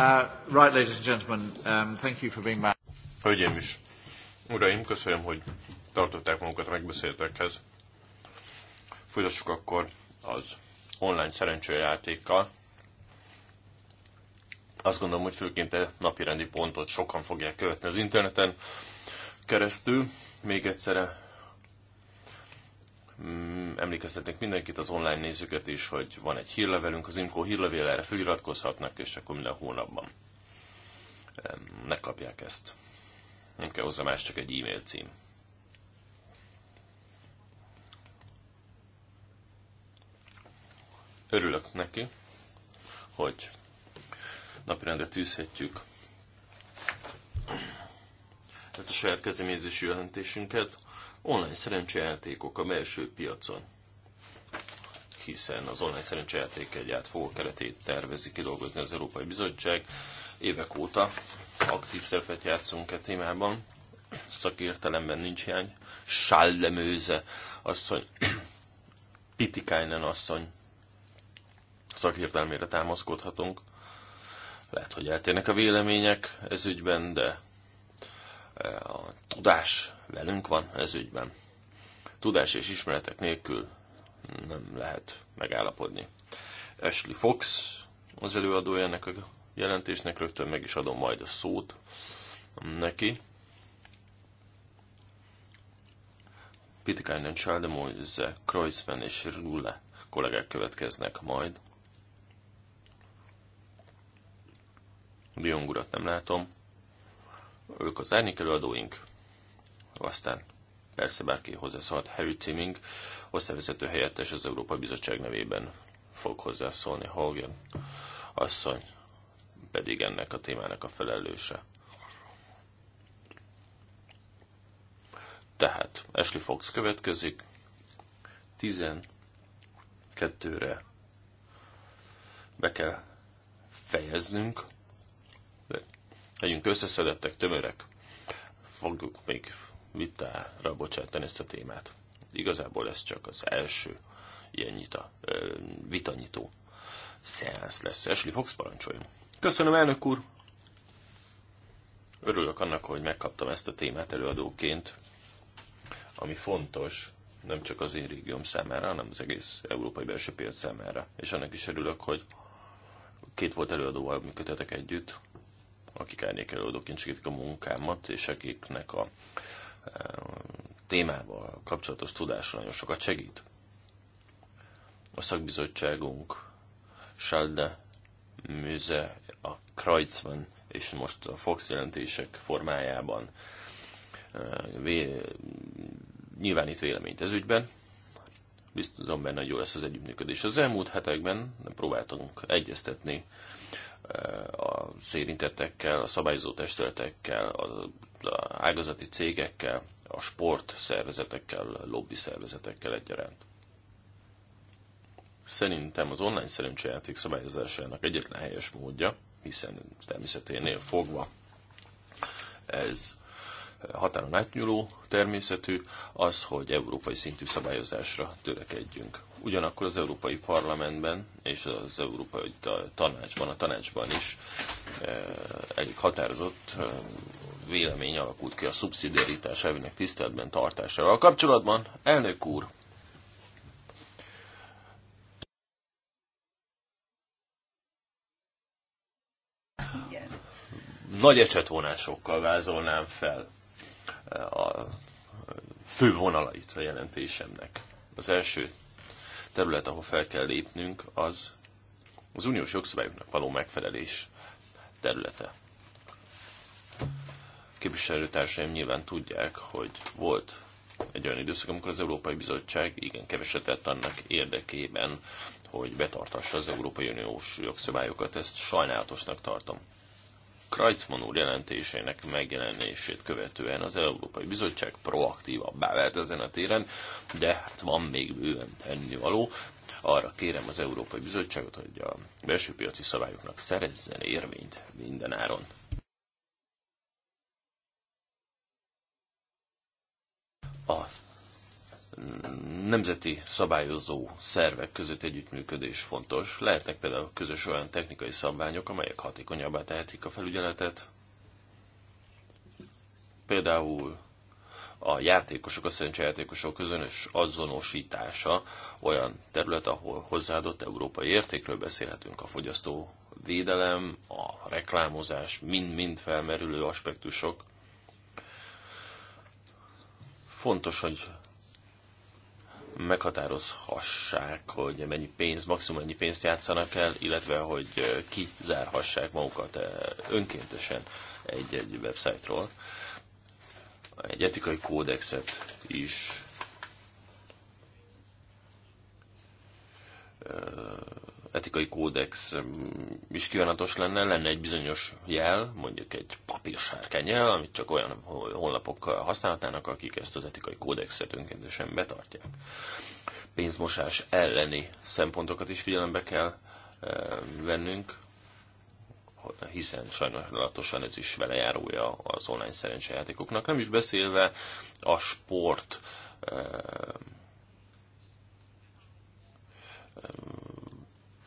Uh, right, ladies and gentlemen, um, thank you for being back. Hölgyeim is. Uraim, köszönöm, hogy tartották magukat a megbeszéltekhez. Folytassuk akkor az online szerencsőjátékkal. Azt gondolom, hogy főként a e napirendi pontot sokan fogják követni az interneten keresztül. Még egyszer emlékeztetnék mindenkit, az online nézőket is, hogy van egy hírlevelünk, az Imco hírlevél, erre feliratkozhatnak, és akkor minden hónapban megkapják ezt. Nem kell hozzá más, csak egy e-mail cím. Örülök neki, hogy napirendre tűzhetjük ezt a saját kezdeményezési jelentésünket, online szerencsejátékok a belső piacon hiszen az online szerencsejáték egy átfogó keretét tervezi kidolgozni az Európai Bizottság. Évek óta aktív szerepet játszunk e témában, szakértelemben nincs hiány. Sállemőze asszony, Pitikainen asszony szakértelmére támaszkodhatunk. Lehet, hogy eltérnek a vélemények ez ügyben, de e, a tudás velünk van ez ügyben. Tudás és ismeretek nélkül nem lehet megállapodni. Ashley Fox az előadója ennek a jelentésnek, rögtön meg is adom majd a szót neki. Pitikainen, Chaldemoise, Kreuzmann és Rulle kollégák következnek majd. Diong nem látom. Ők az árnyék előadóink. Aztán Persze bárki hozzászólhat. Harry Timing, osztályvezető helyettes az Európai Bizottság nevében fog hozzászólni. Hogan asszony pedig ennek a témának a felelőse. Tehát Ashley Fox következik. 12-re be kell fejeznünk. Legyünk összeszedettek, tömörek. Fogjuk még vitára bocsátani ezt a témát. Igazából ez csak az első ilyen nyita, vitanyitó szeánsz lesz. Esli Fox parancsoljon. Köszönöm, elnök úr! Örülök annak, hogy megkaptam ezt a témát előadóként, ami fontos, nem csak az én régióm számára, hanem az egész európai belső piac számára. És annak is örülök, hogy két volt előadóval működtetek együtt, akik elnék előadóként segítik a munkámat, és akiknek a témával kapcsolatos tudásra nagyon sokat segít. A szakbizottságunk Schalde Műze, a Kreuzmann és most a Fox jelentések formájában vé... nyilvánít véleményt ez ügyben. Biztosan benne, hogy jó lesz az együttműködés. Az elmúlt hetekben próbáltunk egyeztetni az érintettekkel, a szabályozó testületekkel, az ágazati cégekkel, a sportszervezetekkel, lobby szervezetekkel egyaránt. Szerintem az online szerencsejáték szabályozásának egyetlen helyes módja, hiszen természeténél fogva ez határon átnyúló természetű, az, hogy európai szintű szabályozásra törekedjünk. Ugyanakkor az Európai Parlamentben és az Európai Tanácsban, a tanácsban is eh, elég határozott eh, vélemény alakult ki a szubszidiaritás elvének tiszteletben tartásával. A kapcsolatban, elnök úr, nagy ecsetvonásokkal vázolnám fel a fő vonalait a jelentésemnek. Az első terület, ahol fel kell lépnünk, az az uniós jogszabályoknak való megfelelés területe. Képviselőtársaim nyilván tudják, hogy volt egy olyan időszak, amikor az Európai Bizottság igen keveset tett annak érdekében, hogy betartassa az Európai Uniós jogszabályokat. Ezt sajnálatosnak tartom. Krajcman úr jelentésének megjelenését követően az Európai Bizottság proaktívabbá vált ezen a téren, de hát van még bőven tennivaló. Arra kérem az Európai Bizottságot, hogy a belső piaci szabályoknak szerezzen érvényt mindenáron. A nemzeti szabályozó szervek között együttműködés fontos. Lehetnek például közös olyan technikai szabványok, amelyek hatékonyabbá tehetik a felügyeletet. Például a játékosok, a szerencsejátékosok közönös azonosítása olyan terület, ahol hozzáadott európai értékről beszélhetünk a fogyasztó védelem, a reklámozás, mind-mind felmerülő aspektusok. Fontos, hogy meghatározhassák, hogy mennyi pénz, maximum mennyi pénzt játszanak el, illetve hogy kizárhassák magukat eh, önkéntesen egy, egy websájtról. Egy etikai kódexet is eh, etikai kódex is kívánatos lenne, lenne egy bizonyos jel, mondjuk egy papírsárkányjel, jel, amit csak olyan honlapok használhatnának, akik ezt az etikai kódexet önkéntesen betartják. Pénzmosás elleni szempontokat is figyelembe kell vennünk, hiszen sajnálatosan ez is vele járója az online szerencsejátékoknak. Nem is beszélve a sport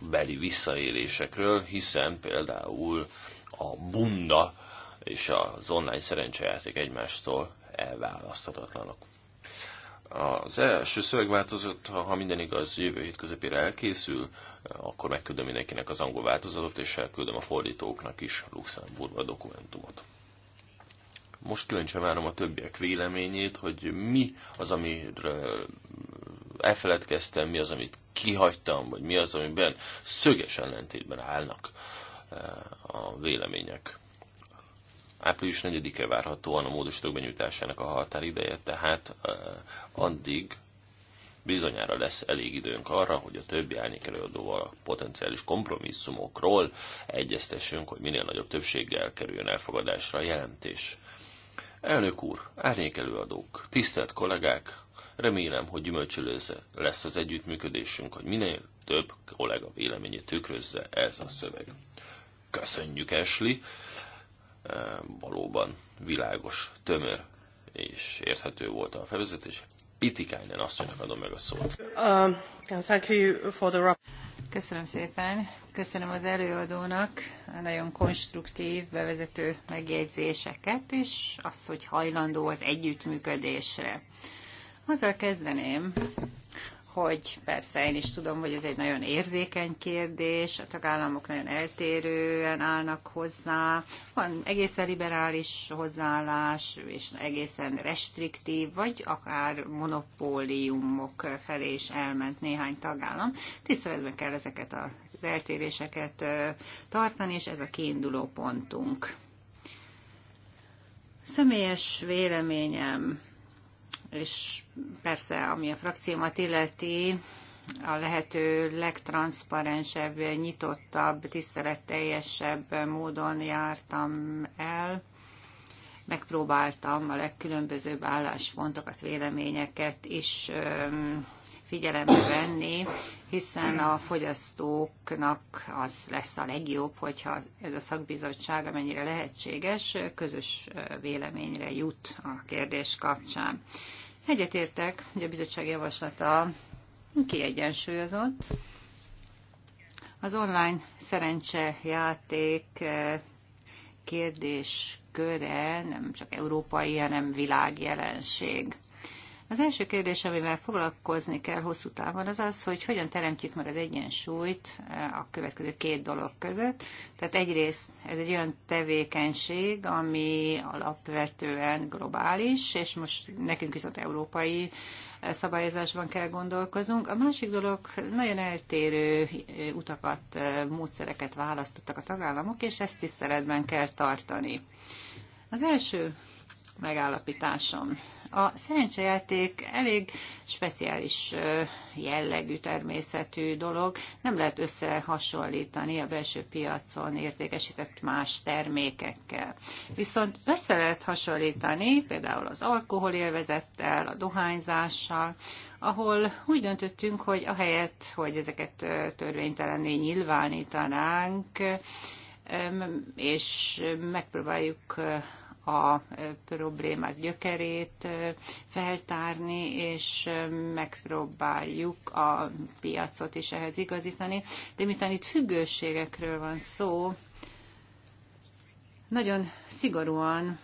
beli visszaélésekről, hiszen például a bunda és az online szerencsejáték egymástól elválaszthatatlanok. Az első szövegváltozat, ha minden igaz, jövő hét közepére elkészül, akkor megküldöm mindenkinek az angol változatot, és elküldöm a fordítóknak is Luxemburgba a dokumentumot. Most kíváncsian várom a többiek véleményét, hogy mi az, amiről elfeledkeztem, mi az, amit kihagytam, vagy mi az, amiben szöges ellentétben állnak eh, a vélemények. Április 4-e várhatóan a módosítók benyújtásának a határideje, tehát eh, addig bizonyára lesz elég időnk arra, hogy a többi előadóval a potenciális kompromisszumokról egyeztessünk, hogy minél nagyobb többséggel kerüljön elfogadásra a jelentés. Elnök úr, árnyékelőadók, tisztelt kollégák, Remélem, hogy gyümölcsülőző lesz az együttműködésünk, hogy minél több kollega véleményét tükrözze ez a szöveg. Köszönjük, Esli! E, valóban világos, tömör és érthető volt a felvezetés. azt mondjuk, adom meg a szót. Uh, thank you for the... Köszönöm szépen. Köszönöm az előadónak a nagyon konstruktív bevezető megjegyzéseket, és azt, hogy hajlandó az együttműködésre. Azzal kezdeném, hogy persze én is tudom, hogy ez egy nagyon érzékeny kérdés, a tagállamok nagyon eltérően állnak hozzá, van egészen liberális hozzáállás, és egészen restriktív, vagy akár monopóliumok felé is elment néhány tagállam. Tiszteletben kell ezeket az eltéréseket tartani, és ez a kiinduló pontunk. Személyes véleményem és persze, ami a frakciómat illeti, a lehető legtranszparensebb, nyitottabb, tiszteletteljesebb módon jártam el. Megpróbáltam a legkülönbözőbb álláspontokat, véleményeket is figyelembe venni, hiszen a fogyasztóknak az lesz a legjobb, hogyha ez a szakbizottság, amennyire lehetséges, közös véleményre jut a kérdés kapcsán. Egyetértek, hogy a bizottság javaslata kiegyensúlyozott. Az online szerencsejáték kérdésköre nem csak európai, hanem világjelenség. Az első kérdés, amivel foglalkozni kell hosszú távon, az az, hogy hogyan teremtjük meg az egyensúlyt eh, a következő két dolog között. Tehát egyrészt ez egy olyan tevékenység, ami alapvetően globális, és most nekünk viszont európai eh, szabályozásban kell gondolkozunk. A másik dolog, nagyon eltérő eh, utakat, módszereket választottak a tagállamok, és ezt tiszteletben kell tartani. Az első megállapításom. A szerencsejáték elég speciális jellegű, természetű dolog. Nem lehet összehasonlítani a belső piacon értékesített más termékekkel. Viszont össze lehet hasonlítani például az élvezettel, a dohányzással, ahol úgy döntöttünk, hogy ahelyett, hogy ezeket törvénytelenné nyilvánítanánk, és megpróbáljuk a problémák gyökerét feltárni, és megpróbáljuk a piacot is ehhez igazítani. De miután itt függőségekről van szó, nagyon szigorúan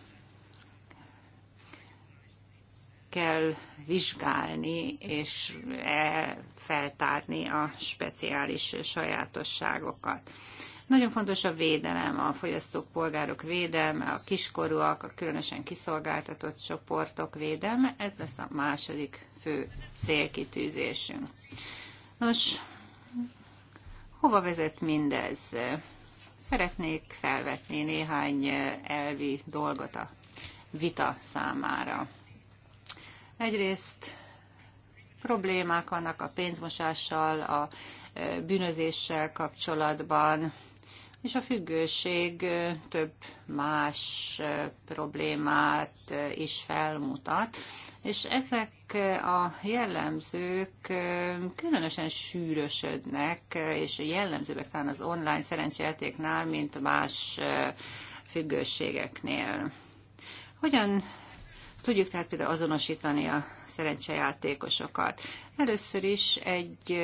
kell vizsgálni és e, feltárni a speciális sajátosságokat. Nagyon fontos a védelem, a fogyasztók, polgárok védelme, a kiskorúak, a különösen kiszolgáltatott csoportok védelme. Ez lesz a második fő célkitűzésünk. Nos, hova vezet mindez? Szeretnék felvetni néhány elvi dolgot a vita számára. Egyrészt problémák vannak a pénzmosással, a bűnözéssel kapcsolatban, és a függőség több más problémát is felmutat, és ezek a jellemzők különösen sűrösödnek, és jellemzőbbek talán az online szerencsejátéknál, mint más függőségeknél. Hogyan Tudjuk tehát például azonosítani a szerencsejátékosokat. Először is egy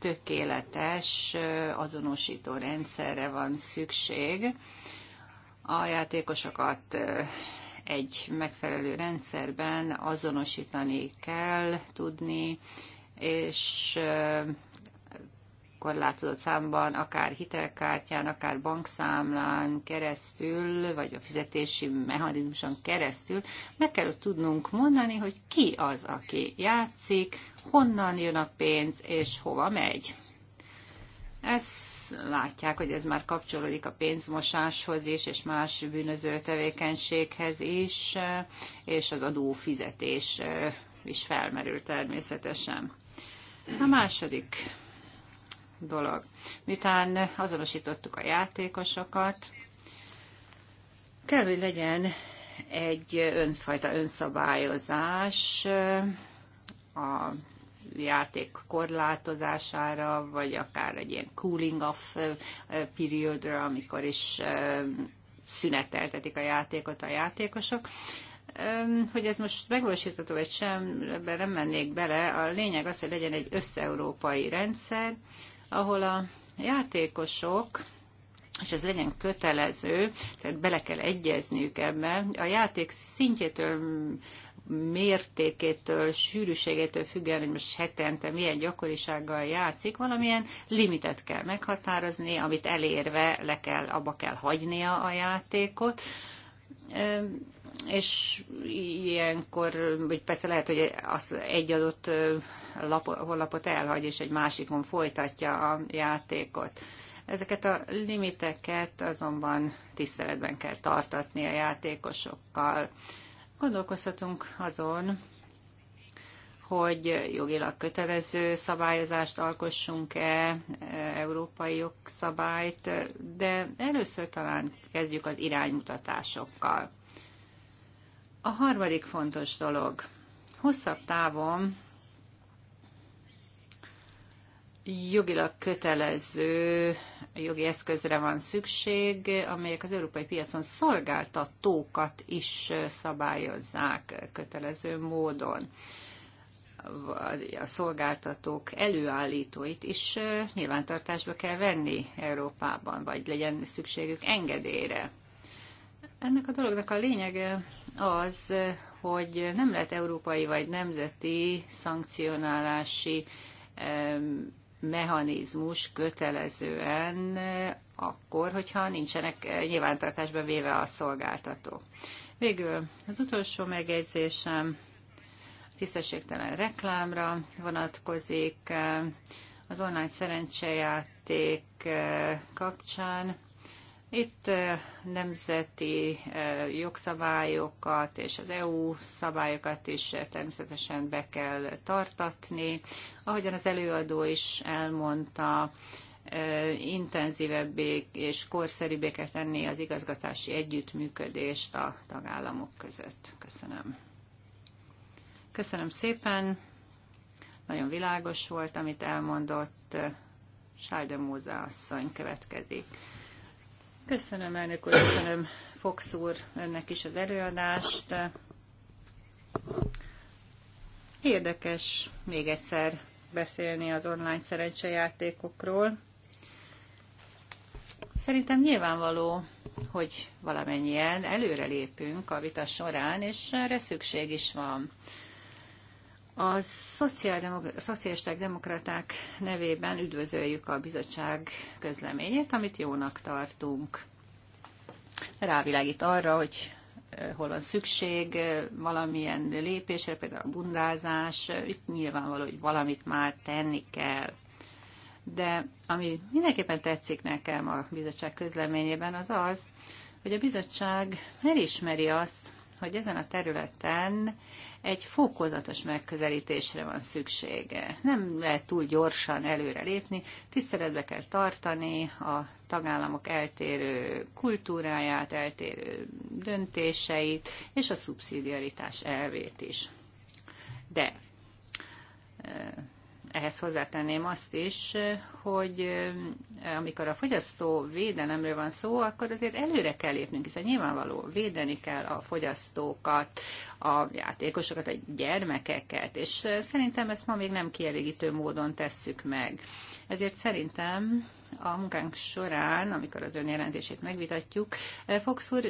tökéletes azonosító rendszerre van szükség. A játékosokat egy megfelelő rendszerben azonosítani kell tudni, és korlátozott számban, akár hitelkártyán, akár bankszámlán keresztül, vagy a fizetési mechanizmuson keresztül, meg kell tudnunk mondani, hogy ki az, aki játszik, honnan jön a pénz, és hova megy. Ez látják, hogy ez már kapcsolódik a pénzmosáshoz is, és más bűnöző tevékenységhez is, és az adófizetés is felmerül természetesen. A második dolog. Miután azonosítottuk a játékosokat, kell, hogy legyen egy önfajta önszabályozás eh, a játék korlátozására, vagy akár egy ilyen cooling off eh, eh, periodra, amikor is szüneteltetik a játékot a játékosok. Hogy ez most megvalósítható vagy sem, ebben nem mennék bele. A lényeg az, hogy legyen egy összeurópai rendszer, ahol a játékosok és ez legyen kötelező, tehát bele kell egyezniük ebbe. A játék szintjétől mértékétől, sűrűségétől függően, hogy most hetente milyen gyakorisággal játszik, valamilyen limitet kell meghatározni, amit elérve le kell, abba kell hagynia a játékot és ilyenkor, vagy persze lehet, hogy az egy adott honlapot elhagy, és egy másikon folytatja a játékot. Ezeket a limiteket azonban tiszteletben kell tartatni a játékosokkal. Gondolkozhatunk azon, hogy jogilag kötelező szabályozást alkossunk-e, európai jogszabályt, de először talán kezdjük az iránymutatásokkal. A harmadik fontos dolog. Hosszabb távon jogilag kötelező jogi eszközre van szükség, amelyek az európai piacon szolgáltatókat is szabályozzák kötelező módon. A szolgáltatók előállítóit is nyilvántartásba kell venni Európában, vagy legyen szükségük engedélyre. Ennek a dolognak a lényege az, hogy nem lehet európai vagy nemzeti szankcionálási mechanizmus kötelezően akkor, hogyha nincsenek eh, nyilvántartásba véve a szolgáltató. Végül az utolsó megjegyzésem tisztességtelen reklámra vonatkozik eh, az online szerencsejáték eh, kapcsán. Itt nemzeti jogszabályokat és az EU szabályokat is természetesen be kell tartatni. Ahogyan az előadó is elmondta, intenzívebbé és korszerűbbé kell tenni az igazgatási együttműködést a tagállamok között. Köszönöm. Köszönöm szépen. Nagyon világos volt, amit elmondott. Sáldemóza asszony következik. Köszönöm, elnök úr, köszönöm Fox úr önnek is az előadást. Érdekes még egyszer beszélni az online szerencsejátékokról. Szerintem nyilvánvaló, hogy valamennyien előrelépünk a vita során, és erre szükség is van. A szociálisták demokraták nevében üdvözöljük a bizottság közleményét, amit jónak tartunk. Rávilágít arra, hogy hol van szükség valamilyen lépésre, például a bundázás, itt nyilvánvaló, hogy valamit már tenni kell. De ami mindenképpen tetszik nekem a bizottság közleményében, az az, hogy a bizottság elismeri azt, hogy ezen a területen egy fokozatos megközelítésre van szüksége. Nem lehet túl gyorsan előre lépni, tiszteletbe kell tartani a tagállamok eltérő kultúráját, eltérő döntéseit, és a szubszidiaritás elvét is. De ehhez hozzátenném azt is, hogy amikor a fogyasztó védelemről van szó, akkor azért előre kell lépnünk, hiszen nyilvánvaló védeni kell a fogyasztókat, a játékosokat, a gyermekeket, és szerintem ezt ma még nem kielégítő módon tesszük meg. Ezért szerintem a munkánk során, amikor az ön jelentését megvitatjuk, eh, Fox úr,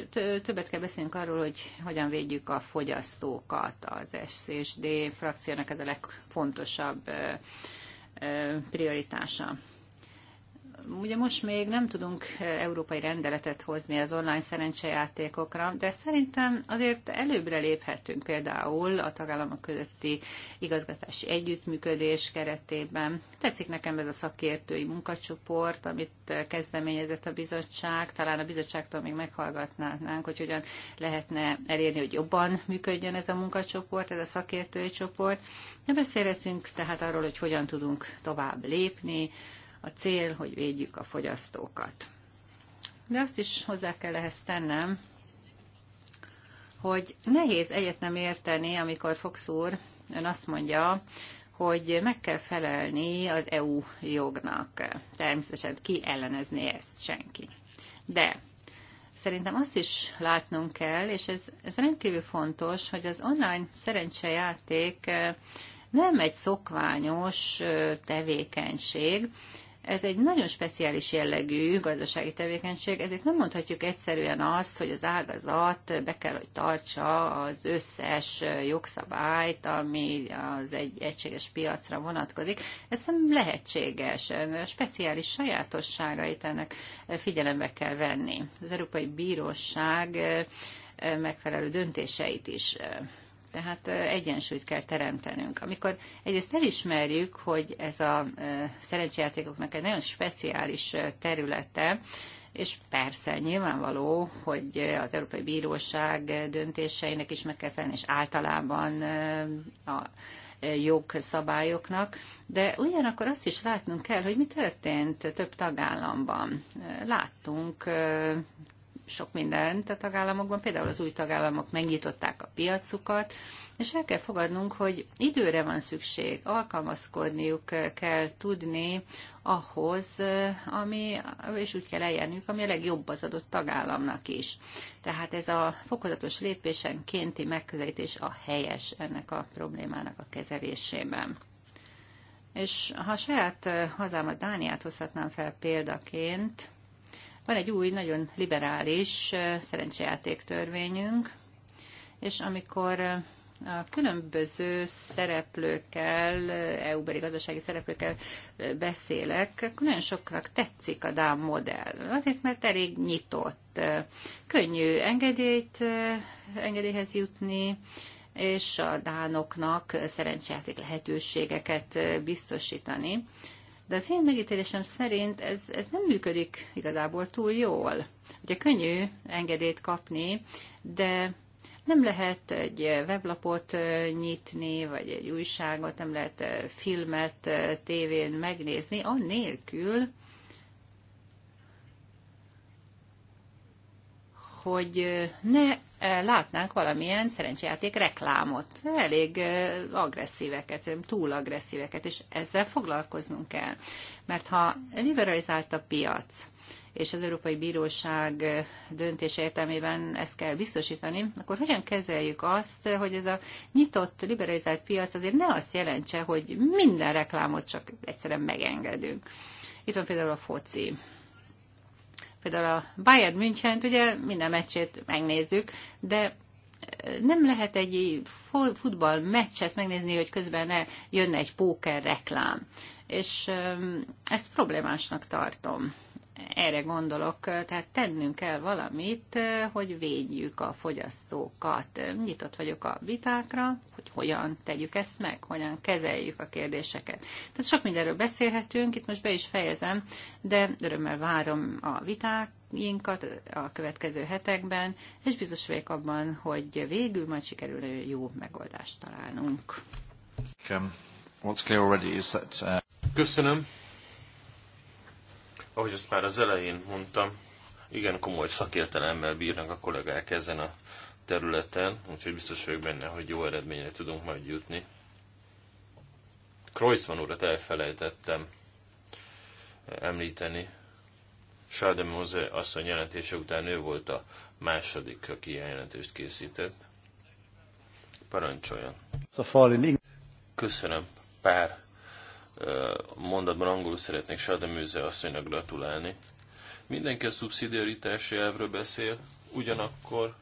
többet kell beszélnünk arról, hogy hogyan védjük a fogyasztókat. Az SZSD frakciónak ez a legfontosabb eh, eh, prioritása. Ugye most még nem tudunk eh, európai rendeletet hozni az online szerencsejátékokra, de szerintem azért előbbre léphetünk például a tagállamok közötti igazgatási együttműködés keretében. Tetszik nekem ez a szakértői munkacsoport, amit eh, kezdeményezett a bizottság. Talán a bizottságtól még meghallgatnánk, hogy hogyan lehetne elérni, hogy jobban működjön ez a munkacsoport, ez a szakértői csoport. Ne beszélhetünk tehát arról, hogy hogyan tudunk tovább lépni, a cél, hogy védjük a fogyasztókat. De azt is hozzá kell ehhez tennem, hogy nehéz egyet nem érteni, amikor Fox úr ön azt mondja, hogy meg kell felelni az EU jognak. Természetesen ki ellenezné ezt senki. De szerintem azt is látnunk kell, és ez, ez rendkívül fontos, hogy az online szerencsejáték eh, nem egy szokványos eh, tevékenység, ez egy nagyon speciális jellegű gazdasági tevékenység, ezért nem mondhatjuk egyszerűen azt, hogy az ágazat be kell, hogy tartsa az összes jogszabályt, ami az egy egységes piacra vonatkozik. Ez nem lehetséges, a speciális sajátosságait ennek figyelembe kell venni. Az Európai Bíróság megfelelő döntéseit is tehát egyensúlyt kell teremtenünk. Amikor egyrészt elismerjük, hogy ez a szerencsejátékoknak egy nagyon speciális területe, és persze nyilvánvaló, hogy az Európai Bíróság döntéseinek is meg kell felni, és általában a jogszabályoknak, de ugyanakkor azt is látnunk kell, hogy mi történt több tagállamban. Láttunk sok mindent a tagállamokban, például az új tagállamok megnyitották a piacukat, és el kell fogadnunk, hogy időre van szükség, alkalmazkodniuk kell tudni ahhoz, ami, és úgy kell eljárniuk, ami a legjobb az adott tagállamnak is. Tehát ez a fokozatos lépésenkénti megközelítés a helyes ennek a problémának a kezelésében. És ha saját hazámat Dániát hozhatnám fel példaként, van egy új, nagyon liberális szerencsejáték törvényünk, és amikor a különböző szereplőkkel, EU-beli gazdasági szereplőkkel beszélek, akkor nagyon sokak tetszik a DAM modell. Azért, mert elég nyitott. Könnyű engedélyt, engedélyhez jutni, és a dánoknak szerencsejáték lehetőségeket biztosítani. De az én megítélésem szerint ez, ez nem működik igazából túl jól. Ugye könnyű engedélyt kapni, de nem lehet egy weblapot nyitni, vagy egy újságot, nem lehet filmet tévén megnézni, annélkül, hogy ne látnánk valamilyen szerencsejáték reklámot. Elég agresszíveket, túl agresszíveket, és ezzel foglalkoznunk kell. Mert ha liberalizált a piac, és az Európai Bíróság döntése értelmében ezt kell biztosítani, akkor hogyan kezeljük azt, hogy ez a nyitott, liberalizált piac azért ne azt jelentse, hogy minden reklámot csak egyszerűen megengedünk. Itt van például a foci Például a Bayern münchen ugye minden meccsét megnézzük, de eh, nem lehet egy futball meccset megnézni, hogy közben ne jönne egy póker reklám. És ehm, ezt problémásnak tartom erre gondolok, tehát tennünk kell valamit, hogy védjük a fogyasztókat. Nyitott vagyok a vitákra, hogy hogyan tegyük ezt meg, hogyan kezeljük a kérdéseket. Tehát sok mindenről beszélhetünk, itt most be is fejezem, de örömmel várom a viták, a következő hetekben, és biztos vagyok abban, hogy végül majd sikerül jó megoldást találnunk. Uh, Köszönöm. Ahogy azt már az elején mondtam, igen komoly szakértelemmel bírnak a kollégák ezen a területen, úgyhogy biztos vagyok benne, hogy jó eredményre tudunk majd jutni. Kreuzmann urat elfelejtettem említeni. Mose asszony jelentése után ő volt a második, aki ilyen jelentést készített. Parancsoljon. Szóval Köszönöm. Pár mondatban angolul szeretnék Sademőze asszonynak gratulálni. Mindenki a szubszidiaritási elvről beszél, ugyanakkor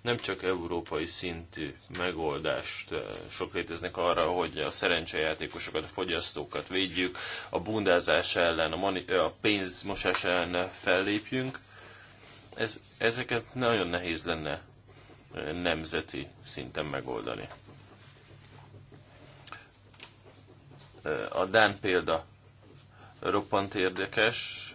nem csak európai szintű megoldást sok léteznek arra, hogy a szerencsejátékosokat, a fogyasztókat védjük, a bundázás ellen, a, mani- a pénzmosás ellen fellépjünk. Ez, ezeket nagyon nehéz lenne nemzeti szinten megoldani. A Dán példa roppant érdekes.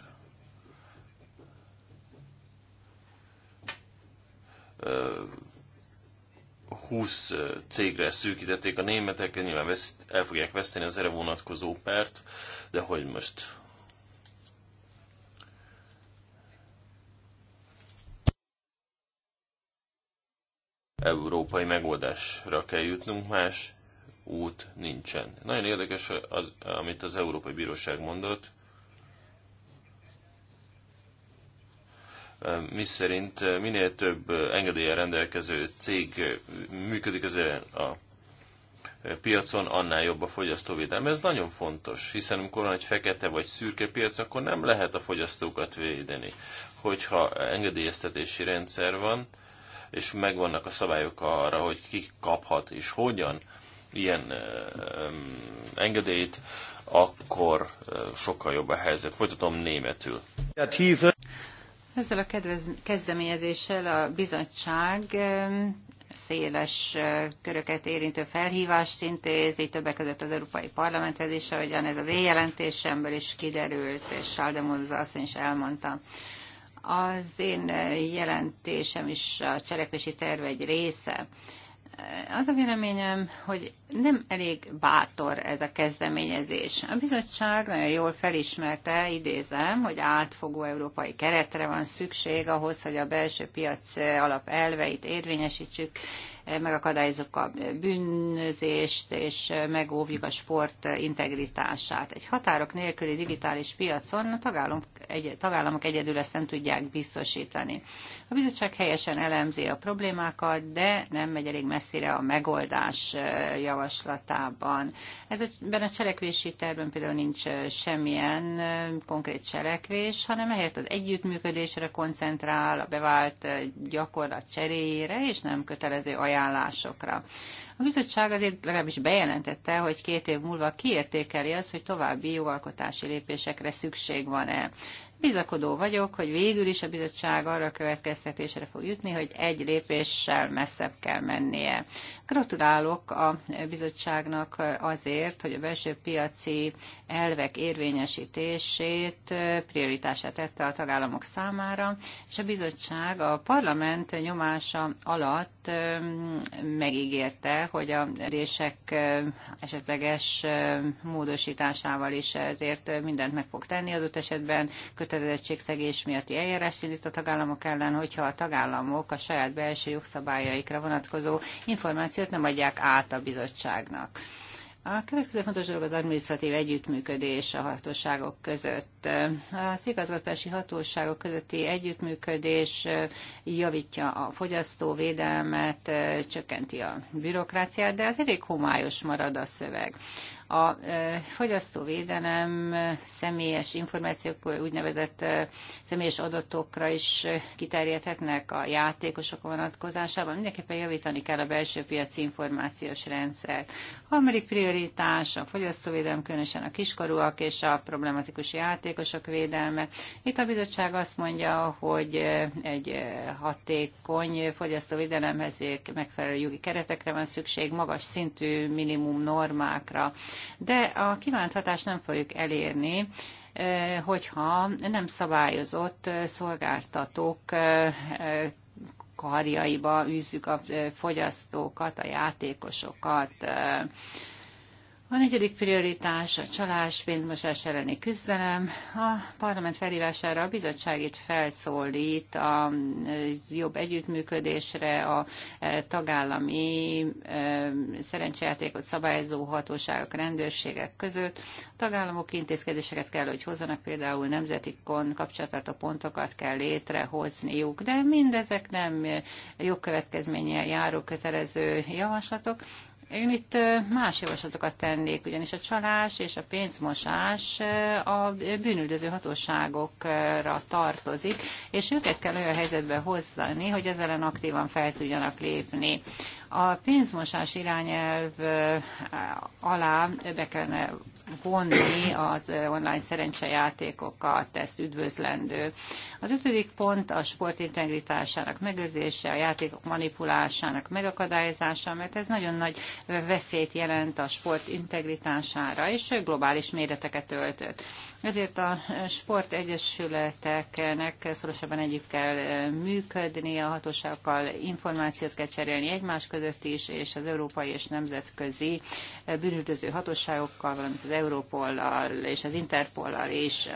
Húsz 20 cégre szűkítették a németek, nyilván veszt, el fogják veszteni az erre vonatkozó pert, de hogy most európai megoldásra kell jutnunk, más út nincsen. Nagyon érdekes, az, amit az Európai Bíróság mondott, mi szerint minél több engedélyen rendelkező cég működik az a piacon, annál jobb a fogyasztóvédelem. Ez nagyon fontos, hiszen amikor van egy fekete vagy szürke piac, akkor nem lehet a fogyasztókat védeni. Hogyha engedélyeztetési rendszer van, és megvannak a szabályok arra, hogy ki kaphat és hogyan ilyen engedélyt, akkor sokkal jobb a helyzet. Folytatom németül. Ezzel a kedvez, kezdeményezéssel a bizottság széles köröket érintő felhívást intézi, többek között az Európai Parlamenthez is, ahogyan ez az én is kiderült, és Saldemóz azt is elmondta. Az én jelentésem is a cselekvési terve egy része. Az a véleményem, hogy nem elég bátor ez a kezdeményezés. A bizottság nagyon jól felismerte, idézem, hogy átfogó európai keretre van szükség ahhoz, hogy a belső piac alapelveit érvényesítsük, megakadályozzuk a bűnözést, és megóvjuk a sport integritását. Egy határok nélküli digitális piacon a tagállamok, egy, tagállamok egyedül ezt nem tudják biztosítani. A bizottság helyesen elemzi a problémákat, de nem megy elég messzire a megoldás javaslatára javaslatában. Ez ben a cselekvési tervben például nincs semmilyen konkrét cselekvés, hanem ehelyett az együttműködésre koncentrál, a bevált gyakorlat cseréjére, és nem kötelező ajánlásokra. A bizottság azért legalábbis bejelentette, hogy két év múlva kiértékeli azt, hogy további jogalkotási lépésekre szükség van-e. Bizakodó vagyok, hogy végül is a bizottság arra a következtetésre fog jutni, hogy egy lépéssel messzebb kell mennie. Gratulálok a bizottságnak azért, hogy a belső piaci elvek érvényesítését prioritását tette a tagállamok számára, és a bizottság a parlament nyomása alatt megígérte, hogy a rések esetleges módosításával is ezért mindent meg fog tenni adott esetben kötelezettségszegés miatti eljárást indít a tagállamok ellen, hogyha a tagállamok a saját belső jogszabályaikra vonatkozó információ információt nem adják át a bizottságnak. A következő fontos dolog az administratív együttműködés a hatóságok között. Az igazgatási hatóságok közötti együttműködés javítja a fogyasztóvédelmet, csökkenti a bürokráciát, de az elég homályos marad a szöveg. A fogyasztóvédelem személyes információk, úgynevezett személyes adatokra is kiterjedhetnek a játékosok vonatkozásában. Mindenképpen javítani kell a belső piaci információs rendszert. Harmadik prioritás a fogyasztóvédelem, különösen a kiskorúak és a problematikus játékosok védelme. Itt a bizottság azt mondja, hogy egy hatékony fogyasztóvédelemhez megfelelő jogi keretekre van szükség, magas szintű minimum normákra. De a kívánt hatást nem fogjuk elérni, hogyha nem szabályozott szolgáltatók karjaiba űzzük a fogyasztókat, a játékosokat, a negyedik prioritás a csalás, pénzmosás elleni küzdelem. A parlament felhívására a bizottság itt felszólít a jobb együttműködésre, a tagállami szerencsejátékot szabályozó hatóságok, rendőrségek között. A tagállamok intézkedéseket kell, hogy hozzanak, például nemzeti a pontokat kell létrehozniuk, de mindezek nem jogkövetkezménnyel járó kötelező javaslatok, én itt más javaslatokat tennék, ugyanis a csalás és a pénzmosás a bűnüldöző hatóságokra tartozik, és őket kell olyan helyzetbe hozzani, hogy ezzel ellen aktívan fel tudjanak lépni. A pénzmosás irányelv alá be kellene vonni az online szerencsejátékokat, ezt üdvözlendő. Az ötödik pont a sport integritásának megőrzése, a játékok manipulásának megakadályozása, mert ez nagyon nagy veszélyt jelent a sport integritására, és globális méreteket öltött. Ezért a sportegyesületeknek szorosabban együtt kell működni, a hatóságokkal információt kell cserélni egymás között is, és az európai és nemzetközi bűnüldöző hatóságokkal, valamint az Európollal és az Interpollal is.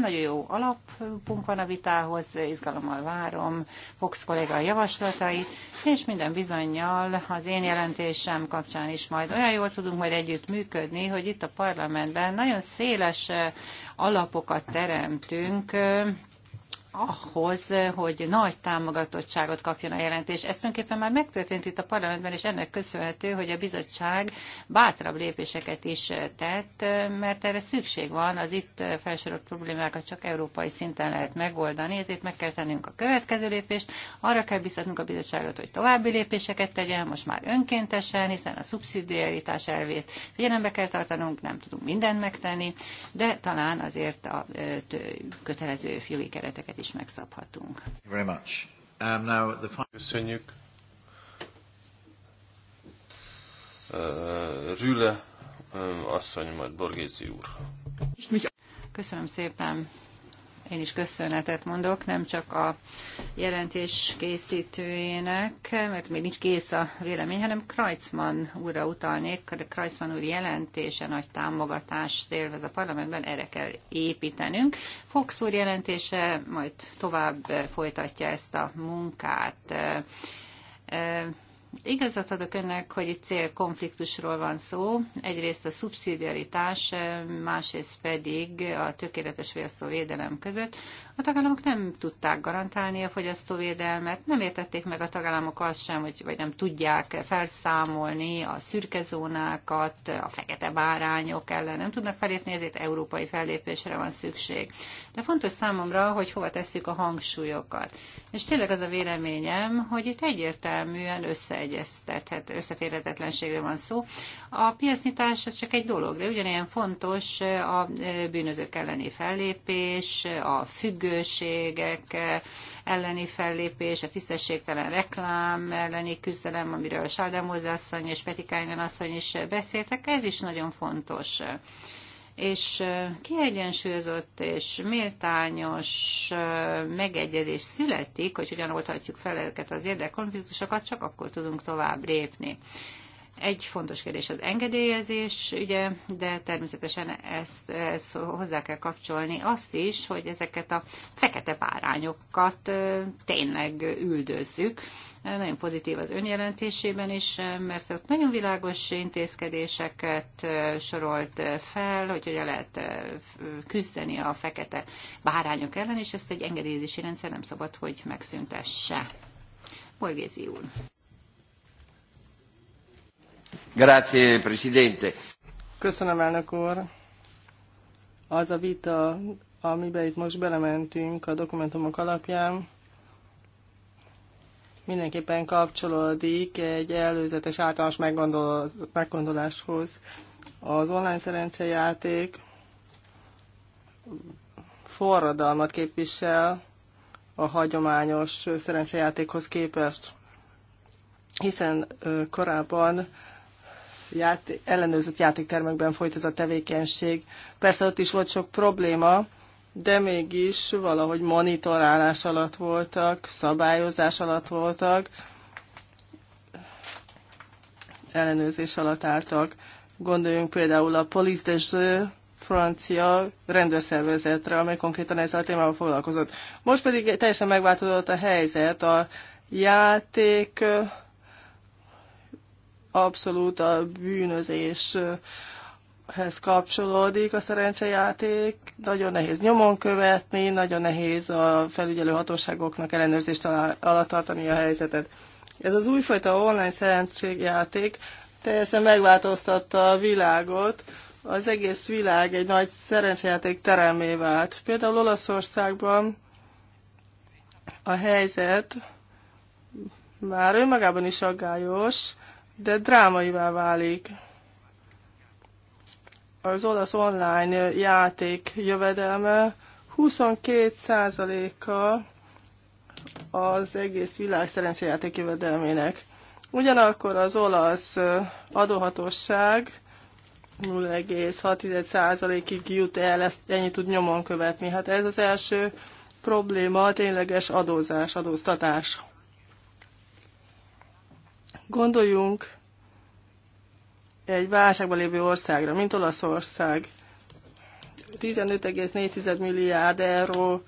Nagyon jó alapunk van a vitához, izgalommal várom Fox kolléga javaslatait, és minden bizonyal az én jelentésem kapcsán is majd olyan jól tudunk majd együtt működni, hogy itt a parlamentben nagyon széles alapokat teremtünk, ahhoz, hogy nagy támogatottságot kapjon a jelentés. Ez tulajdonképpen már megtörtént itt a parlamentben, és ennek köszönhető, hogy a bizottság bátrabb lépéseket is tett, mert erre szükség van, az itt felsorolt problémákat csak európai szinten lehet megoldani, ezért meg kell tennünk a következő lépést, arra kell biztatnunk a bizottságot, hogy további lépéseket tegyen, most már önkéntesen, hiszen a szubszidiaritás elvét figyelembe kell tartanunk, nem tudunk mindent megtenni, de talán azért a kötelező jogi kereteket is is megszabhatunk. Very much. Um, now the Köszönjük. Uh, Rüle, uh, asszony, majd Borgézi úr. Köszönöm szépen én is köszönetet mondok, nem csak a jelentés készítőjének, mert még nincs kész a vélemény, hanem Kreutzmann úrra utalnék. Kreutzmann úr jelentése nagy támogatást élvez a parlamentben, erre kell építenünk. Fox úr jelentése majd tovább folytatja ezt a munkát Igazat adok önnek, hogy itt célkonfliktusról van szó. Egyrészt a szubszidiaritás, másrészt pedig a tökéletes fogyasztó védelem között. A tagállamok nem tudták garantálni a fogyasztóvédelmet, nem értették meg a tagállamok azt sem, hogy, vagy nem tudják felszámolni a szürke zónákat, a fekete bárányok ellen nem tudnak felépni, ezért európai fellépésre van szükség. De fontos számomra, hogy hova tesszük a hangsúlyokat. És tényleg az a véleményem, hogy itt egyértelműen összeegyeztethet, összeférhetetlenségre van szó. A piacnyitás az csak egy dolog, de ugyanilyen fontos a bűnözők elleni fellépés, a függ függőségek eh, elleni fellépés, a tisztességtelen reklám elleni küzdelem, amiről Sáldemóz asszony és Kányan asszony is beszéltek, ez is nagyon fontos és eh, kiegyensúlyozott és méltányos eh, megegyezés születik, hogy hogyan oldhatjuk fel ezeket az érdekkonfliktusokat, csak akkor tudunk tovább lépni. Egy fontos kérdés az engedélyezés, ugye, de természetesen ezt, ezt hozzá kell kapcsolni azt is, hogy ezeket a fekete párányokat tényleg üldözzük. Nagyon pozitív az önjelentésében is, mert ott nagyon világos intézkedéseket sorolt fel, hogy hogyan lehet küzdeni a fekete bárányok ellen, és ezt egy engedélyezési rendszer nem szabad, hogy megszüntesse. Borgézi úr. Grazie, Presidente. Köszönöm, elnök úr. Az a vita, amiben itt most belementünk a dokumentumok alapján, mindenképpen kapcsolódik egy előzetes általános meggondoláshoz. Az online szerencsejáték forradalmat képvisel a hagyományos szerencsejátékhoz képest, hiszen korábban játék, ellenőrzött játéktermekben folyt ez a tevékenység. Persze ott is volt sok probléma, de mégis valahogy monitorálás alatt voltak, szabályozás alatt voltak, ellenőrzés alatt álltak. Gondoljunk például a Police de Jeux francia rendőrszervezetre, amely konkrétan ezzel a témával foglalkozott. Most pedig teljesen megváltozott a helyzet, a játék abszolút a bűnözéshez kapcsolódik a szerencsejáték. Nagyon nehéz nyomon követni, nagyon nehéz a felügyelő hatóságoknak ellenőrzést alatt tartani a helyzetet. Ez az újfajta online szerencséjáték teljesen megváltoztatta a világot, az egész világ egy nagy szerencsejáték teremé vált. Például Olaszországban a helyzet már önmagában is aggályos, de drámaivá válik. Az olasz online játék jövedelme 22%-a az egész világ szerencsejáték jövedelmének. Ugyanakkor az olasz adóhatóság 0,6%-ig jut el, ezt ennyi tud nyomon követni. Hát ez az első probléma, a tényleges adózás, adóztatás. Gondoljunk egy válságban lévő országra, mint Olaszország. 15,4 milliárd euró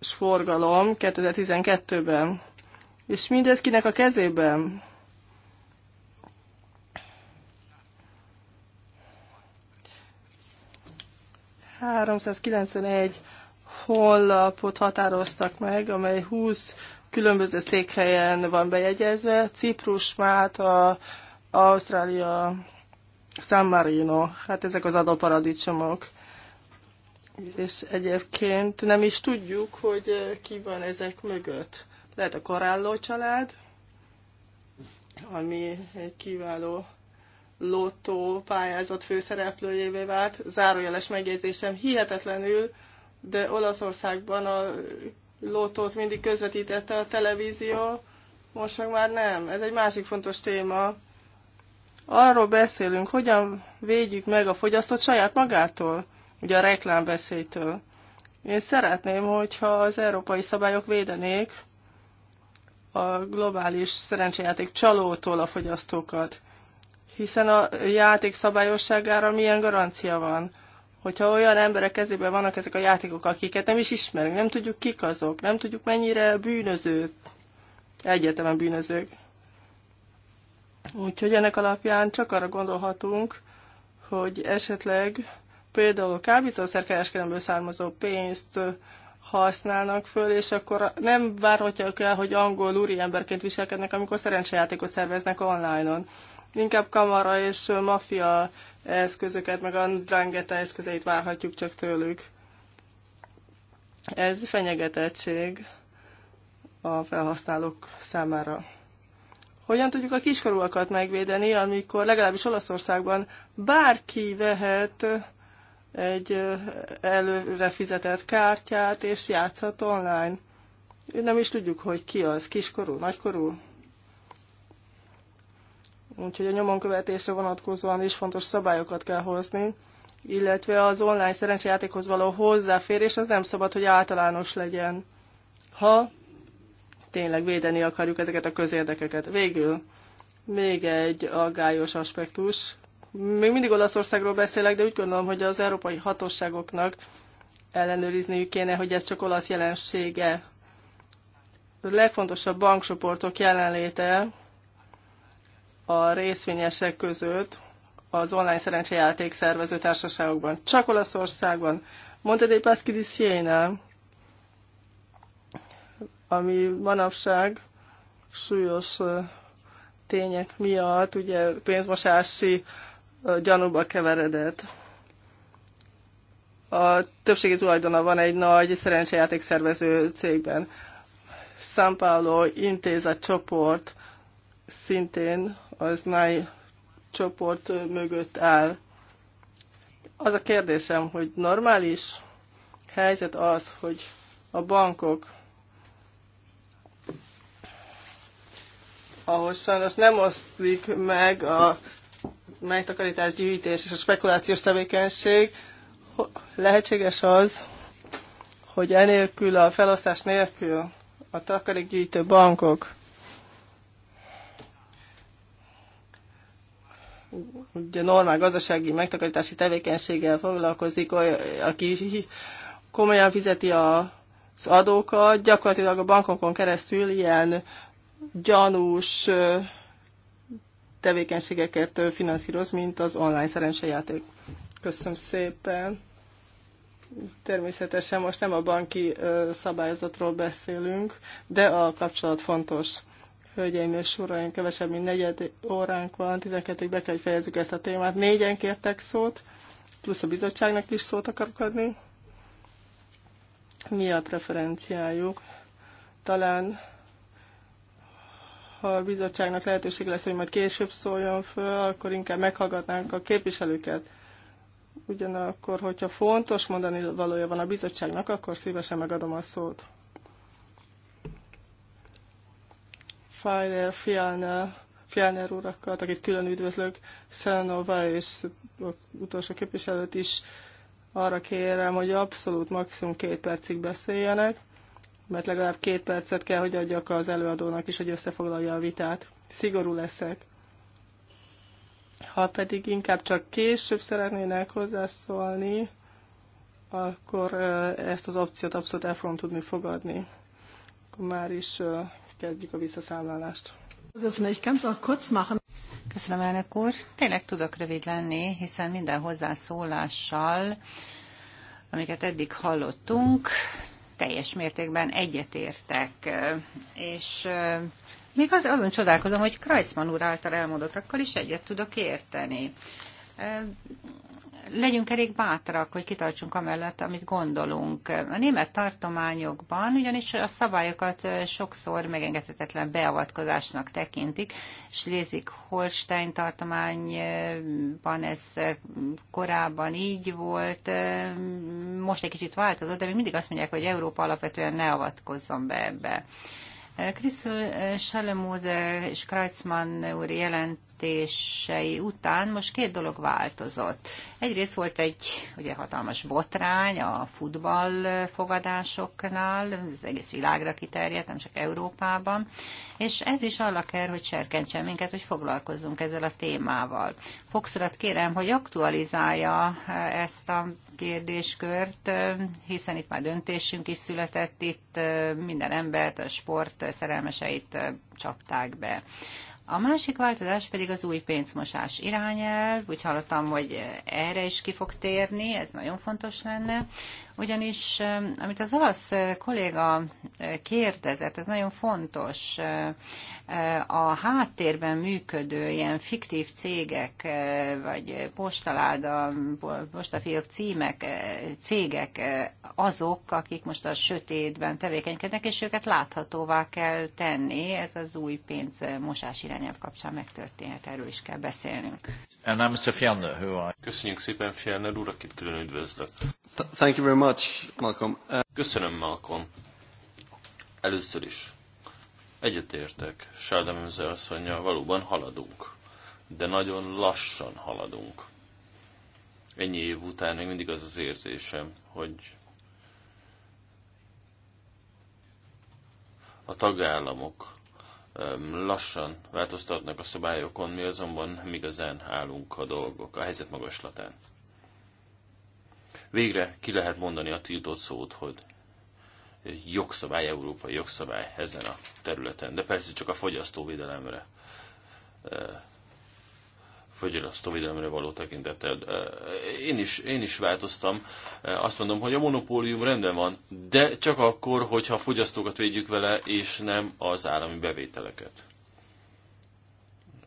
forgalom 2012-ben. És mindez kinek a kezében? ...391 honlapot határoztak meg, amely 20 különböző székhelyen van bejegyezve, Ciprus, Málta, Ausztrália, San Marino, hát ezek az adóparadicsomok. És egyébként nem is tudjuk, hogy eh, ki van ezek mögött. Lehet a Corallo család, ami egy kiváló lottó pályázat főszereplőjévé vált. Zárójeles megjegyzésem, hihetetlenül, de Olaszországban a lótót mindig közvetítette a televízió, most meg már nem. Ez egy másik fontos téma. Arról beszélünk, hogyan védjük meg a fogyasztót saját magától, ugye a reklámbeszélytől. Én szeretném, hogyha az európai szabályok védenék a globális szerencsejáték csalótól a fogyasztókat, hiszen a játék szabályosságára milyen garancia van? hogyha olyan emberek kezében vannak ezek a játékok, akiket nem is ismerünk, nem tudjuk kik azok, nem tudjuk mennyire bűnözők, egyetemen bűnözők. Úgyhogy ennek alapján csak arra gondolhatunk, hogy esetleg például kábítószerkereskedelemből származó pénzt használnak föl, és akkor nem várhatják el, hogy angol emberként viselkednek, amikor szerencsejátékot szerveznek online-on. Inkább kamara és maffia eszközöket, meg a drangeta eszközeit várhatjuk csak tőlük. Ez fenyegetettség a felhasználók számára. Hogyan tudjuk a kiskorúakat megvédeni, amikor legalábbis Olaszországban bárki vehet egy előre fizetett kártyát, és játszhat online. Nem is tudjuk, hogy ki az, kiskorú, nagykorú. Úgyhogy a nyomonkövetésre vonatkozóan is fontos szabályokat kell hozni, illetve az online szerencsejátékhoz való hozzáférés az nem szabad, hogy általános legyen, ha tényleg védeni akarjuk ezeket a közérdekeket. Végül még egy aggályos aspektus. Még mindig Olaszországról beszélek, de úgy gondolom, hogy az európai hatóságoknak ellenőrizniük kéne, hogy ez csak olasz jelensége. A legfontosabb bankcsoportok jelenléte a részvényesek között az online szerencsejáték szervező társaságokban. Csak Olaszországban. Monte dei Paschi di Siena, ami manapság súlyos tények miatt ugye pénzmosási gyanúba keveredett. A többségi tulajdona van egy nagy szerencsejáték szervező cégben. São Paulo a csoport szintén az NAI csoport mögött áll. Az a kérdésem, hogy normális helyzet az, hogy a bankok, ahhoz sajnos nem oszlik meg a megtakarítás, gyűjtés és a spekulációs tevékenység, lehetséges az, hogy enélkül, a felosztás nélkül a takarékgyűjtő bankok ugye normál gazdasági megtakarítási tevékenységgel foglalkozik, aki komolyan fizeti az adókat, gyakorlatilag a bankokon keresztül ilyen gyanús tevékenységeket finanszíroz, mint az online szerencsejáték. Köszönöm szépen. Természetesen most nem a banki szabályzatról beszélünk, de a kapcsolat fontos. Hölgyeim és uraim, kevesebb, mint negyed óránk van, 12 be kell, hogy fejezzük ezt a témát. Négyen kértek szót, plusz a bizottságnak is szót akarok adni. Mi a preferenciájuk? Talán ha a bizottságnak lehetőség lesz, hogy majd később szóljon föl, akkor inkább meghallgatnánk a képviselőket. Ugyanakkor, hogyha fontos mondani valója van a bizottságnak, akkor szívesen megadom a szót. Fajner Fialna, Fialner urakat, akit külön üdvözlök, Szelenova és utolsó képviselőt is arra kérem, hogy abszolút maximum két percig beszéljenek, mert legalább két percet kell, hogy adjak az előadónak is, hogy összefoglalja a vitát. Szigorú leszek. Ha pedig inkább csak később szeretnének hozzászólni, akkor eh, ezt az opciót abszolút el fogom tudni fogadni. Akkor már is eh, kezdjük a visszaszámlálást. Köszönöm, elnök úr. Tényleg tudok rövid lenni, hiszen minden hozzászólással, amiket eddig hallottunk, teljes mértékben egyetértek. És még az, azon csodálkozom, hogy Kreitzmann úr által elmondottakkal is egyet tudok érteni legyünk elég bátrak, hogy kitartsunk amellett, amit gondolunk. A német tartományokban ugyanis a szabályokat sokszor megengedhetetlen beavatkozásnak tekintik. Schleswig-Holstein tartományban ez korábban így volt, most egy kicsit változott, de még mindig azt mondják, hogy Európa alapvetően ne avatkozzon be ebbe. Krisztus Salemóze és Kreitzmann úr jelent döntései után most két dolog változott. Egyrészt volt egy ugye, hatalmas botrány a futball fogadásoknál, az egész világra kiterjedt, nem csak Európában, és ez is arra kell, hogy serkentsen minket, hogy foglalkozzunk ezzel a témával. Fokszorat kérem, hogy aktualizálja eh, ezt a kérdéskört, eh, hiszen itt már döntésünk is született, itt eh, minden embert, a sport szerelmeseit csapták be. A másik változás pedig az új pénzmosás irányelv. Úgy hallottam, hogy erre is ki fog térni, ez nagyon fontos lenne. Ugyanis, amit az olasz kolléga kérdezett, ez nagyon fontos, a háttérben működő ilyen fiktív cégek, vagy postaláda, postafiók címek, cégek azok, akik most a sötétben tevékenykednek, és őket láthatóvá kell tenni. Ez az új pénz mosás irányelv kapcsán megtörténhet, erről is kell beszélnünk. Köszönjük szépen, Fjellner úr, akit külön üdvözlök. Thank you very much much, Malcolm. Köszönöm, Malcolm. Először is egyetértek Sáldemőző asszonya, valóban haladunk. De nagyon lassan haladunk. Ennyi év után még mindig az az érzésem, hogy a tagállamok lassan változtatnak a szabályokon, mi azonban nem igazán állunk a dolgok, a helyzet magaslatán végre ki lehet mondani a tiltott szót, hogy jogszabály, európai jogszabály ezen a területen. De persze csak a fogyasztóvédelemre eh, fogyasztóvédelemre való tekintettel. Eh, én is, én is változtam. Eh, azt mondom, hogy a monopólium rendben van, de csak akkor, hogyha a fogyasztókat védjük vele, és nem az állami bevételeket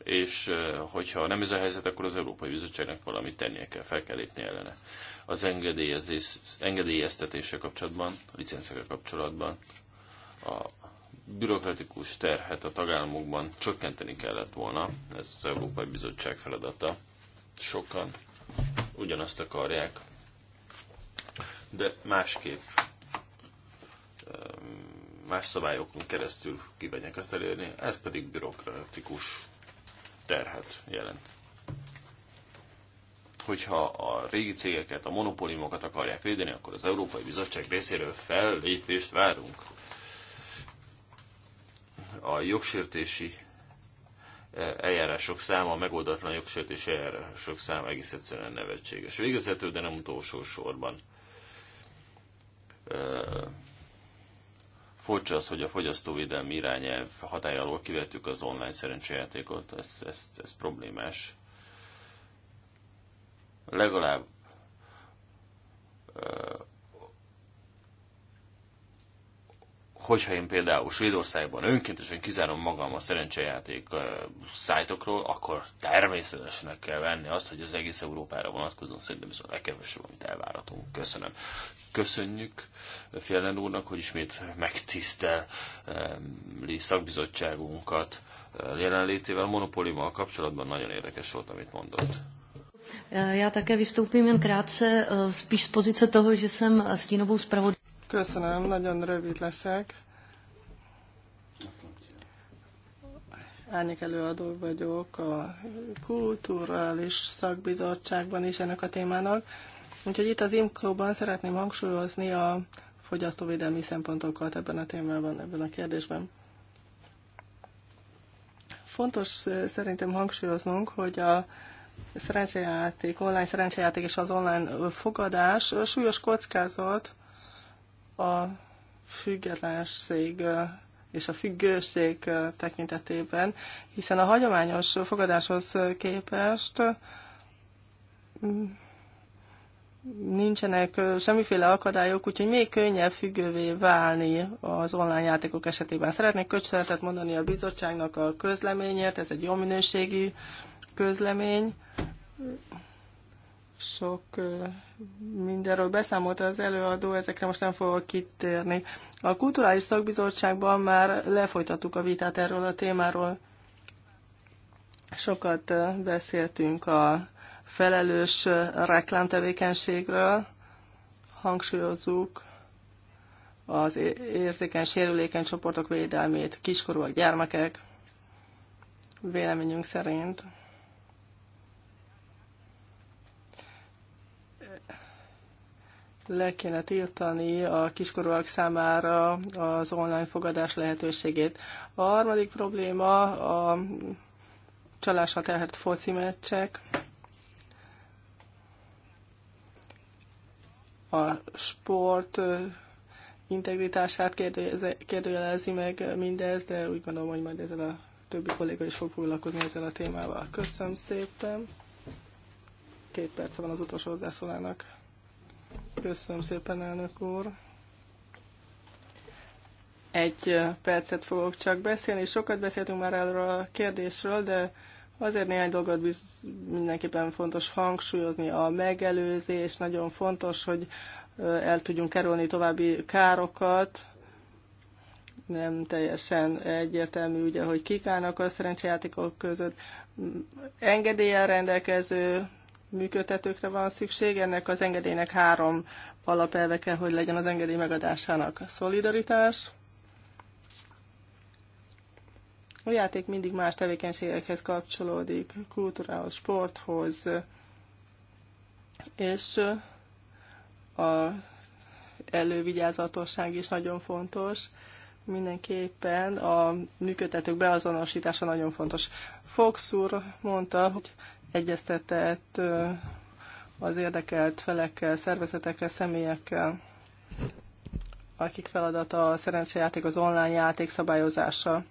és hogyha nem ez a helyzet, akkor az Európai Bizottságnak valamit tennie kell, fel kell lépni ellene. Az engedélyezés, engedélyeztetése kapcsolatban, a licenszekkel kapcsolatban a bürokratikus terhet a tagállamokban csökkenteni kellett volna, ez az Európai Bizottság feladata. Sokan ugyanazt akarják, de másképp más szabályokon keresztül kívánják ezt elérni, ez pedig bürokratikus terhet jelent. Hogyha a régi cégeket, a monopóliumokat akarják védeni, akkor az Európai Bizottság részéről fellépést várunk. A jogsértési eh, eljárások száma, a megoldatlan jogsértési eljárások száma egész egyszerűen nevetséges. Végezhető, de nem utolsó sorban eh, Furcsa az, hogy a fogyasztóvédelmi irányelv hatály alól kivettük az online szerencsejátékot, ez, ez, ez problémás. Legalább hogyha én például Svédországban önkéntesen kizárom magam a szerencsejáték szájtokról, akkor természetesnek kell venni azt, hogy az egész Európára vonatkozóan szerintem ez a legkevesebb, amit elváratunk. Köszönöm. Köszönjük Fjellner úrnak, hogy ismét megtisztel szakbizottságunkat jelenlétével. Monopolimmal kapcsolatban nagyon érdekes volt, amit mondott. Já také vystoupím jen krátce, spíš z pozice toho, že jsem stínovou zpravodaj. Köszönöm, nagyon rövid leszek. Árnyék előadó vagyok a Kulturális Szakbizottságban is ennek a témának. Úgyhogy itt az IMCO-ban szeretném hangsúlyozni a fogyasztóvédelmi szempontokat ebben a témában, ebben a kérdésben. Fontos eh, szerintem hangsúlyoznunk, hogy a szerencsejáték, online szerencsejáték és az online eh, fogadás eh, súlyos kockázat, a függetlenség és a függőség tekintetében, hiszen a hagyományos fogadáshoz képest nincsenek semmiféle akadályok, úgyhogy még könnyebb függővé válni az online játékok esetében. Szeretnék köszönetet mondani a bizottságnak a közleményért, ez egy jó minőségű közlemény. Sok mindenről beszámolt az előadó, ezekre most nem fogok kitérni. A Kulturális Szakbizottságban már lefolytattuk a vitát erről a témáról. Sokat beszéltünk a felelős reklámtevékenységről, hangsúlyozzuk az érzékeny, sérülékeny csoportok védelmét, kiskorúak, gyermekek, véleményünk szerint. le kéne tiltani a kiskorúak számára az online fogadás lehetőségét. A harmadik probléma a csalásra terhert foci meccsek. A sport integritását kérdőjelezi meg mindez, de úgy gondolom, hogy majd ezzel a többi kolléga is fog foglalkozni ezzel a témával. Köszönöm szépen. Két perc van az utolsó hozzászólának. Köszönöm szépen, elnök úr. Egy percet fogok csak beszélni. Sokat beszéltünk már erről a kérdésről, de azért néhány dolgot biz, mindenképpen fontos hangsúlyozni. A megelőzés nagyon fontos, hogy el tudjunk kerülni további károkat. Nem teljesen egyértelmű, ugye, hogy kik állnak a szerencsejátékok között. Engedélyen rendelkező működtetőkre van szükség. Ennek az engedélynek három alapelve kell, hogy legyen az engedély megadásának. Szolidaritás, a játék mindig más tevékenységekhez kapcsolódik, kultúrához, sporthoz, és a elővigyázatosság is nagyon fontos. Mindenképpen a működtetők beazonosítása nagyon fontos. Fox úr mondta, hogy egyeztetett az érdekelt felekkel, szervezetekkel, személyekkel, akik feladata a szerencsejáték, az online játék szabályozása.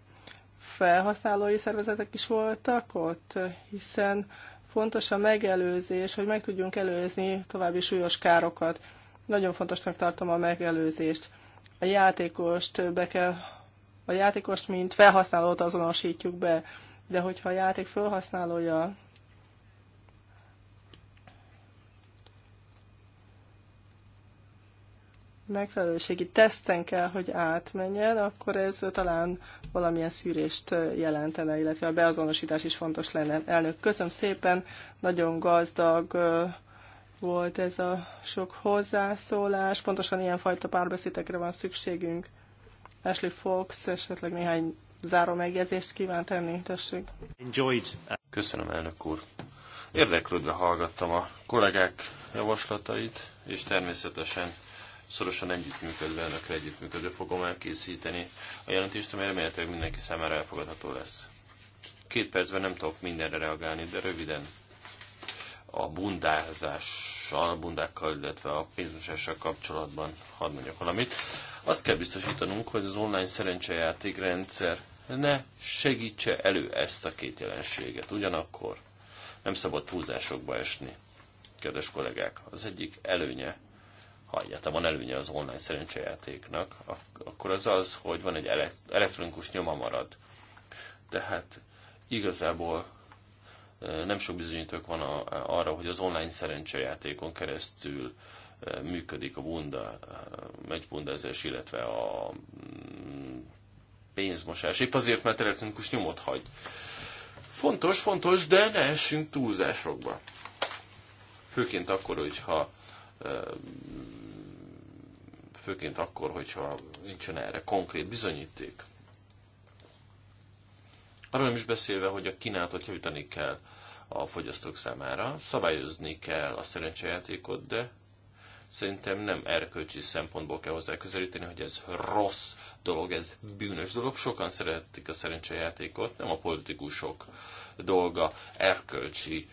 Felhasználói szervezetek is voltak ott, hiszen fontos a megelőzés, hogy meg tudjunk előzni további súlyos károkat. Nagyon fontosnak tartom a megelőzést. A játékost be kell, a játékost mint felhasználót azonosítjuk be, de hogyha a játék felhasználója megfelelőségi teszten kell, hogy átmenjen, akkor ez talán valamilyen szűrést jelentene, illetve a beazonosítás is fontos lenne. Elnök, köszönöm szépen, nagyon gazdag volt ez a sok hozzászólás, pontosan ilyenfajta párbeszédekre van szükségünk. Ashley Fox esetleg néhány záró megjegyzést kíván tenni, tessék. Enjoyed. Köszönöm, elnök úr. Érdeklődve hallgattam a kollégák javaslatait, és természetesen szorosan együttműködve, önökkel együttműködve fogom elkészíteni a jelentést, amely remélhetőleg mindenki számára elfogadható lesz. Két percben nem tudok mindenre reagálni, de röviden a bundázással, bundákkal, illetve a pénzmosással kapcsolatban hadd mondjak valamit. Azt kell biztosítanunk, hogy az online szerencsejáték rendszer ne segítse elő ezt a két jelenséget. Ugyanakkor nem szabad túlzásokba esni, kedves kollégák. Az egyik előnye ha egyáltalán van előnye az online szerencsejátéknak, akkor az az, hogy van egy elektronikus nyoma marad. Tehát igazából nem sok bizonyítók van a, arra, hogy az online szerencsejátékon keresztül működik a bunda, meccsbundázás, illetve a mm, pénzmosás. Épp azért, mert elektronikus nyomot hagy. Fontos, fontos, de ne essünk túlzásokba. Főként akkor, hogyha főként akkor, hogyha nincsen erre konkrét bizonyíték. Arról nem is beszélve, hogy a kínálatot javítani kell a fogyasztók számára, szabályozni kell a szerencsejátékot, de szerintem nem erkölcsi szempontból kell hozzá közelíteni, hogy ez rossz dolog, ez bűnös dolog. Sokan szeretik a szerencsejátékot, nem a politikusok dolga erkölcsi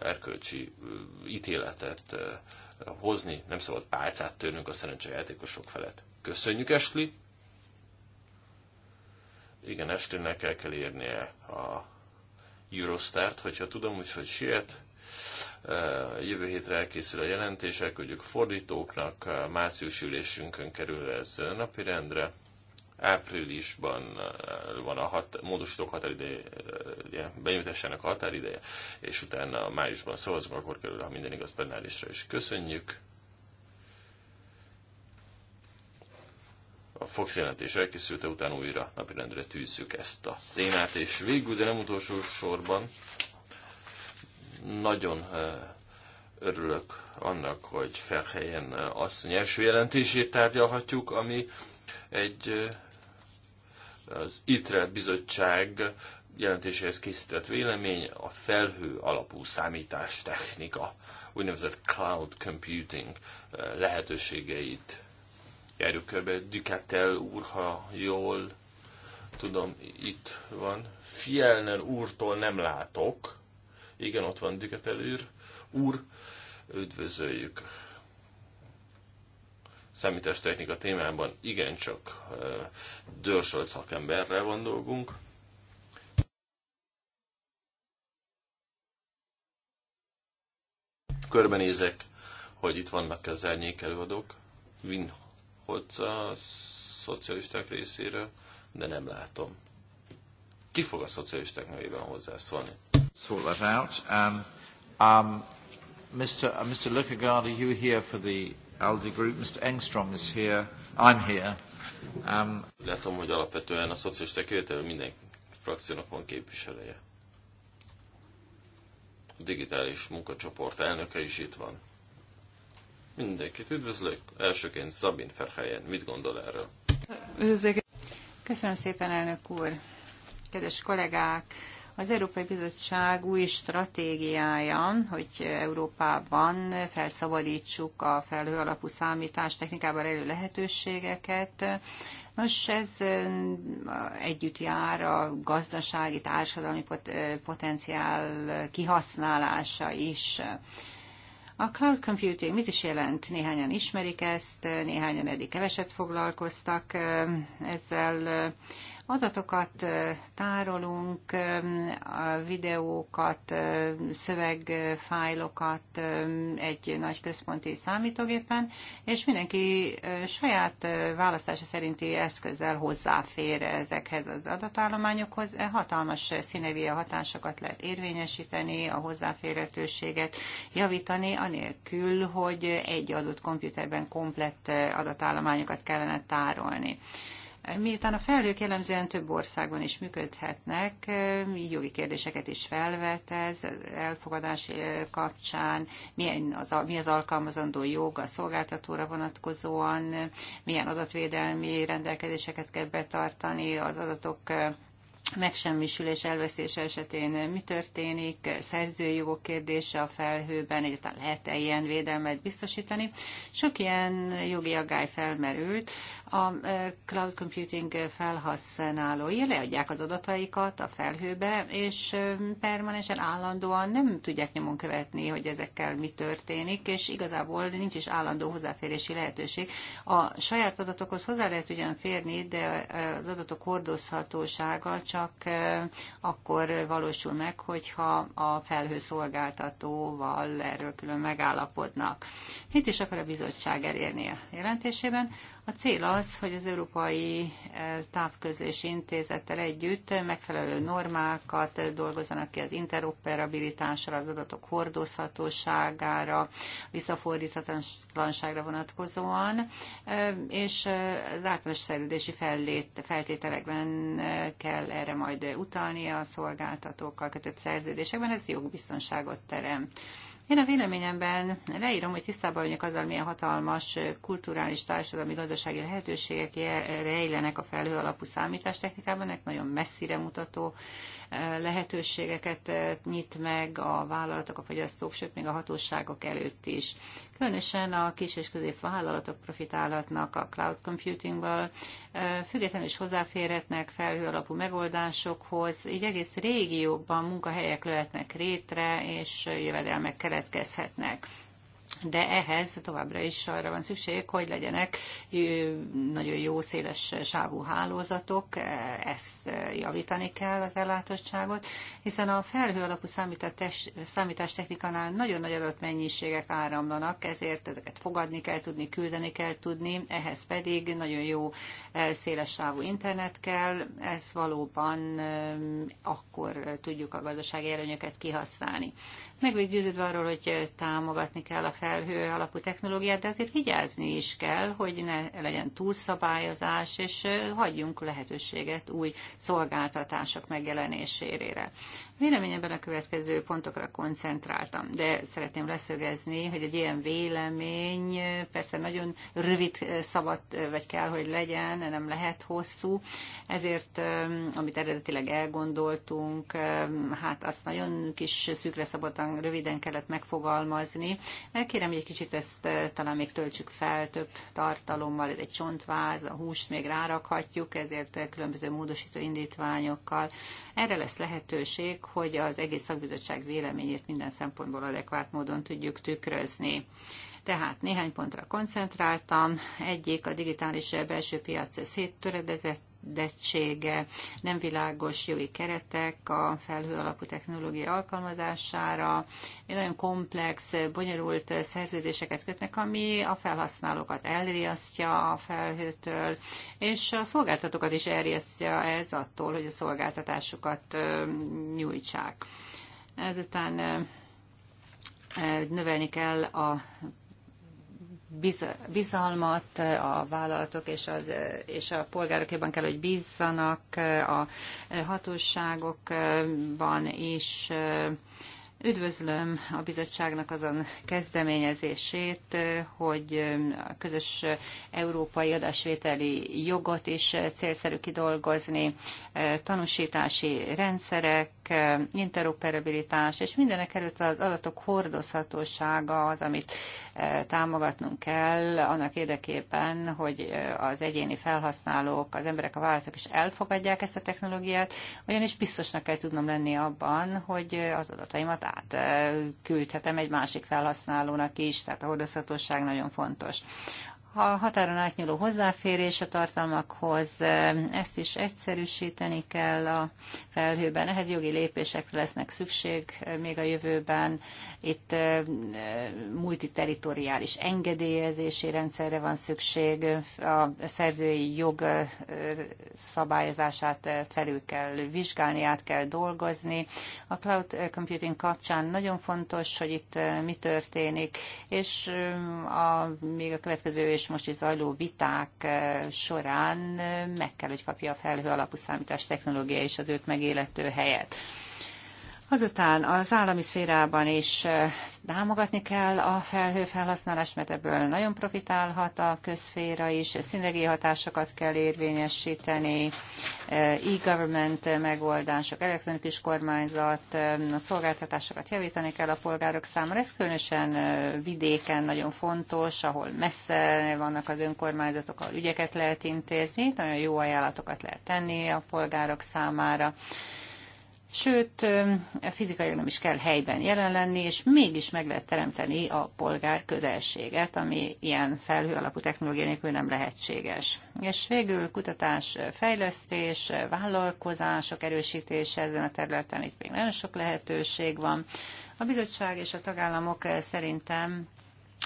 erkölcsi ítéletet hozni, nem szabad pálcát törnünk a szerencsejátékosok felett. Köszönjük, Esli! Igen, Eslinek el kell érnie a Eurostart, hogyha tudom, úgyhogy hogy siet. Jövő hétre elkészül a jelentések, hogy a fordítóknak, március ülésünkön kerül ez napirendre áprilisban eh, van a hat, módosítók határideje, eh, bejutásának a határideje, és utána májusban szavazunk, akkor kerül, ha minden igaz, plenárisra is köszönjük. A Fox jelentés elkészülte, utána újra napirendre tűzzük ezt a témát, és végül, de nem utolsó sorban, nagyon eh, örülök annak, hogy Ferhelyen asszony első jelentését tárgyalhatjuk, ami egy az ITRE bizottság jelentéséhez készített vélemény a felhő alapú számítás technika, úgynevezett cloud computing eh, lehetőségeit járjuk körbe. Ducatel úr, ha jól tudom, itt van. Fielner úrtól nem látok. Igen, ott van dükettel úr. Úr, üdvözöljük számítástechnika témában igencsak dörsölt szakemberrel van dolgunk. Körbenézek, hogy itt vannak az árnyék előadók. Vin a szocialisták részéről, de nem látom. Ki fog a szocialisták nevében hozzászólni? Sort that out. Um, um, Mr. Uh, Mr. Lukagard, are you here for the Aldi Group. Mr. Engstrom is here. I'm here. Um, Látom, hogy alapvetően a szociális kivételő minden frakciónak van képviselője. A digitális munkacsoport elnöke is itt van. Mindenkit üdvözlök. Elsőként Szabin Ferhelyen. Mit gondol erről? Köszönöm szépen, elnök úr. Kedves kollégák, az Európai Bizottság új stratégiája, hogy Európában felszabadítsuk a felhő alapú számítás technikában elő lehetőségeket, Nos, ez eh, együtt jár a gazdasági, társadalmi eh, potenciál kihasználása is. A cloud computing mit is jelent? Néhányan ismerik ezt, néhányan eddig keveset foglalkoztak eh, ezzel. Adatokat tárolunk, a videókat, szövegfájlokat egy nagy központi számítógépen, és mindenki saját választása szerinti eszközzel hozzáfér ezekhez az adatállományokhoz. E hatalmas színevi hatásokat lehet érvényesíteni, a hozzáférhetőséget javítani, anélkül, hogy egy adott komputerben komplett adatállományokat kellene tárolni. Miután a felhők jellemzően több országban is működhetnek, jogi kérdéseket is felvet ez elfogadás kapcsán, milyen az, mi az alkalmazandó jog a szolgáltatóra vonatkozóan, milyen adatvédelmi rendelkezéseket kell betartani, az adatok megsemmisülés elvesztése esetén mi történik, szerzői jogok kérdése a felhőben, illetve lehet-e ilyen védelmet biztosítani. Sok ilyen jogi aggály felmerült a e, cloud computing felhasználói leadják az adataikat a felhőbe, és e, permanensen állandóan nem tudják nyomon követni, hogy ezekkel mi történik, és igazából nincs is állandó hozzáférési lehetőség. A saját adatokhoz hozzá lehet ugyan férni, de az adatok hordozhatósága csak e, akkor valósul meg, hogyha a felhőszolgáltatóval erről külön megállapodnak. Mit is akar a bizottság elérni a jelentésében? A cél az, hogy az Európai eh, Távközlési Intézettel együtt megfelelő normákat dolgozzanak ki az interoperabilitásra, az adatok hordozhatóságára, visszafordíthatatlanságra vonatkozóan, eh, és eh, az általános szerződési feltételekben kell erre majd utalni a szolgáltatókkal kötött szerződésekben, ez jogbiztonságot terem. Én a véleményemben leírom, hogy tisztában vagyok azzal, milyen hatalmas kulturális, társadalmi, gazdasági lehetőségek rejlenek a felhő alapú számítástechnikában, ennek nagyon messzire mutató lehetőségeket eh, nyit meg a vállalatok, a fogyasztók, sőt még a hatóságok előtt is. Különösen a kis és vállalatok profitálhatnak a cloud computingből, eh, függetlenül is hozzáférhetnek felhő alapú megoldásokhoz, így egész régiókban munkahelyek lehetnek rétre, és jövedelmek keletkezhetnek de ehhez továbbra is arra van szükség, hogy legyenek nagyon jó széles sávú hálózatok, ezt javítani kell az ellátottságot, hiszen a felhő alapú számítástechnikánál nagyon nagy mennyiségek áramlanak, ezért ezeket fogadni kell tudni, küldeni kell tudni, ehhez pedig nagyon jó széles sávú internet kell, ez valóban akkor tudjuk a gazdasági előnyöket kihasználni. Meg vagyok győződve arról, hogy támogatni kell a felhő alapú technológiát, de azért vigyázni is kell, hogy ne legyen túlszabályozás, és hagyjunk lehetőséget új szolgáltatások megjelenésére. Véleményemben a következő pontokra koncentráltam, de szeretném leszögezni, hogy egy ilyen vélemény persze nagyon rövid szabad, vagy kell, hogy legyen, nem lehet hosszú, ezért amit eredetileg elgondoltunk, hát azt nagyon kis szűkre szabadan nagyon röviden kellett megfogalmazni. Kérem, hogy egy kicsit ezt eh, talán még töltsük fel több tartalommal, ez egy csontváz, a húst még rárakhatjuk, ezért eh, különböző módosító indítványokkal. Erre lesz lehetőség, hogy az egész szakbizottság véleményét minden szempontból adekvát módon tudjuk tükrözni. Tehát néhány pontra koncentráltam. Egyik a digitális eh, belső piac széttöredezett lefedettsége, nem világos jogi keretek a felhő alapú technológia alkalmazására, nagyon komplex, bonyolult szerződéseket kötnek, ami a felhasználókat elriasztja a felhőtől, és a szolgáltatókat is elriasztja ez attól, hogy a szolgáltatásukat nyújtsák. Ezután növelni kell a bizalmat, a vállalatok és, az, és a polgárok jobban kell, hogy bízzanak a hatóságokban is, Üdvözlöm a bizottságnak azon kezdeményezését, hogy a közös európai adásvételi jogot is célszerű kidolgozni, tanúsítási rendszerek, interoperabilitás, és mindenek előtt az adatok hordozhatósága az, amit e, támogatnunk kell annak érdekében, hogy e, az egyéni felhasználók, az emberek, a vállalatok is elfogadják ezt a technológiát, ugyanis biztosnak kell tudnom lenni abban, hogy az adataimat tehát küldhetem egy másik felhasználónak is, tehát a hordozhatóság nagyon fontos a határon átnyúló hozzáférés a tartalmakhoz, ezt is egyszerűsíteni kell a felhőben. Ehhez jogi lépésekre lesznek szükség még a jövőben. Itt multiterritoriális engedélyezési rendszerre van szükség, a szerzői jog szabályozását felül kell vizsgálni, át kell dolgozni. A cloud computing kapcsán nagyon fontos, hogy itt mi történik, és a, még a következő és és most itt zajló viták eh, során eh, meg kell, hogy kapja a felhő alapú számítás technológia és az őt megélető helyet. Azután az állami szférában is támogatni kell a felhő felhasználást, mert ebből nagyon profitálhat a közféra is, hatásokat kell érvényesíteni, e-government megoldások, elektronikus kormányzat, a szolgáltatásokat javítani kell a polgárok számára. Ez különösen vidéken nagyon fontos, ahol messze vannak az önkormányzatok, ahol ügyeket lehet intézni, nagyon jó ajánlatokat lehet tenni a polgárok számára sőt, fizikailag nem is kell helyben jelen lenni, és mégis meg lehet teremteni a polgár közelséget, ami ilyen felhő alapú technológia nélkül nem lehetséges. És végül kutatás, fejlesztés, vállalkozások erősítése ezen a területen, itt még nagyon sok lehetőség van. A bizottság és a tagállamok szerintem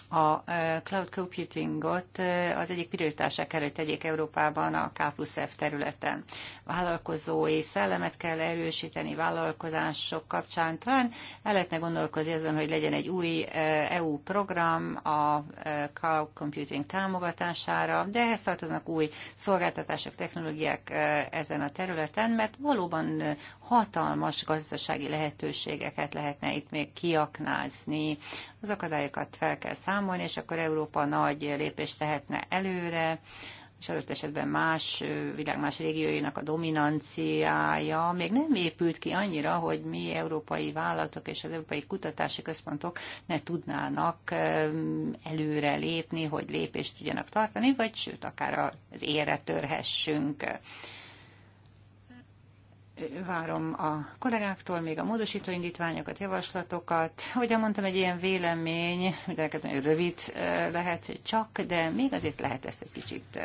a cloud computingot az egyik prioritásá kell, hogy tegyék Európában a K plusz F területen. Vállalkozói szellemet kell erősíteni vállalkozások kapcsán. Talán el lehetne gondolkozni azon, hogy legyen egy új EU program a cloud computing támogatására, de ehhez tartoznak új szolgáltatások, technológiák ezen a területen, mert valóban hatalmas gazdasági lehetőségeket lehetne itt még kiaknázni az akadályokat fel kell számolni, és akkor Európa nagy lépést tehetne előre, és adott esetben más világ más régióinak a dominanciája még nem épült ki annyira, hogy mi európai vállalatok és az európai kutatási központok ne tudnának előre lépni, hogy lépést tudjanak tartani, vagy sőt, akár az ére törhessünk várom a kollégáktól még a módosító indítványokat, javaslatokat. Hogy mondtam, egy ilyen vélemény, ugye neked nagyon rövid lehet csak, de még azért lehet ezt egy kicsit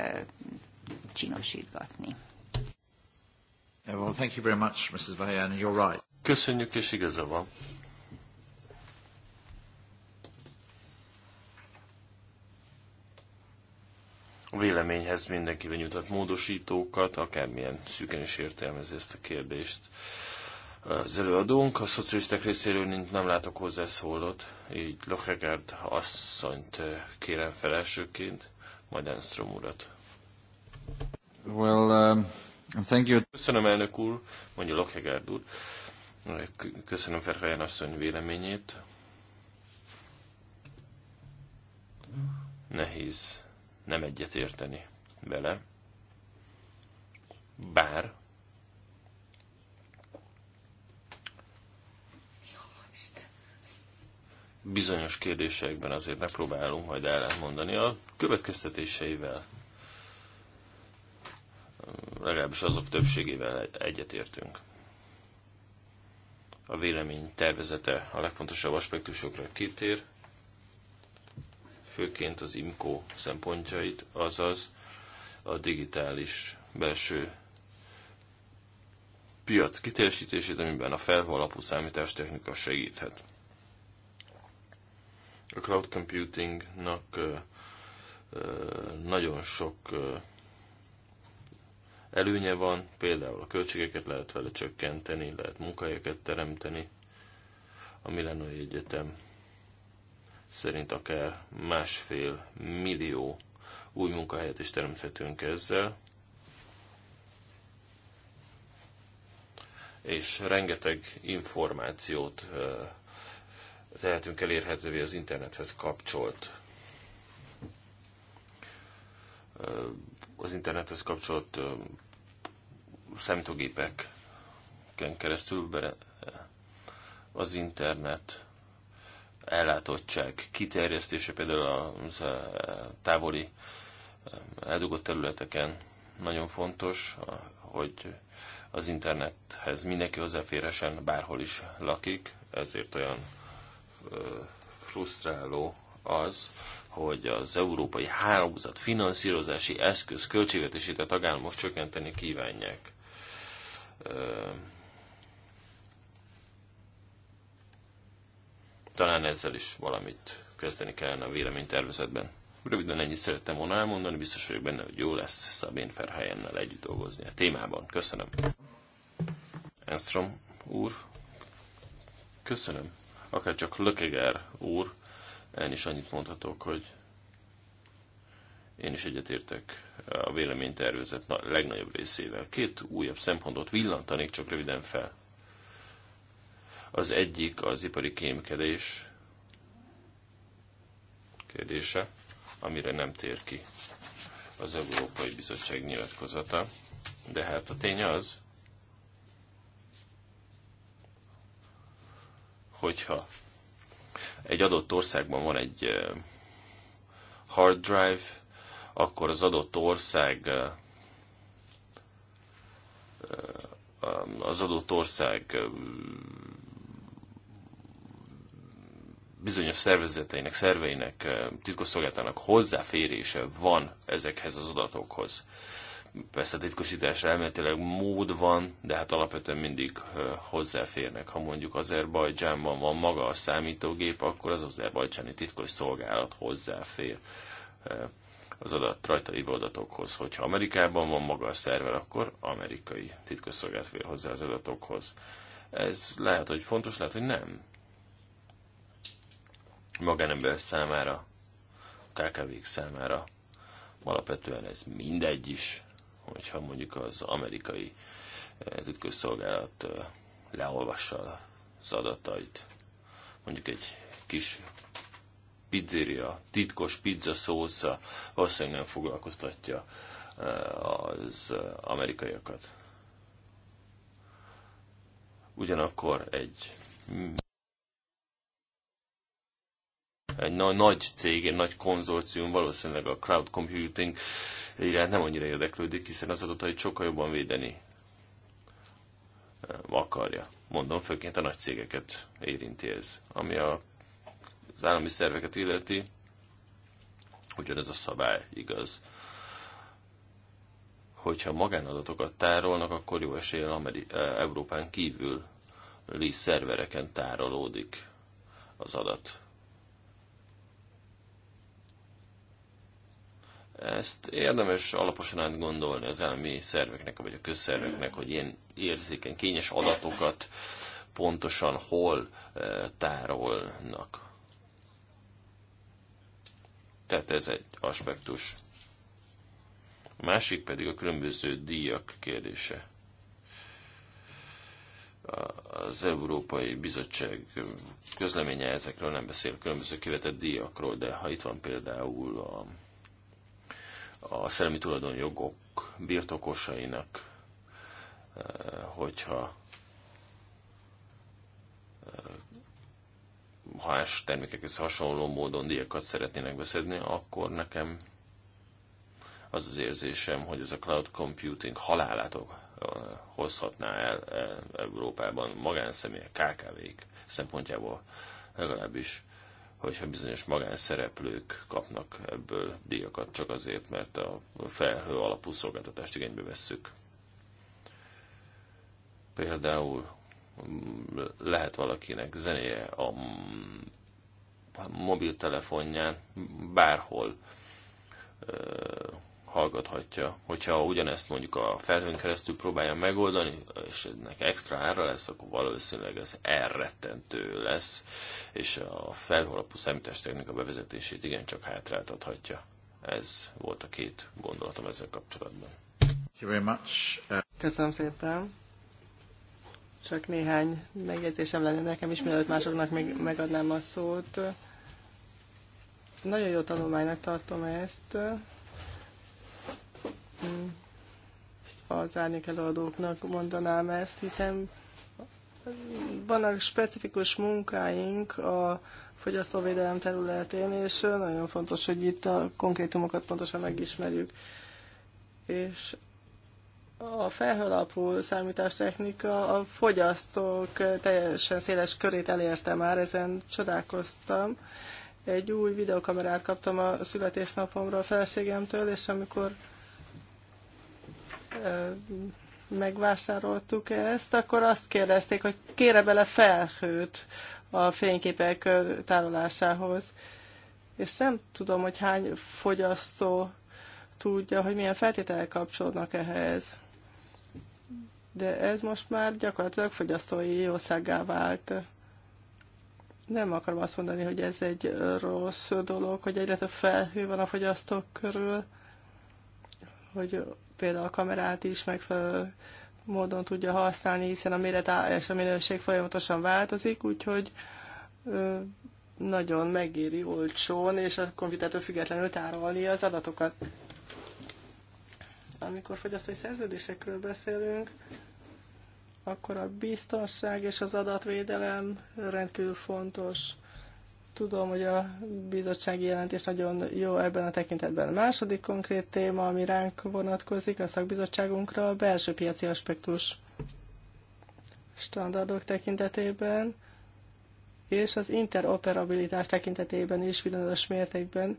csinosítgatni. Well, thank you very much, Mrs. Vajan. You're right. Köszönjük, és igaza van. a véleményhez mindenki nyújtott módosítókat, akármilyen szűken is értelmezi ezt a kérdést az előadónk. A szocialisták részéről nem látok hozzászólót, így Lochegard asszonyt eh, kérem fel elsőként, majd Enstrom urat. Well, um, thank you. Köszönöm elnök úr, mondja Lochegard úr. Eh, köszönöm Ferhaján asszony véleményét. Nehéz nem egyet érteni vele. Bár bizonyos kérdésekben azért ne próbálunk majd ellentmondani a következtetéseivel. Legalábbis azok többségével egyetértünk. A vélemény tervezete a legfontosabb aspektusokra kitér, főként az IMCO szempontjait, azaz a digitális belső piac kitérsítését, amiben a felhő alapú számítástechnika segíthet. A cloud computingnak nagyon sok előnye van, például a költségeket lehet vele csökkenteni, lehet munkahelyeket teremteni. A Milano Egyetem szerint akár másfél millió új munkahelyet is teremthetünk ezzel. És rengeteg információt tehetünk elérhetővé az internethez kapcsolt az internethez kapcsolt számítógépeken keresztül az internet ellátottság kiterjesztése, például a eh, távoli eh, eldugott területeken nagyon fontos, hogy az internethez mindenki hozzáférhessen, bárhol is lakik, ezért olyan eh, frusztráló az, hogy az európai hálózat finanszírozási eszköz költségvetését a tagállamok csökkenteni kívánják. Talán ezzel is valamit kezdeni kellene a véleménytervezetben. Röviden ennyit szerettem volna elmondani, biztos vagyok benne, hogy jó lesz Szabén Ferhelyennel együtt dolgozni a témában. Köszönöm. Enstrom úr, köszönöm. Akár csak Lökeger úr, én is annyit mondhatok, hogy én is egyetértek a véleménytervezet legnagyobb részével. Két újabb szempontot villantanék csak röviden fel. Az egyik az ipari kémkedés kérdése, amire nem tér ki az Európai Bizottság nyilatkozata. De hát a tény az, hogyha egy adott országban van egy eh, hard drive, akkor az adott ország eh, eh, az adott ország bizonyos szervezeteinek, szerveinek, eh, titkosszolgáltának hozzáférése van ezekhez az adatokhoz. Persze a titkosításra elméletileg mód van, de hát alapvetően mindig eh, hozzáférnek. Ha mondjuk Azerbajdzsánban van maga a számítógép, akkor az azerbajdzsáni titkos szolgálat hozzáfér eh, az adat, rajta lévő adatokhoz. Hogyha Amerikában van maga a szerver, akkor amerikai titkosszolgálat fér hozzá az adatokhoz. Ez lehet, hogy fontos, lehet, hogy nem magánember számára, KKV-k számára alapvetően ez mindegy is, hogyha mondjuk az amerikai eh, titkosszolgálat eh, leolvassa az adatait. Mondjuk egy kis pizzeria, titkos pizza szósza valószínűleg nem foglalkoztatja eh, az amerikaiakat. Ugyanakkor egy egy nagy cég, egy nagy konzorcium valószínűleg a cloud computing iránt nem annyira érdeklődik, hiszen az adatait sokkal jobban védeni eh, akarja. Mondom, főként a nagy cégeket érinti ez, ami a, az állami szerveket illeti, ugyanez a szabály igaz hogyha magánadatokat tárolnak, akkor jó eséllyel Ameri- eh, Európán kívül szervereken tárolódik az adat. Ezt érdemes alaposan átgondolni az elmi szerveknek, vagy a közszerveknek, hogy ilyen érzékeny, kényes adatokat pontosan hol eh, tárolnak. Tehát ez egy aspektus. A másik pedig a különböző díjak kérdése. Az Európai Bizottság közleménye ezekről nem beszél, különböző kivetett díjakról, de ha itt van például a a szellemi tulajdonjogok birtokosainak, eh, hogyha eh, ha más termékekhez hasonló módon díjakat szeretnének beszedni, akkor nekem az az érzésem, hogy ez a cloud computing halálát eh, hozhatná el Európában magánszemélyek, KKV-k szempontjából legalábbis hogyha bizonyos magánszereplők kapnak ebből díjakat csak azért, mert a felhő alapú szolgáltatást igénybe vesszük. Például mm, lehet valakinek zenéje a hát mobiltelefonján bárhol hallgathatja. Hogyha ugyanezt mondjuk a felhőn keresztül próbálja megoldani, és ennek extra ára lesz, akkor valószínűleg ez elrettentő lesz, és a felhőalapú számítástechnika bevezetését igencsak hátráltathatja. Ez volt a két gondolatom ezzel kapcsolatban. Köszönöm szépen. Csak néhány megjegyzésem lenne nekem is, mielőtt másoknak még megadnám a szót. Nagyon jó tanulmánynak tartom ezt az árnyék előadóknak mondanám ezt, hiszen vannak specifikus munkáink a fogyasztóvédelem területén, és nagyon fontos, hogy itt a konkrétumokat pontosan megismerjük. És a felhőlapú számítástechnika a fogyasztók teljesen széles körét elérte már, ezen csodálkoztam. Egy új videokamerát kaptam a születésnapomra a feleségemtől, és amikor megvásároltuk ezt, akkor azt kérdezték, hogy kére bele felhőt a fényképek tárolásához. És nem tudom, hogy hány fogyasztó tudja, hogy milyen feltételek kapcsolódnak ehhez. De ez most már gyakorlatilag fogyasztói országá vált. Nem akarom azt mondani, hogy ez egy rossz dolog, hogy egyre több felhő van a fogyasztók körül, hogy például a kamerát is megfelelő módon tudja használni, hiszen a méret és a minőség folyamatosan változik, úgyhogy nagyon megéri olcsón, és a komputertől függetlenül tárolni az adatokat. Amikor fogyasztói szerződésekről beszélünk, akkor a biztonság és az adatvédelem rendkívül fontos. Tudom, hogy a bizottsági jelentés nagyon jó ebben a tekintetben. A második konkrét téma, ami ránk vonatkozik, a szakbizottságunkra, a belső piaci aspektus standardok tekintetében, és az interoperabilitás tekintetében is bizonyos mértékben,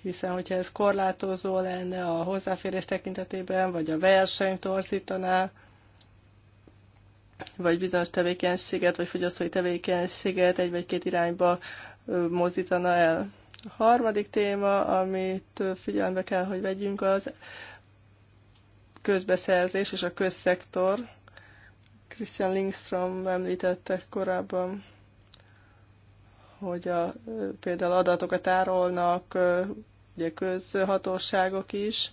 hiszen hogyha ez korlátozó lenne a hozzáférés tekintetében, vagy a verseny torzítaná, vagy bizonyos tevékenységet, vagy fogyasztói tevékenységet egy vagy két irányba mozdítana el. A harmadik téma, amit figyelembe kell, hogy vegyünk, az közbeszerzés és a közszektor. Christian Lindström említette korábban, hogy a, például adatokat tárolnak ugye közhatóságok is,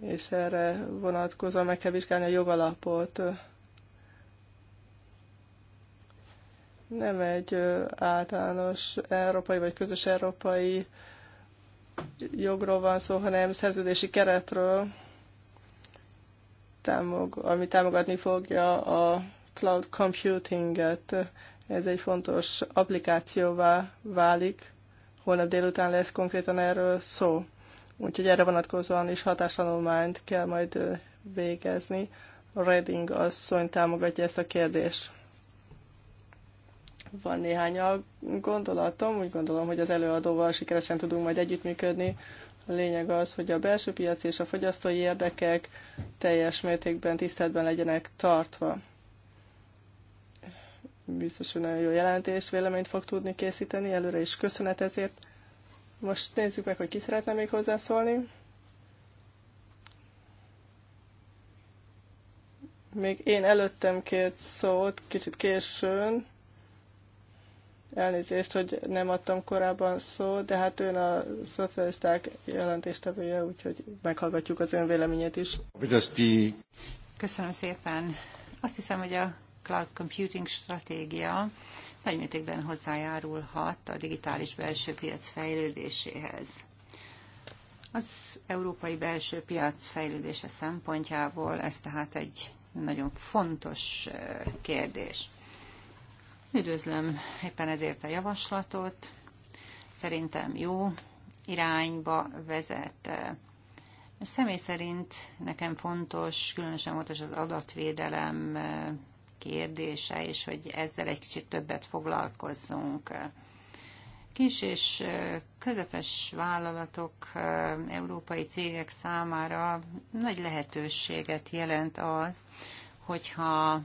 és erre vonatkozva meg kell vizsgálni a jogalapot. nem egy általános európai vagy közös európai jogról van szó, hanem szerződési keretről, támog, ami támogatni fogja a cloud computinget. Ez egy fontos applikációvá válik. Holnap délután lesz konkrétan erről szó. Úgyhogy erre vonatkozóan is hatástanulmányt kell majd végezni. Reding asszony támogatja ezt a kérdést. Van néhány a gondolatom, úgy gondolom, hogy az előadóval sikeresen tudunk majd együttműködni. A lényeg az, hogy a belső piac és a fogyasztói érdekek teljes mértékben tiszteletben legyenek tartva. Biztos, hogy nagyon jó jelentés véleményt fog tudni készíteni, előre is köszönet ezért. Most nézzük meg, hogy ki szeretne még hozzászólni. Még én előttem két szót, kicsit későn. Elnézést, hogy nem adtam korábban szó, de hát ön a szocialisták jelentéstevője, úgyhogy meghallgatjuk az ön véleményét is. Köszönöm szépen. Azt hiszem, hogy a cloud computing stratégia nagymértékben hozzájárulhat a digitális belső piac fejlődéséhez. Az európai belső piac fejlődése szempontjából ez tehát egy nagyon fontos eh, kérdés. Üdvözlöm éppen ezért a javaslatot. Szerintem jó irányba vezet. Személy szerint nekem fontos, különösen fontos az adatvédelem kérdése, és hogy ezzel egy kicsit többet foglalkozzunk. Kis és közepes vállalatok európai cégek számára nagy lehetőséget jelent az, hogyha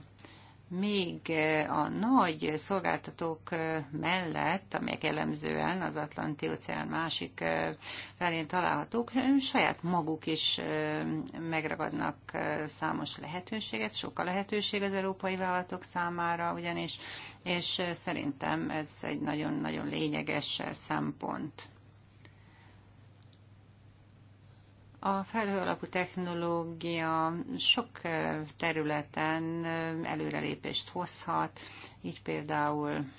még eh, a nagy szolgáltatók eh, mellett, amelyek jellemzően az Atlanti-óceán másik eh, felén találhatók, saját maguk is megragadnak számos lehetőséget, sok a lehetőség az európai vállalatok számára ugyanis, és szerintem ez egy nagyon-nagyon lényeges szempont. A felhő alapú technológia sok területen előrelépést hozhat, így például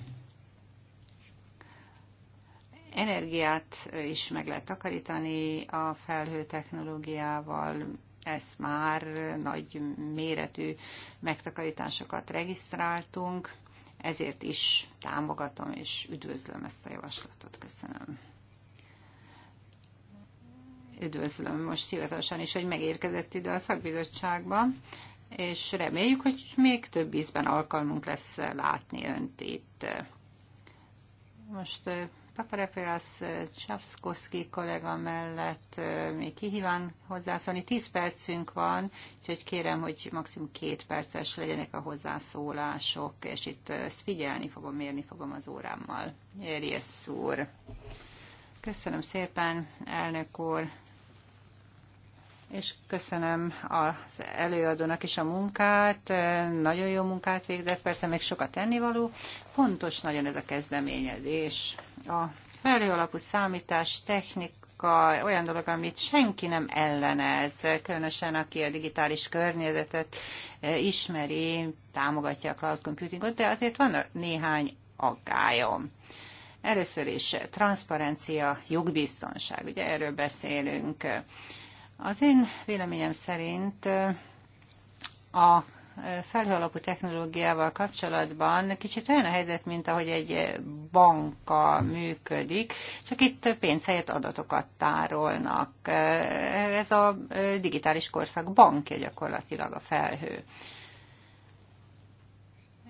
energiát is meg lehet takarítani a felhő technológiával, ez már nagy méretű megtakarításokat regisztráltunk, ezért is támogatom és üdvözlöm ezt a javaslatot. Köszönöm üdvözlöm most hivatalosan is, hogy megérkezett ide a szakbizottságba, és reméljük, hogy még több ízben alkalmunk lesz látni önt itt. Most eh, Paparepeas eh, Csavszkoszki kollega mellett eh, még kihíván hozzászólni. Tíz percünk van, úgyhogy kérem, hogy maximum két perces legyenek a hozzászólások, és itt ezt figyelni fogom, mérni fogom az órámmal. Érjesz úr! Köszönöm szépen, elnök úr! és köszönöm az előadónak is a munkát, nagyon jó munkát végzett, persze még sokat tennivaló. Fontos nagyon ez a kezdeményezés. A felőalapú számítás, technika, olyan dolog, amit senki nem ellenez, különösen aki a digitális környezetet e, ismeri, támogatja a cloud computingot, de azért van néhány aggályom. Először is transzparencia, jogbiztonság, ugye erről beszélünk az én véleményem szerint a felhő alapú technológiával kapcsolatban kicsit olyan a helyzet, mint ahogy egy banka működik, csak itt pénz helyett adatokat tárolnak. Ez a digitális korszak bankja gyakorlatilag a felhő.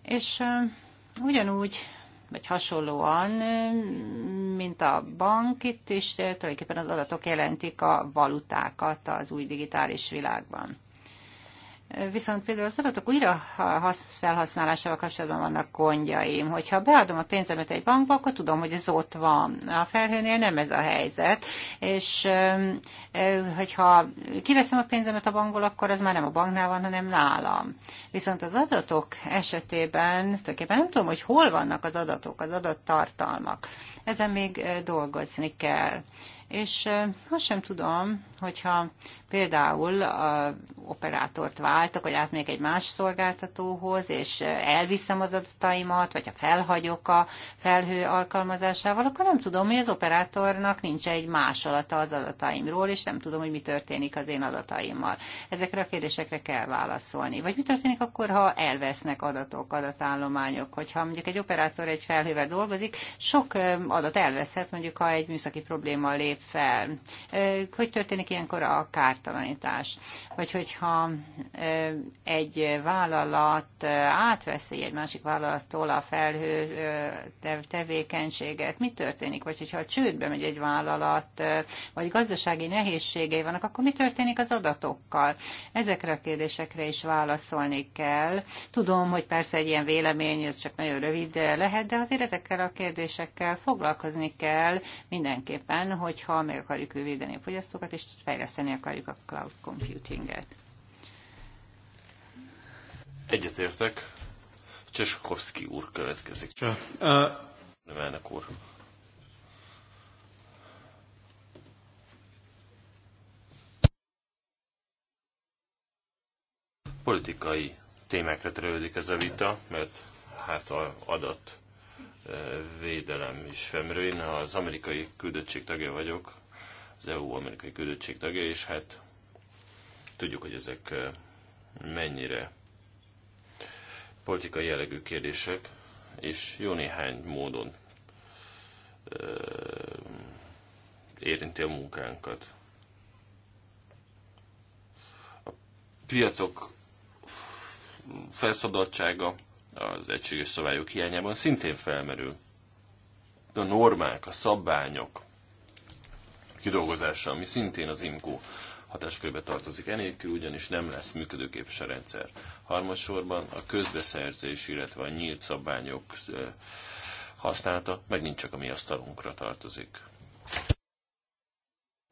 És ugyanúgy vagy hasonlóan, mint a bank, itt is tulajdonképpen az adatok jelentik a valutákat az új digitális világban viszont például az adatok újra felhasználásával kapcsolatban vannak gondjaim. Hogyha beadom a pénzemet egy bankba, akkor tudom, hogy ez ott van. A felhőnél nem ez a helyzet, és hogyha kiveszem a pénzemet a bankból, akkor az már nem a banknál van, hanem nálam. Viszont az adatok esetében tulajdonképpen nem tudom, hogy hol vannak az adatok, az adattartalmak. Ezen még dolgozni kell. És azt sem tudom, hogyha például a operátort váltok, vagy átmegyek egy más szolgáltatóhoz, és elviszem az adataimat, vagy ha felhagyok a felhő alkalmazásával, akkor nem tudom, hogy az operátornak nincs egy másolata az adataimról, és nem tudom, hogy mi történik az én adataimmal. Ezekre a kérdésekre kell válaszolni. Vagy mi történik akkor, ha elvesznek adatok, adatállományok, hogyha mondjuk egy operátor egy felhővel dolgozik, sok adat elveszhet, mondjuk ha egy műszaki probléma lép fel. Hogy történik ilyenkor a kárt bizonytalanítás. Vagy hogyha egy vállalat átveszi egy másik vállalattól a felhő tevékenységet, mi történik? Vagy hogyha csődbe megy egy vállalat, vagy gazdasági nehézségei vannak, akkor mi történik az adatokkal? Ezekre a kérdésekre is válaszolni kell. Tudom, hogy persze egy ilyen vélemény, ez csak nagyon rövid lehet, de azért ezekkel a kérdésekkel foglalkozni kell mindenképpen, hogyha meg akarjuk védeni a fogyasztókat, és fejleszteni akarjuk a cloud computinget. Egyetértek. Cseskovszki úr következik. Csak. Uh... Nem elnök úr. Politikai témákra terelődik ez a vita, mert hát a adat eh, védelem is felmerül. Én az amerikai küldöttség tagja vagyok, az EU-amerikai küldöttség tagja, és hát tudjuk, hogy ezek mennyire politikai jellegű kérdések, és jó néhány módon érinti a munkánkat. A piacok felszabadultsága az egységes szabályok hiányában szintén felmerül. A normák, a szabványok, kidolgozása, ami szintén az IMCO hatáskörbe tartozik. Enélkül ugyanis nem lesz működőképes a rendszer. Harmadsorban a közbeszerzés, illetve a nyílt szabványok használata megint csak a mi asztalunkra tartozik.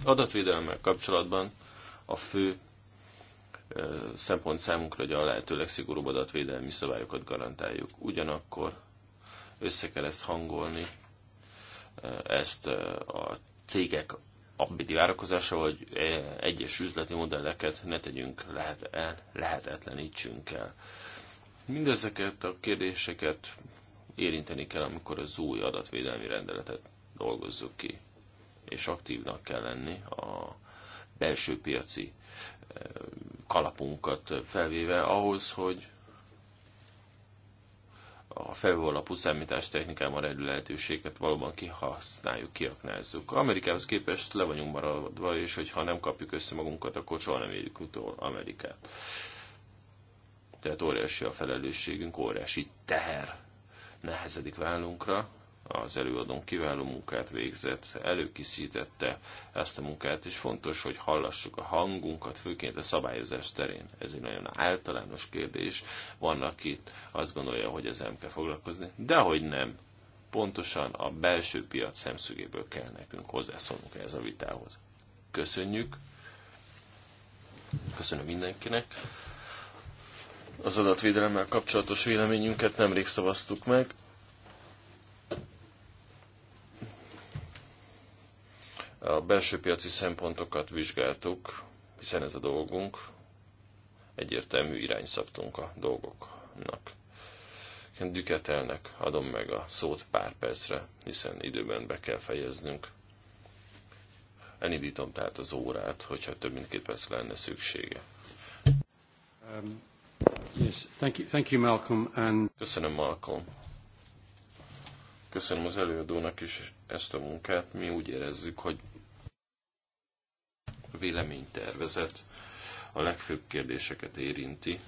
Adatvédelemmel kapcsolatban a fő szempont számunkra, hogy a lehető legszigorúbb adatvédelmi szabályokat garantáljuk. Ugyanakkor össze kell ezt hangolni, ezt a cégek abbédi várakozása, hogy e, egyes üzleti modelleket ne tegyünk lehet, el lehetetlenítsünk el. Mindezeket a kérdéseket érinteni kell, amikor az új adatvédelmi rendeletet dolgozzuk ki, és aktívnak kell lenni a belső piaci e, kalapunkat felvéve ahhoz, hogy a felhőalapú alapú számítás technikában rejlő lehetőséget valóban kihasználjuk, kiaknázzuk. Amerikához képest le vagyunk maradva, és hogyha nem kapjuk össze magunkat, akkor soha nem érjük utol Amerikát. Tehát óriási a felelősségünk, óriási teher nehezedik válunkra, az előadón kiváló munkát végzett, előkészítette ezt a munkát, és fontos, hogy hallassuk a hangunkat, főként a szabályozás terén. Ez egy nagyon általános kérdés. Van, aki azt gondolja, hogy ezzel kell foglalkozni, de hogy nem. Pontosan a belső piac szemszögéből kell nekünk hozzászólnunk ez a vitához. Köszönjük! Köszönöm mindenkinek! Az adatvédelemmel kapcsolatos véleményünket nemrég szavaztuk meg A belső piaci szempontokat vizsgáltuk, hiszen ez a dolgunk, egyértelmű irány szabtunk a dolgoknak. Düketelnek adom meg a szót pár percre, hiszen időben be kell fejeznünk. Elindítom tehát az órát, hogyha több mint két perc lenne szüksége. Um, yes, thank you, thank you, Malcolm, and... Köszönöm, Malcolm. Köszönöm az előadónak is ezt a munkát. Mi úgy érezzük, hogy véleménytervezet a legfőbb kérdéseket érinti.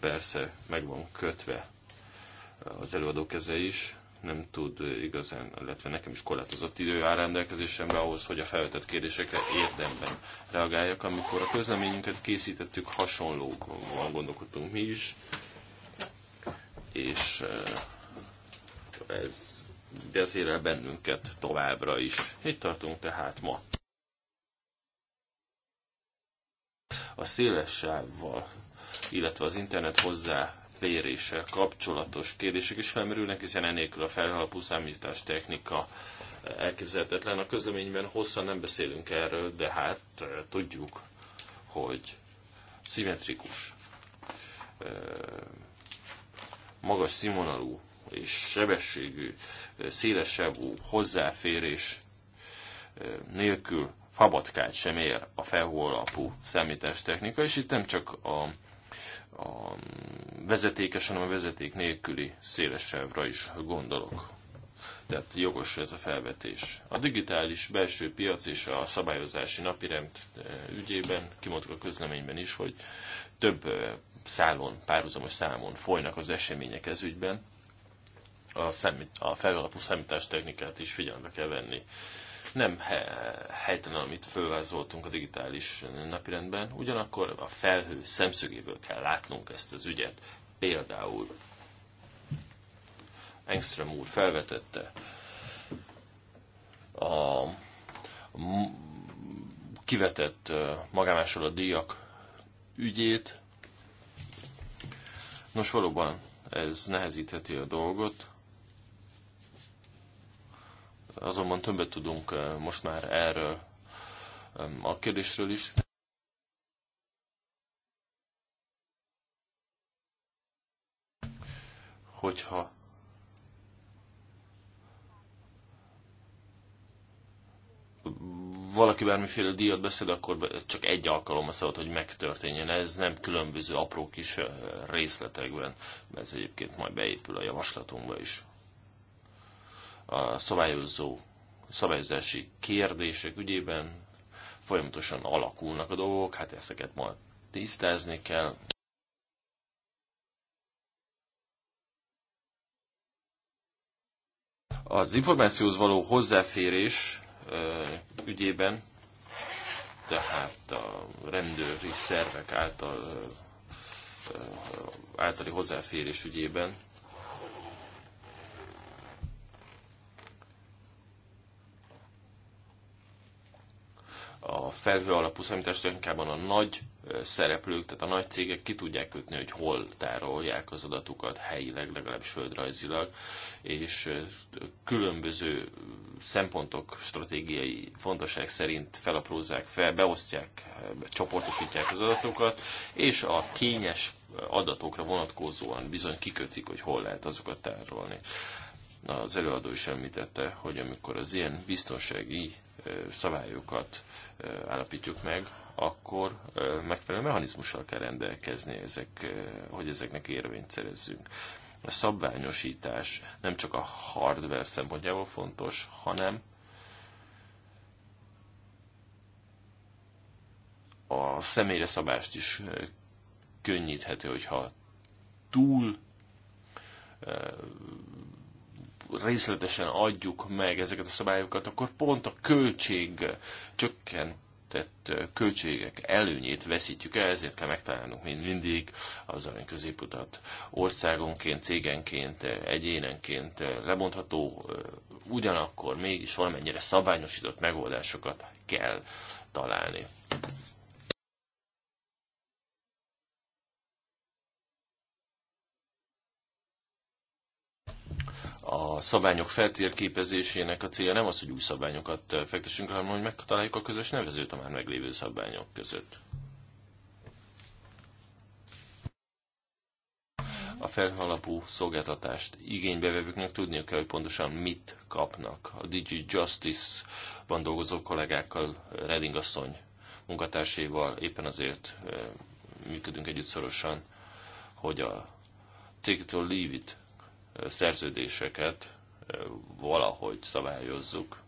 Persze meg van kötve az előadó keze is, nem tud igazán, illetve nekem is korlátozott idő áll rendelkezésembe ahhoz, hogy a felvetett kérdésekre érdemben reagáljak. Amikor a közleményünket készítettük, hasonlóan gondolkodtunk mi is, és eh, ez vezérel bennünket továbbra is. Itt tartunk tehát ma. a széles sávval, illetve az internet hozzá kapcsolatos kérdések is felmerülnek, hiszen enélkül a felhalapú számítás technika elképzelhetetlen. A közleményben hosszan nem beszélünk erről, de hát eh, tudjuk, hogy szimmetrikus, eh, magas színvonalú és sebességű, eh, szélesebb hozzáférés nélkül fabatkát sem ér a felhő alapú számítástechnika, és itt nem csak a, a vezetékes, hanem a vezeték nélküli szélesávra is gondolok. Tehát jogos ez a felvetés. A digitális belső piac és a szabályozási napirend eh, ügyében, kimondtuk a közleményben is, hogy több eh, szálon, párhuzamos számon folynak az események ez ügyben, a, számít, a felalapú számítástechnikát is figyelembe kell venni nem helytelen, amit fölvázoltunk a digitális napirendben, ugyanakkor a felhő szemszögéből kell látnunk ezt az ügyet. Például Engström úr felvetette a kivetett a díjak ügyét. Nos, valóban ez nehezítheti a dolgot, azonban többet tudunk most már erről a kérdésről is. Hogyha valaki bármiféle díjat beszél, akkor csak egy alkalom az hogy megtörténjen. Ez nem különböző apró kis részletekben, mert ez egyébként majd beépül a javaslatunkba is a szabályozó, szabályozási kérdések ügyében folyamatosan alakulnak a dolgok, hát ezeket ma tisztázni kell. Az információhoz való hozzáférés ügyében, tehát a rendőri szervek által általi hozzáférés ügyében a felhő alapú számítástechnikában a nagy szereplők, tehát a nagy cégek ki tudják kötni, hogy hol tárolják az adatukat helyileg, legalábbis földrajzilag, és különböző szempontok stratégiai fontosság szerint felaprózzák fel, beosztják, csoportosítják az adatokat, és a kényes adatokra vonatkozóan bizony kikötik, hogy hol lehet azokat tárolni. Az előadó is említette, hogy amikor az ilyen biztonsági szabályokat állapítjuk meg, akkor megfelelő mechanizmussal kell rendelkezni, ezek, hogy ezeknek érvényt szerezzünk. A szabványosítás nem csak a hardware szempontjából fontos, hanem a személyre szabást is könnyítheti, hogyha túl részletesen adjuk meg ezeket a szabályokat, akkor pont a költség tehát költségek előnyét veszítjük el, ezért kell megtalálnunk mind mindig az arany középutat. Országonként, cégenként, egyénenként lebontható, ugyanakkor mégis valamennyire szabályosított megoldásokat kell találni. a szabályok feltérképezésének a célja nem az, hogy új szabályokat eh, fektessünk, hanem hogy megtaláljuk a közös nevezőt a már meglévő szabályok között. A felhalapú szolgáltatást igénybevevőknek tudniuk kell, hogy pontosan mit kapnak. A Digi Justice-ban dolgozó kollégákkal, eh, Reding asszony munkatársaival éppen azért eh, működünk együtt szorosan, hogy a Take it or leave it szerződéseket valahogy szabályozzuk.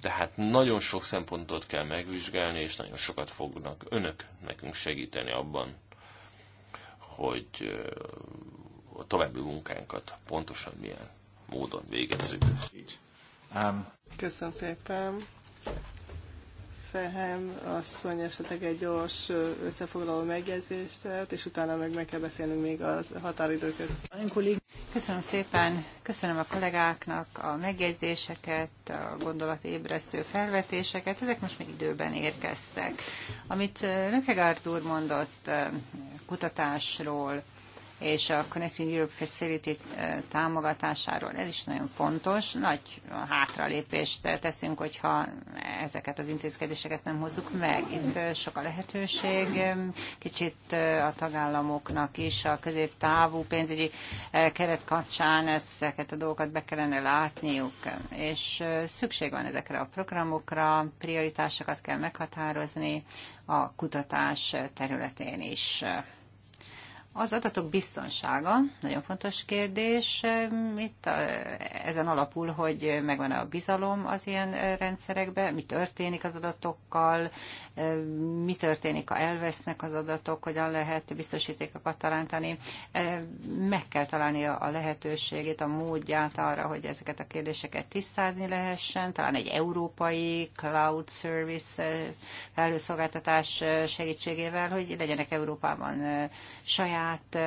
Tehát nagyon sok szempontot kell megvizsgálni, és nagyon sokat fognak önök nekünk segíteni abban, hogy a további munkánkat pontosan milyen módon végezzük. Um, Köszönöm szépen. Bethlehem asszony esetleg egy gyors összefoglaló megjegyzést tett, és utána meg meg kell beszélnünk még a határidőket. Köszönöm szépen, köszönöm a kollégáknak a megjegyzéseket, a gondolatébresztő felvetéseket, ezek most még időben érkeztek. Amit Rökegárd úr mondott kutatásról, és a Connecting Europe Facility eh, támogatásáról. Ez is nagyon fontos. Nagy hátralépést teszünk, hogyha ezeket az intézkedéseket nem hozzuk meg. Itt eh, sok a lehetőség. Kicsit eh, a tagállamoknak is a középtávú pénzügyi keret kapcsán ezeket a dolgokat be kellene látniuk. És szükség van ezekre a programokra, prioritásokat kell meghatározni a kutatás területén is. Az adatok biztonsága nagyon fontos kérdés. Mit a, ezen alapul, hogy megvan e a bizalom az ilyen rendszerekben, mi történik az adatokkal, mi történik, ha elvesznek az adatok, hogyan lehet biztosítékokat találni. Meg kell találni a lehetőségét, a módját arra, hogy ezeket a kérdéseket tisztázni lehessen. Talán egy európai cloud service felhőszolgáltatás segítségével, hogy legyenek Európában saját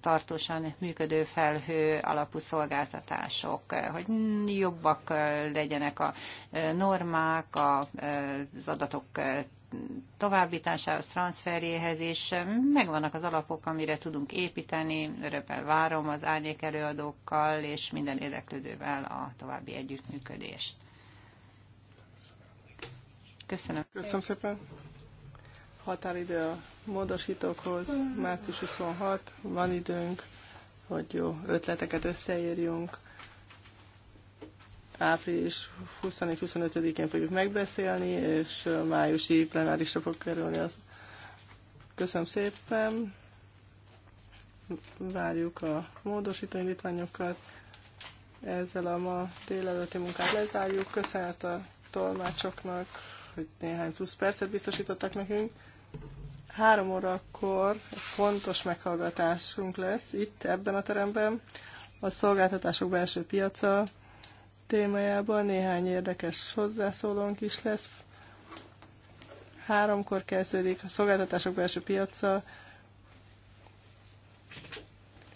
tartósan működő felhő alapú szolgáltatások, hogy jobbak legyenek a normák, az adatok folyamatok továbbításához, transferjéhez, és megvannak az alapok, amire tudunk építeni. Örömmel várom az árnyék előadókkal és minden érdeklődővel a további együttműködést. Köszönöm. Köszönöm szépen. Határidő a módosítókhoz, március 26, van időnk, hogy jó ötleteket összeírjunk április 24-25-én fogjuk megbeszélni, és májusi plenárisra fog kerülni az. Köszönöm szépen, várjuk a módosító indítványokat, ezzel a ma délelőtti munkát lezárjuk. Köszönet a tolmácsoknak, hogy néhány plusz percet biztosítottak nekünk. Három órakor fontos meghallgatásunk lesz itt, ebben a teremben, a szolgáltatások belső piaca, témájában. Néhány érdekes hozzászólónk is lesz. Háromkor kezdődik a szolgáltatások belső piaca,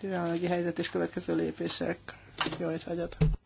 jelenlegi helyzet és következő lépések. Jó étvágyat!